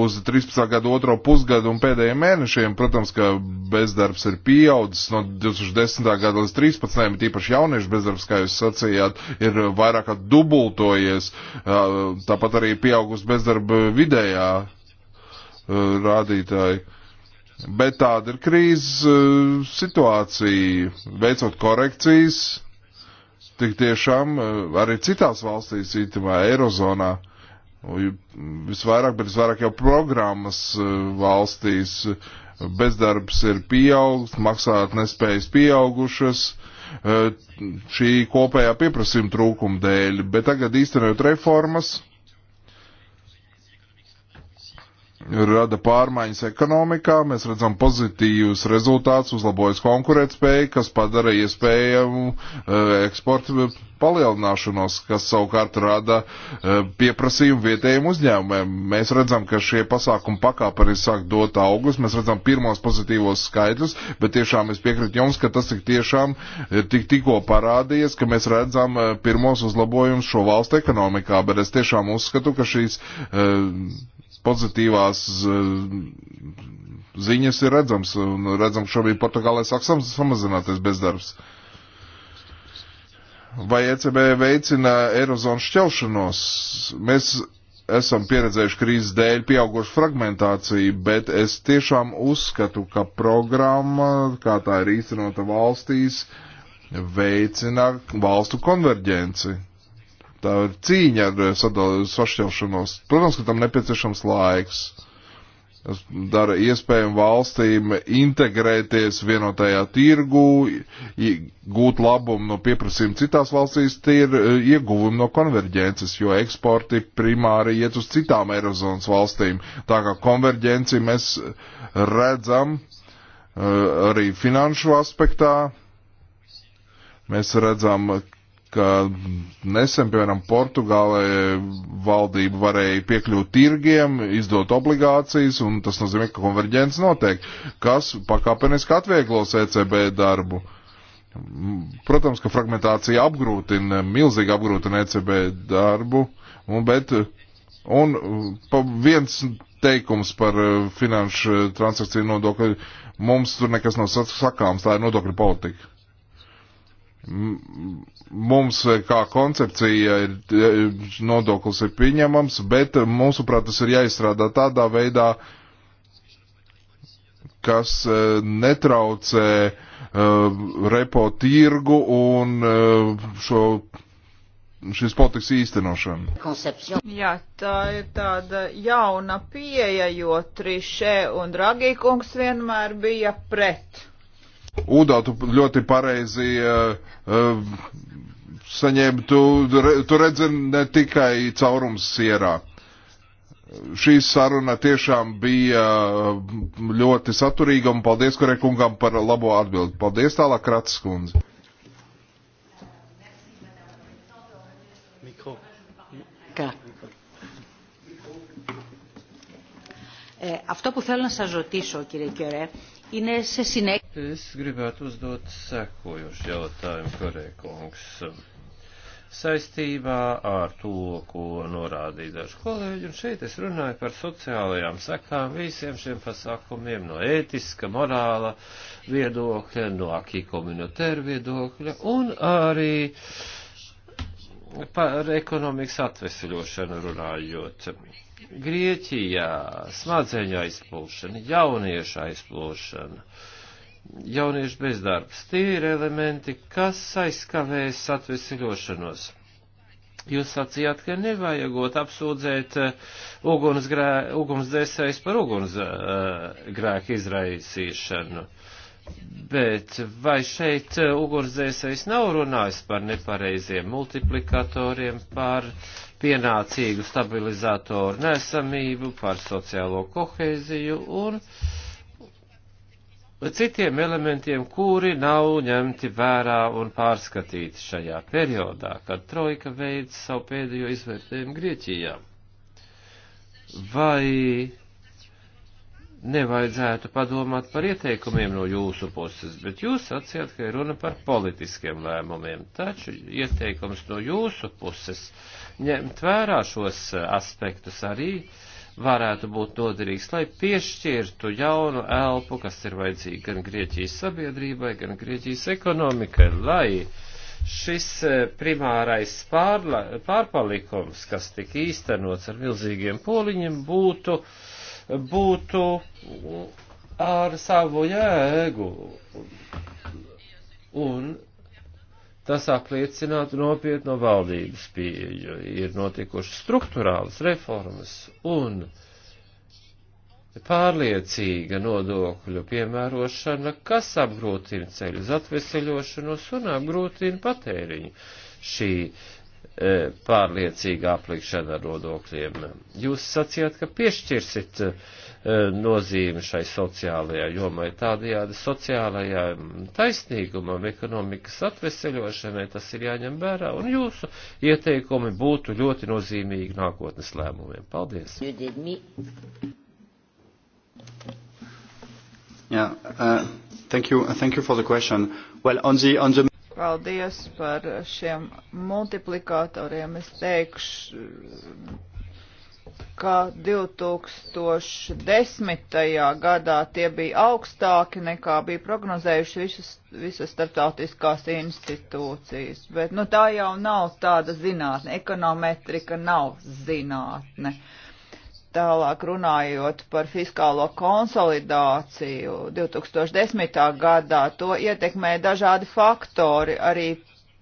uz 13. gadu otro pusgadu un pēdējiem mēnešiem. Protams, ka bezdarbs ir pieaudzis no 2010. gada līdz 13. it īpaši jauniešu bezdarbs, kā jūs sacījāt, ir vairāk kā dubultojies. Tāpat arī pieaugus bezdarba vidējā rādītāji Bet tāda ir krīzes eh, situācija. Veicot korekcijas, tik tiešām eh, arī citās valstīs, itimā Eirozonā, visvairāk, bet visvairāk jau programmas eh, valstīs bezdarbs ir pieaugs, maksāt nespējas pieaugušas šī kopējā pieprasījuma trūkuma dēļ. Bet tagad īstenojot reformas, rada pārmaiņas ekonomikā, mēs redzam pozitīvus rezultātus, uzlabojas konkurētspēja, kas padara iespējamu eh, eksporta palielināšanos, kas savukārt rada eh, pieprasījumu vietējiem uzņēmumiem. Mēs redzam, ka šie pasākumi pakāpeni sāk dot augus, mēs redzam pirmos pozitīvos skaidrus, bet tiešām es piekrītu jums, ka tas tik tiešām eh, tik tikko parādījies, ka mēs redzam pirmos uzlabojumus šo valstu ekonomikā, bet es tiešām uzskatu, ka šīs uh, pozitīvās eh, ziņas ir redzams, un redzam, ka šobrīd Portugālē sāk samazināties bezdarbs. Vai ECB veicina Eirozonas šķelšanos? Mēs esam pieredzējuši krīzes dēļ pieaugušu fragmentāciju, bet es tiešām uzskatu, ka programma, kā tā ir īstenota valstīs, veicina valstu konverģenci Tā ir cīņa ar eh, sašķelšanos. Protams, ka tam nepieciešams laiks. Tas dara iespējumu valstīm integrēties vienotajā tirgu, gūt labumu no pieprasījuma citās valstīs, tie ir eh, ieguvumi no konverģences, jo eksporti primāri iet uz citām Eirozonas valstīm. Tā kā konverģenci mēs redzam eh, arī finanšu aspektā, mēs redzam, ka nesen, piemēram, Portugālē valdība varēja piekļūt tirgiem, izdot obligācijas, un tas nozīmē, ka konverģents notiek, kas pakāpeniski atvieglos ECB darbu. Protams, ka fragmentācija apgrūtina, milzīgi apgrūtina ECB darbu, un, bet, un pa, viens teikums par eh, finanšu transakciju nodokli, mums tur nekas nav sakāms, tā ir nodokļu politika. Mums eh, kā koncepcija ir eh, nodoklis ir pieņemams, bet eh, mūsuprāt tas ir jāizstrādā tādā veidā, kas netraucē uh, repo tirgu un uh, šo šīs politikas īstenošanu. Koncepcija. Jā, tā ir tāda jauna pieeja, jo Trišē un Ragīkungs vienmēr bija pret. Udo, tu ļoti pareizi uh, saņēmi, tu, tu redzi ne tikai caurums sierā. Šī saruna tiešām bija eh, ļoti saturīga un paldies Korekungam par labo atbildi. Paldies tālāk, Kratas kundze. Αυτό που θέλω να σας ρωτήσω, κύριε Κιωρέ, Inese Sinek. Es gribētu uzdot sekojuši jautājumu, Korēkungs. Saistībā ar to, ko norādīja daži kolēģi, un šeit es runāju par sociālajām sekām visiem šiem pasākumiem no ētiska, morāla viedokļa, no akī komunitēra viedokļa un arī par ekonomikas atvesļošanu runājot Grieķijā smadzeņu aizplūšana, jauniešu aizplūšana, jauniešu bezdarbs, tie ir elementi, kas aizskavēs atvesļošanos. Jūs sacījāt, ka nevajagot apsūdzēt uh, ugunsdzēsējs par ugunsgrēku uh, izraisīšanu. Bet vai šeit uh, ugunsdzēsējs nav runājis par nepareiziem multiplikatoriem, par uh, pienācīgu stabilizātoru nesamību, par sociālo kohēziju un citiem elementiem, kuri nav ņemti vērā un pārskatīti šajā periodā, kad Trojka veids savu pēdējo izvērtējumu Grieķijā. Vai nevajadzētu padomāt par ieteikumiem no jūsu puses, bet jūs sacījāt, ka ir runa par politiskiem lēmumiem. Taču ieteikums no jūsu puses ņemt vērā šos eh, aspektus arī varētu būt noderīgs, lai piešķirtu jaunu elpu, kas ir vajadzīga gan Grieķijas sabiedrībai, gan Grieķijas ekonomikai, lai šis eh, primārais pārla, pārpalikums, kas tika īstenots ar milzīgiem poliņiem, būtu uh, būtu ar savu jēgu. Un tas apliecinātu nopietno valdības pieeju. Ir notikušas struktūrālas reformas un pārliecīga nodokļu piemērošana, kas apgrūtina ceļu uz atveseļošanos un apgrūtina patēriņu. Šī uh, E, pārliecīga aplikšana ar nodokļiem. Jūs sacījāt, ka piešķirsit e, nozīmi šai sociālajā jomai, tādajādi sociālajā taisnīgumam, ekonomikas atveseļošanai, tas ir jāņem vērā, un jūsu ieteikumi būtu ļoti nozīmīgi nākotnes lēmumiem. Paldies! Yeah, uh, thank you, thank you for the question. Well, on the, on the... Paldies par šiem multiplikatoriem. Es teikšu, ka 2010. gadā tie bija augstāki nekā bija prognozējuši visas, visas starptautiskās institūcijas. Bet nu, tā jau nav tāda zinātne. Ekonometrika nav zinātne. Uh, Tālāk runājot par fiskālo konsolidāciju 2010. gadā, to ietekmē dažādi faktori, arī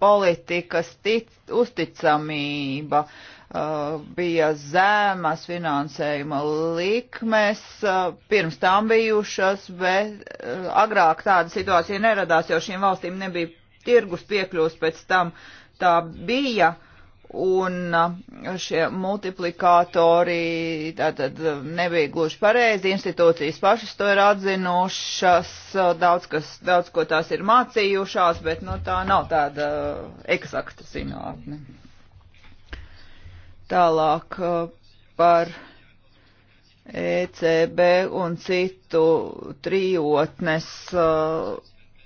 politikas tic, uzticamība uh, bija zemas finansējuma likmes, uh, pirms tam bijušas, bet uh, agrāk tāda situācija neradās, jo šīm valstīm nebija tirgus piekļūst, pēc tam tā bija un šie multiplikātori tātad nebija gluži pareizi, institūcijas pašas to ir atzinušas, daudz, kas, daudz ko tās ir mācījušās, bet nu, tā nav tāda eksakta zinātne. Tālāk par ECB un citu trijotnes uh,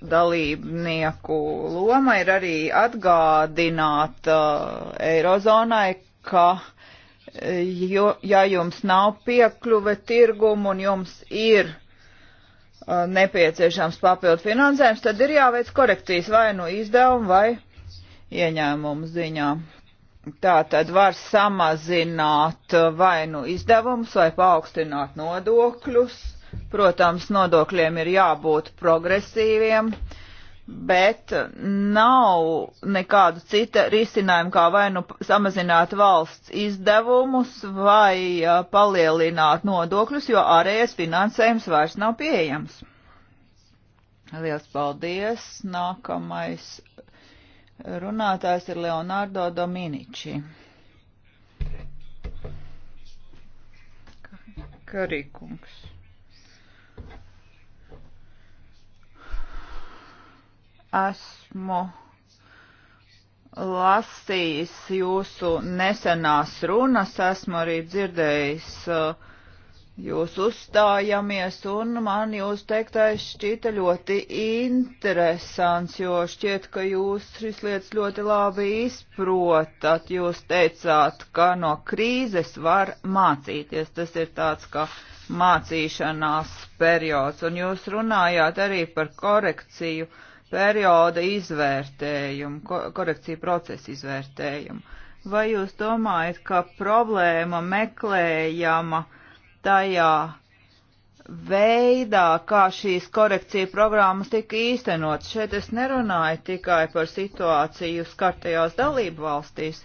dalībnieku loma ir arī atgādināt uh, Eirozonai, ka uh, jo, ja jums nav piekļuve tirgumu un jums ir uh, nepieciešams papildu finansējums, tad ir jāveic korekcijas vai nu no izdevumu vai ieņēmumu ziņā. Tā tad var samazināt uh, vai nu izdevumus vai paaugstināt nodokļus Protams, nodokļiem ir jābūt progresīviem, bet nav nekāda cita risinājuma, kā vai nu samazināt valsts izdevumus vai palielināt nodokļus, jo ārējais finansējums vairs nav pieejams. Liels paldies! Nākamais runātājs ir Leonardo Dominici. Karikungs. esmu lasījis jūsu nesenās runas, esmu arī dzirdējis uh, jūs uzstājamies, un man jūs teiktais šķita ļoti interesants, jo šķiet, ka jūs šis lietas ļoti labi izprotat. Jūs teicāt, ka no krīzes var mācīties. Tas ir tāds kā mācīšanās periods, un jūs runājāt arī par korekciju perioda izvērtējumu, ko, korekciju procesu izvērtējumu. Vai jūs domājat, ka problēma meklējama tajā veidā, kā šīs korekcija programmas tika īstenotas? Šeit es nerunāju tikai par situāciju skartajās dalību valstīs,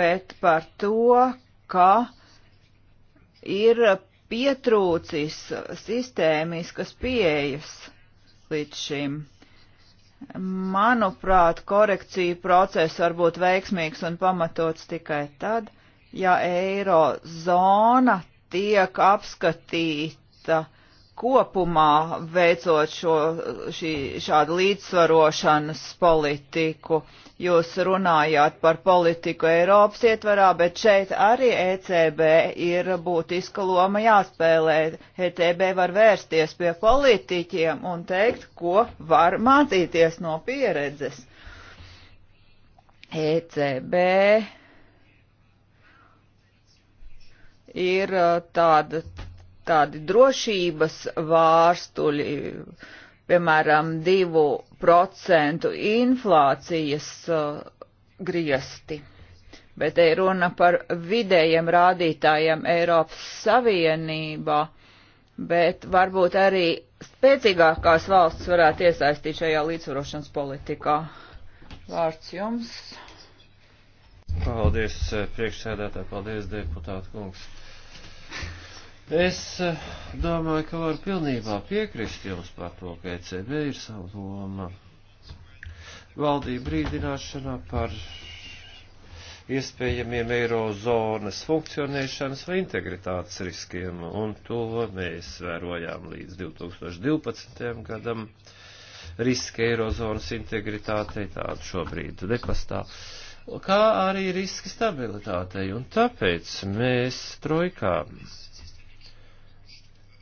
bet par to, ka ir pietrūcis sistēmiskas pieejas līdz šim. Manuprāt, korekcija process var būt veiksmīgs un pamatots tikai tad, ja eirozona tiek apskatīta uh, kopumā veicot šo, šī, šādu līdzsvarošanas politiku. Jūs runājāt par politiku Eiropas ietvarā, bet šeit arī ECB ir būtiska loma jāspēlē. ECB var vērsties pie politiķiem un teikt, ko var mācīties no pieredzes. ECB ir uh, tāda tādi drošības vārstuļi, piemēram, 2% inflācijas uh, griesti. Bet te runa par vidējiem rādītājiem Eiropas Savienībā, bet varbūt arī spēcīgākās valsts varētu iesaistīt šajā līdzsvarošanas politikā. Vārds jums. Paldies, eh, priekšsēdētāji, paldies, deputāta kungs. Es eh, domāju, ka varu pilnībā piekrist jums par to, ka ECB ir sava loma valdību brīdināšanā par iespējamiem eirozonas funkcionēšanas vai integritātes riskiem, un to mēs vērojām līdz 2012. gadam. Riski eirozonas integritātei tādu šobrīd nepastāv kā arī riski stabilitātei, un tāpēc mēs trojkām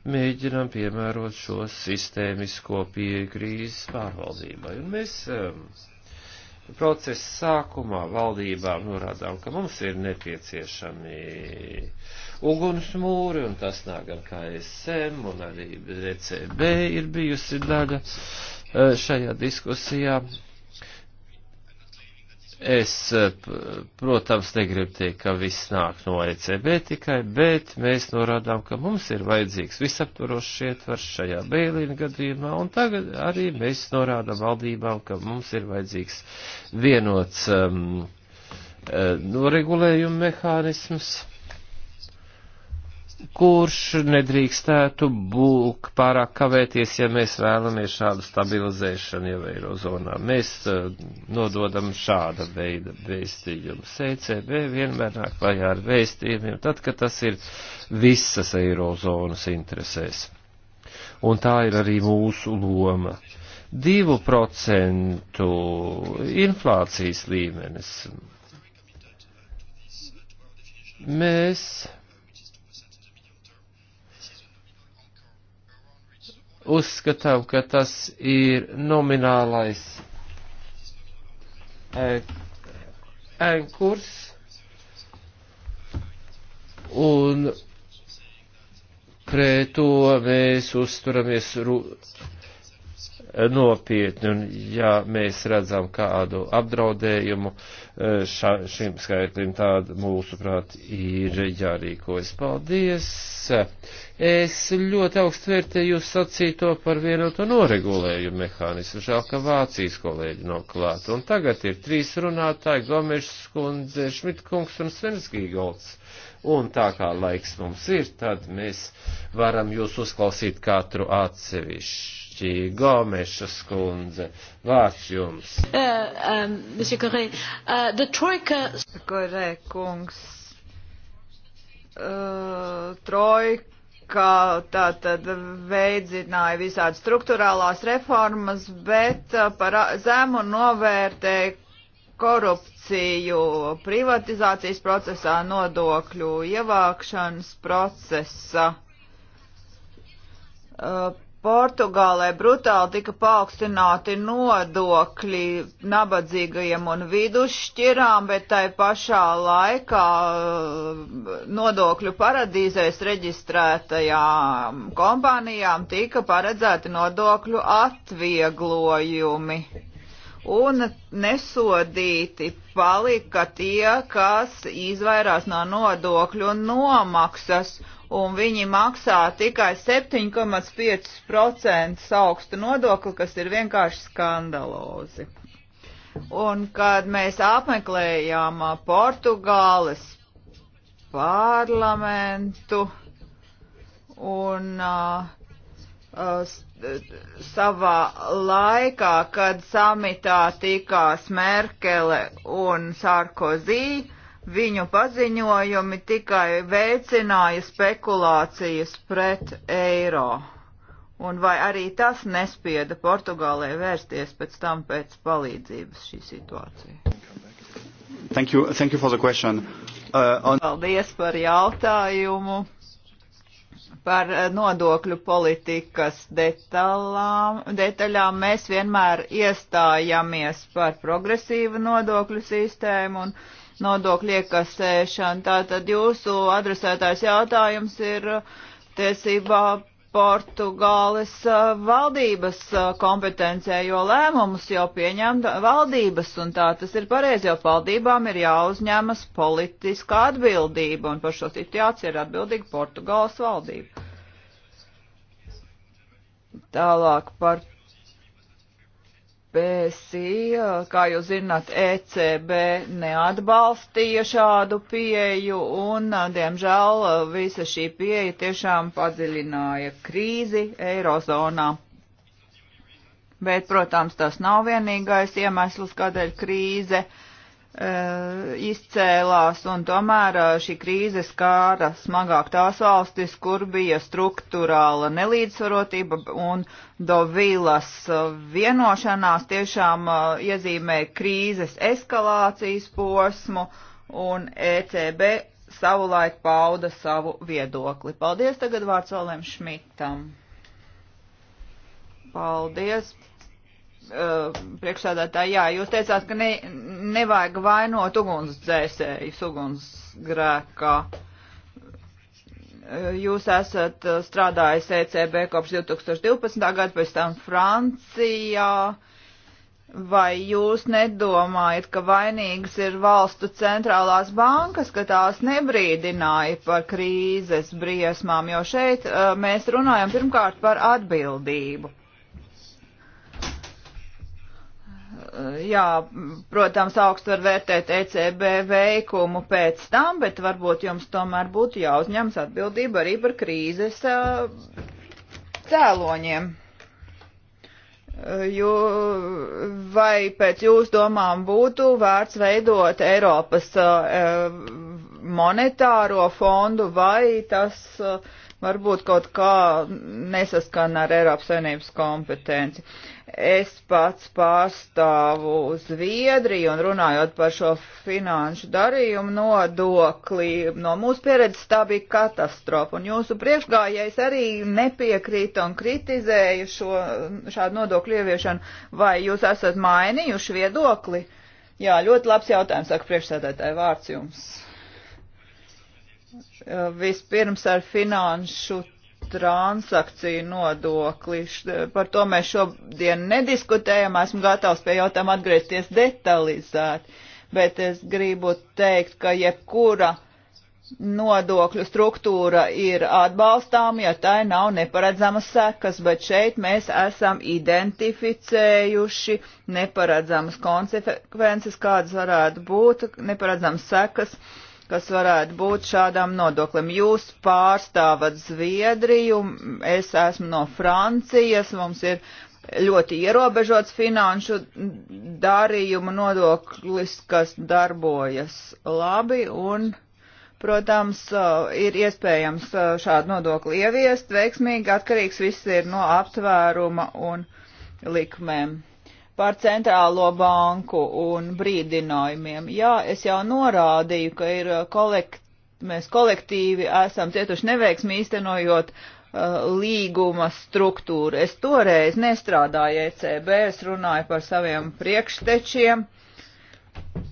mēģinām piemērot šo sistēmisko pieeju krīzes pārvaldībai. Un mēs um, procesa sākumā valdībām norādām, ka mums ir nepieciešami uguns mūri, un tas nāk gan KSM, un arī ECB ir bijusi daļa uh, šajā diskusijā. Es, eh, protams, negribu teikt, ka viss nāk no ECB tikai, bet mēs norādām, ka mums ir vajadzīgs visaptvarošs ietvars šajā bēlīna gadījumā, un tagad arī mēs norādām valdībām, ka mums ir vajadzīgs vienots um, noregulējuma mehānisms kurš nedrīkstētu būk pārāk kavēties, ja mēs vēlamies šādu stabilizēšanu jau Eirozonā. Mēs eh, nododam šāda veida vēstījumus. ECB vienmēr nāk klajā ar vēstījumiem, tad, kad tas ir visas Eirozonas interesēs. Un tā ir arī mūsu loma. 2% inflācijas līmenis. Mēs uzskatām, ka tas ir nominālais ēnkurs e, e, un pret to mēs uzturamies. Ru nopietni, un ja mēs redzam kādu apdraudējumu eh, ša, šim skaitlim, tāda mūsuprāt ir jārīkojas. Paldies! Es ļoti augstu vērtēju jūs sacīto par vienoto noregulējumu mehānismu. Žēl, ka Vācijas kolēģi nav klāt. Un tagad ir trīs runātāji - Gomešs kundze, Šmitkungs un Svenskīgolds un tā kā laiks mums ir, tad mēs varam jūs uzklausīt katru atsevišķi sevišķi Gomeša skundze. Vārds jums. Uh, um, uh, troika... Korē, kungs. Uh, trojka ka tā tad veidzināja visādi struktūrālās reformas, bet uh, par zemu novērtē korupciju privatizācijas procesā, nodokļu ievākšanas procesa. Uh, Portugālē brutāli tika paaugstināti nodokļi nabadzīgajiem un vidusšķirām, bet tai pašā laikā uh, nodokļu paradīzēs reģistrētajām kompānijām tika paredzēti nodokļu atvieglojumi. Un nesodīti palika tie, kas izvairās no nodokļu nomaksas un viņi maksā tikai 7,5% augstu nodokli, kas ir vienkārši skandalozi. Un kad mēs apmeklējām Portugāles parlamentu un uh, savā laikā, kad samitā tikās Merkele un Sarkozī, Viņu paziņojumi tikai veicināja spekulācijas pret eiro. Un vai arī tas nespieda Portugālē vērsties pēc tam pēc palīdzības šī situācija? Thank you, thank you for the question. Uh, on... Paldies par jautājumu par eh, nodokļu politikas detalām, detaļām. Mēs vienmēr iestājamies par progresīvu nodokļu sistēmu un uh, nodokļu iekasēšanu. Tātad jūsu adresētājs jautājums ir uh, tiesībā Portugāles uh, valdības uh, kompetencē, jo lēmumus jau pieņem valdības, un tā tas ir pareizi, jo valdībām ir jāuzņemas politiska atbildība, un par šo situāciju ir atbildīga Portugāles valdība. Tālāk par PSI, kā jūs zināt, ECB neatbalstīja šādu pieeju un, diemžēl, visa šī pieeja tiešām padziļināja krīzi Eirozonā. Bet, protams, tas nav vienīgais iemesls, kādēļ krīze uh, Eh, izcēlās, un tomēr eh, šī krīze skāra smagāk tās valstis, kur bija struktūrāla nelīdzsvarotība, un Dovīlas eh, vienošanās tiešām iezīmē krīzes eskalācijas posmu, un ECB savulaik pauda savu viedokli. Paldies tagad vārds Olem Šmitam. Paldies, Uh, priekšsēdētāji, jā, jūs teicāt, ka ne, nevajag vainot ugunsdzēsējus ugunsgrēkā. Uh, jūs esat uh, strādājis ECB kopš 2012. gada, pēc tam Francijā. Vai jūs nedomājat, ka vainīgas ir valstu centrālās bankas, ka tās nebrīdināja par krīzes briesmām, jo šeit mēs runājam pirmkārt par atbildību jā, protams, augstu var vērtēt ECB veikumu pēc tam, bet varbūt jums tomēr būtu jāuzņems atbildība arī par krīzes cēloņiem. Jo vai pēc jūs domām būtu vērts veidot Eiropas monetāro fondu vai tas varbūt kaut kā nesaskan ar Eiropas savienības kompetenci? Uh, Es pats pārstāvu Zviedriju un runājot par šo finanšu darījumu nodokli, no mūsu pieredzes tā bija katastrofa. Un jūsu priekšgājējs arī nepiekrīta un kritizēja šo šādu nodokļu ieviešanu. Vai jūs esat mainījuši viedokli? Jā, ļoti labs jautājums, saka priekšsēdētāji vārds jums. Vispirms ar finanšu transakciju nodokli. Par to mēs šodien nediskutējam. Esmu gatavs pie jautājuma atgriezties detalizēt. Bet es gribu teikt, ka jebkura nodokļu struktūra ir atbalstām, ja tai nav neparedzamas sekas, bet šeit mēs esam identificējuši neparedzamas konsekvences, kādas varētu būt, neparedzamas sekas kas varētu būt šādam nodoklim. Jūs pārstāvat Zviedriju, es esmu no Francijas, mums ir ļoti ierobežots finanšu darījumu nodoklis, kas darbojas labi un. Protams, ir iespējams šādu nodokli ieviest veiksmīgi, atkarīgs viss ir no aptvēruma un likmēm par centrālo banku un brīdinājumiem. Jā, es jau norādīju, ka ir uh, kolekt, mēs kolektīvi esam cietuši neveiksmi īstenojot uh, līguma struktūru. Es toreiz nestrādāju ECB, es runāju par saviem priekštečiem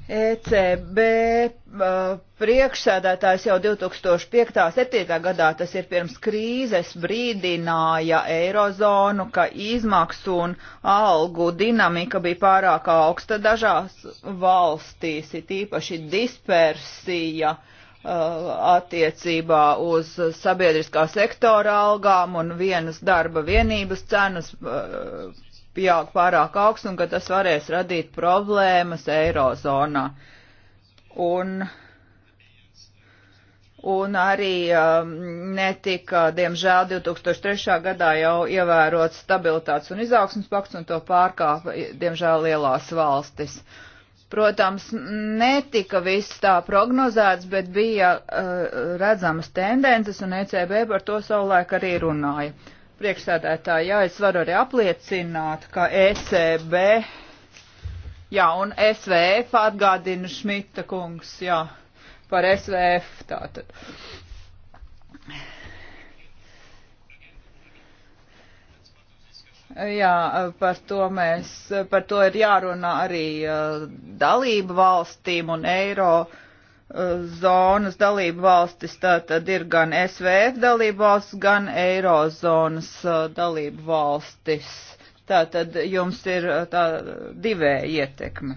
ECB uh, priekšsēdētājs jau 2005.7. gadā, tas ir pirms krīzes, brīdināja Eirozonu, ka izmaksu un algu dinamika bija pārāk augsta dažās valstīs, ir īpaši dispersija uh, attiecībā uz sabiedriskā sektora algām un vienas darba vienības cenas uh, pieaug pārāk augsts un ka tas varēs radīt problēmas eirozonā. Un, un arī um, netika, diemžēl, 2003. gadā jau ievērots stabilitātes un izaugsmas pakts un to pārkāpa, diemžēl, lielās valstis. Protams, netika viss tā prognozēts, bet bija uh, redzamas tendences, un ECB par to savulaik arī runāja priekšsēdētāji, jā, es varu arī apliecināt, ka ECB, jā, un SVF atgādina Šmita kungs, jā, par SVF tātad. Jā, par to mēs, par to ir jārunā arī dalību valstīm un Eiropu zonas dalību valstis, tātad ir gan SVF dalību valsts, gan Eirozonas dalību valstis. Tātad jums ir tā divē ietekme.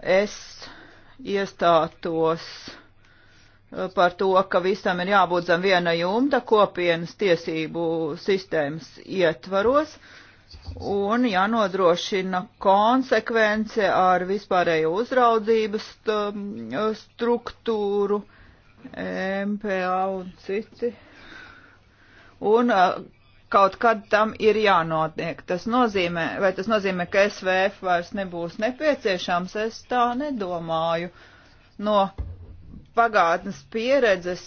Es iestātos par to, ka visam ir jābūt zem viena jumta kopienas tiesību sistēmas ietvaros. Uh, un jānodrošina konsekvence ar vispārējo uzraudzības um, struktūru, MPA un citi. Un uh, kaut kad tam ir jānotiek. Tas nozīmē, vai tas nozīmē, ka SVF vairs nebūs nepieciešams, es tā nedomāju. No pagātnes pieredzes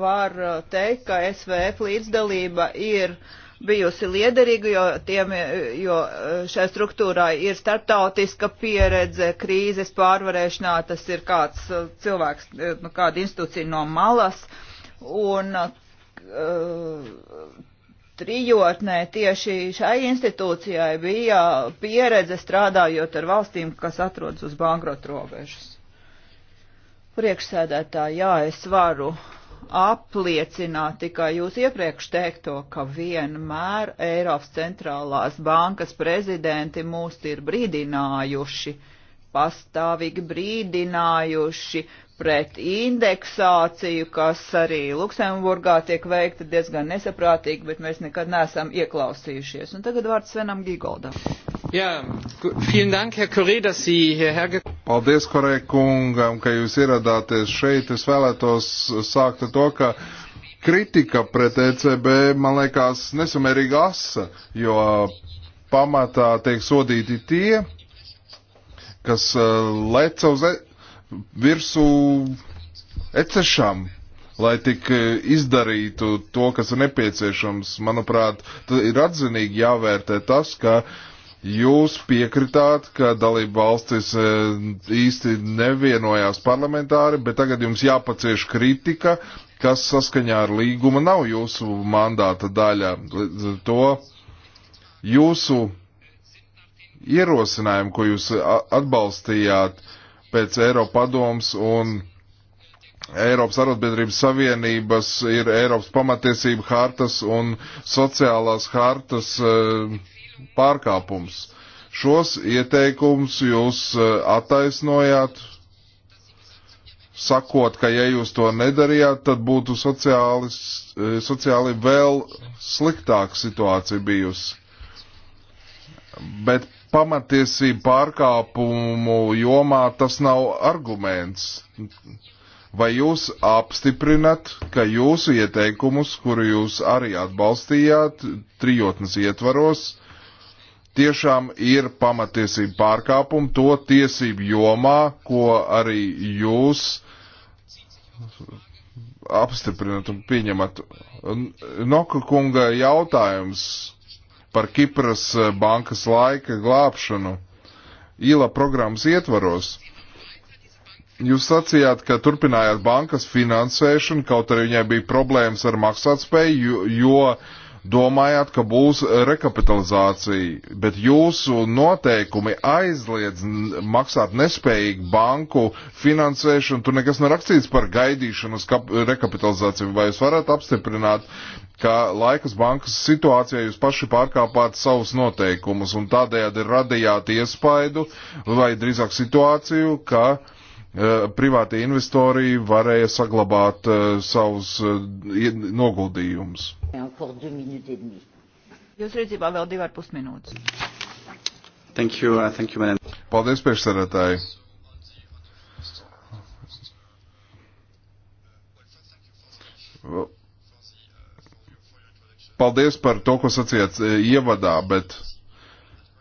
var uh, teikt, ka SVF līdzdalība ir uh, bijusi liederīga, jo, tiem, jo eh, šai struktūrai ir starptautiska pieredze krīzes pārvarēšanā, tas ir kāds eh, cilvēks, eh, nu, kāda institūcija no malas, un uh, trijotnē tieši šai institūcijai bija pieredze strādājot ar valstīm, kas atrodas uz bankrota robežas. Priekšsēdētāji, jā, es varu apliecināt tikai jūs iepriekš teikto, ka vienmēr Eiropas centrālās bankas prezidenti mūs ir brīdinājuši, pastāvīgi brīdinājuši pret indeksāciju, kas arī Luksemburgā tiek veikta diezgan nesaprātīgi, bet mēs nekad neesam ieklausījušies. Un tagad vārds Svenam Gigoldam. Jā, vielen dank, Herr Kurī, dass Sie hierher gekommen Paldies, Korē kungam, ka jūs ieradāties šeit. Es vēlētos sākt ar to, ka kritika pret ECB, man liekas, nesamērīgi asa, jo pamatā tiek sodīti tie, kas eh, leca uz e- virsū ecešām, lai tik e, izdarītu to, kas ir nepieciešams. Manuprāt, ir atzinīgi jāvērtē tas, ka jūs piekritāt, ka dalība valstis e, īsti nevienojās parlamentāri, bet tagad jums jāpacieš kritika, kas saskaņā ar līguma nav jūsu mandāta daļa. To jūsu ierosinājumu, ko jūs atbalstījāt, uh, pēc Eiropadoms un Eiropas Arotbiedrības Savienības ir Eiropas pamatiesība hartas un sociālās hartas e, pārkāpums. Šos ieteikums jūs e, attaisnojāt, sakot, ka ja jūs to nedarījāt, tad būtu sociāli, e, sociāli vēl sliktāka situācija bijusi. Bet pamatiesību pārkāpumu jomā tas nav arguments. Vai jūs apstiprinat, ka jūsu ieteikumus, kuru jūs arī atbalstījāt trijotnes ietvaros, tiešām ir pamatiesību pārkāpumi to tiesību jomā, ko arī jūs apstiprinat un pieņemat? Noka kunga jautājums par Kipras eh, bankas laika glābšanu īla programmas ietvaros. Jūs sacījāt, ka turpinājāt bankas finansēšanu, kaut arī viņai bija problēmas ar maksātspēju, jo, jo domājāt, ka būs rekapitalizācija, bet jūsu noteikumi aizliedz maksāt nespējīgu banku finansēšanu. Tur nekas nav rakstīts par gaidīšanu uz rekapitalizāciju. Vai jūs varat apstiprināt, ka laikas bankas situācijā jūs paši pārkāpāt savus noteikumus un tādējādi radījāt iespaidu vai drīzāk situāciju, ka uh, Eh, privātie investori varēja saglabāt eh, savus eh, noguldījumus. Jūs rīcībā vēl divi ar pus minūtes. Thank you, uh, thank you, man. Paldies, priekšsēdētāji. Paldies par to, ko sacījāt ievadā, bet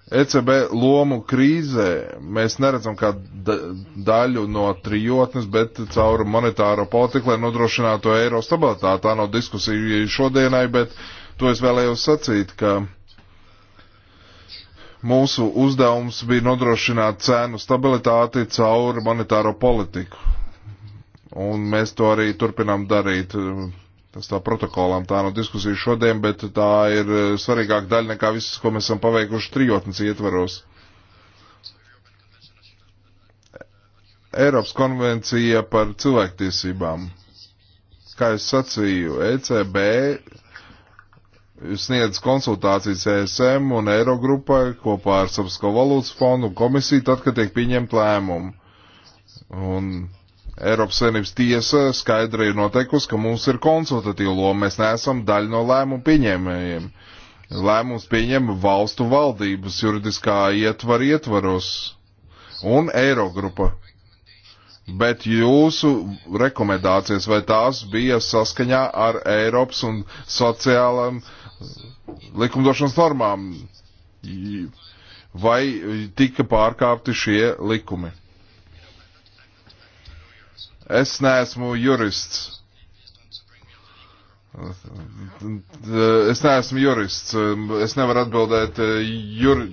ECB lomu krīzē mēs neredzam kā da daļu no trijotnes, bet caur monetāro politiku, lai nodrošinātu eiro stabilitāti. Tā nav no diskusija šodienai, bet to es vēlējos sacīt, ka mūsu uzdevums bija nodrošināt cēnu stabilitāti caur monetāro politiku. Un mēs to arī turpinām darīt Tas tā protokolām tā no diskusijas šodien, bet tā ir eh, svarīgāka daļa nekā viss, ko mēs esam paveikuši trijotnes ietvaros. Eiropas konvencija par cilvēktiesībām. Kā es sacīju, ECB sniedz konsultācijas ESM un Eirogrupai kopā ar Sapsko valūtas fondu un komisiju tad, kad tiek pieņemt lēmumu. Un Eiropas Savienības tiesa skaidri ir noteikusi, ka mums ir konsultatīva loma, mēs neesam daļa no lēmumu pieņēmējiem. Lēmums pieņem valstu valdības juridiskā ietvara ietvaros un Eirogrupa. Bet jūsu rekomendācijas vai tās bija saskaņā ar Eiropas un sociālam likumdošanas normām? Vai tika pārkāpti šie likumi? Es neesmu jurists. Es neesmu jurists. Es nevaru atbildēt eh, juri...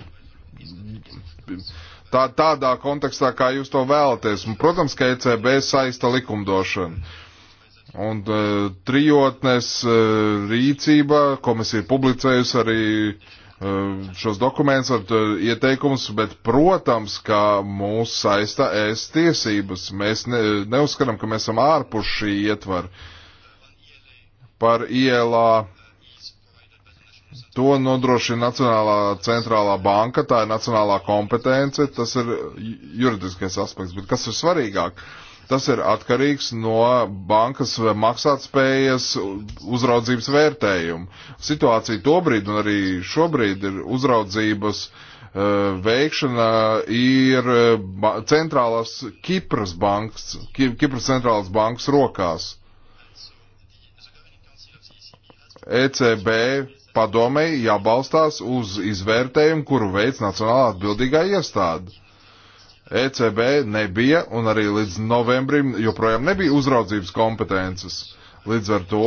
tā, tādā kontekstā, kā jūs to vēlaties. Un, protams, ka ECB saista likumdošanu. Un eh, trijotnes eh, rīcība, ko mēs ir publicējusi arī uh, Eh, šos dokumentus, ar eh, ieteikumus, bet, protams, ka mūs saista ēst tiesības. Mēs ne, neuzskatām, ka mēs esam ārpus šī ietvara. Par ielā to nodrošina Nacionālā centrālā banka, tā ir nacionālā kompetence, tas ir juridiskais aspekts, bet kas ir svarīgāk? Uh, Tas ir atkarīgs no bankas maksātspējas uzraudzības vērtējuma. Situācija tobrīd un arī šobrīd ir uzraudzības uh, veikšana ir eh, centrālās Kipras bankas, Kipras centrālās bankas rokās. ECB padomei jābalstās uz izvērtējumu, kuru veids Nacionālā atbildīgā iestāde ECB nebija un arī līdz novembrim joprojām nebija uzraudzības kompetences. Līdz ar to,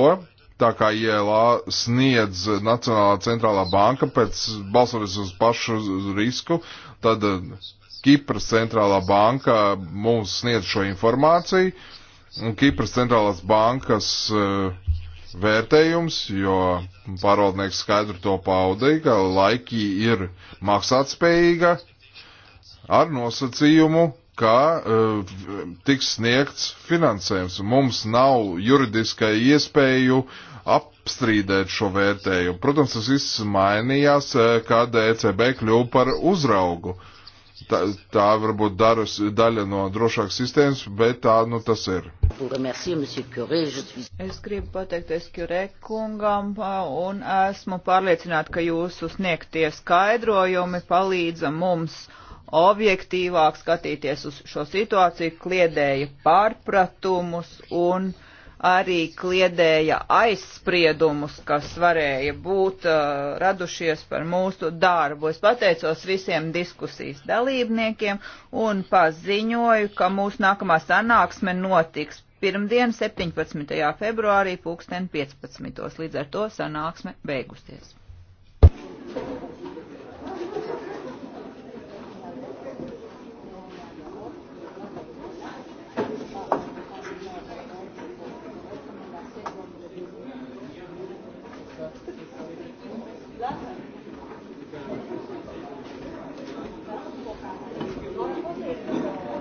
tā kā ILA sniedz Nacionālā centrālā banka pēc balsoties uz pašu risku, tad eh, Kipras centrālā banka mums sniedz šo informāciju, un Kipras centrālās bankas uh, vērtējums, jo pārvaldnieks skaidri to paudīja, ka laiki ir maksātspējīga ar nosacījumu, ka uh, tiks sniegts finansējums. Mums nav juridiskai iespēju apstrīdēt šo vērtējumu. Protams, tas viss mainījās, eh, kad ECB kļuva par uzraugu. Tā, tā varbūt daras, daļa no drošākas sistēmas, bet tā nu tas ir. Es gribu pateikties Kjurē kungam un esmu pārliecināta, ka jūsu sniegtie skaidrojumi palīdza mums objektīvāk skatīties uz šo situāciju, kliedēja pārpratumus un arī kliedēja aizspriedumus, kas varēja būt uh, radušies par mūsu darbu. Es pateicos visiem diskusijas dalībniekiem un paziņoju, ka mūsu nākamā sanāksme notiks pirmdien 17. februārī pulksten 15. Līdz ar to sanāksme beigusies.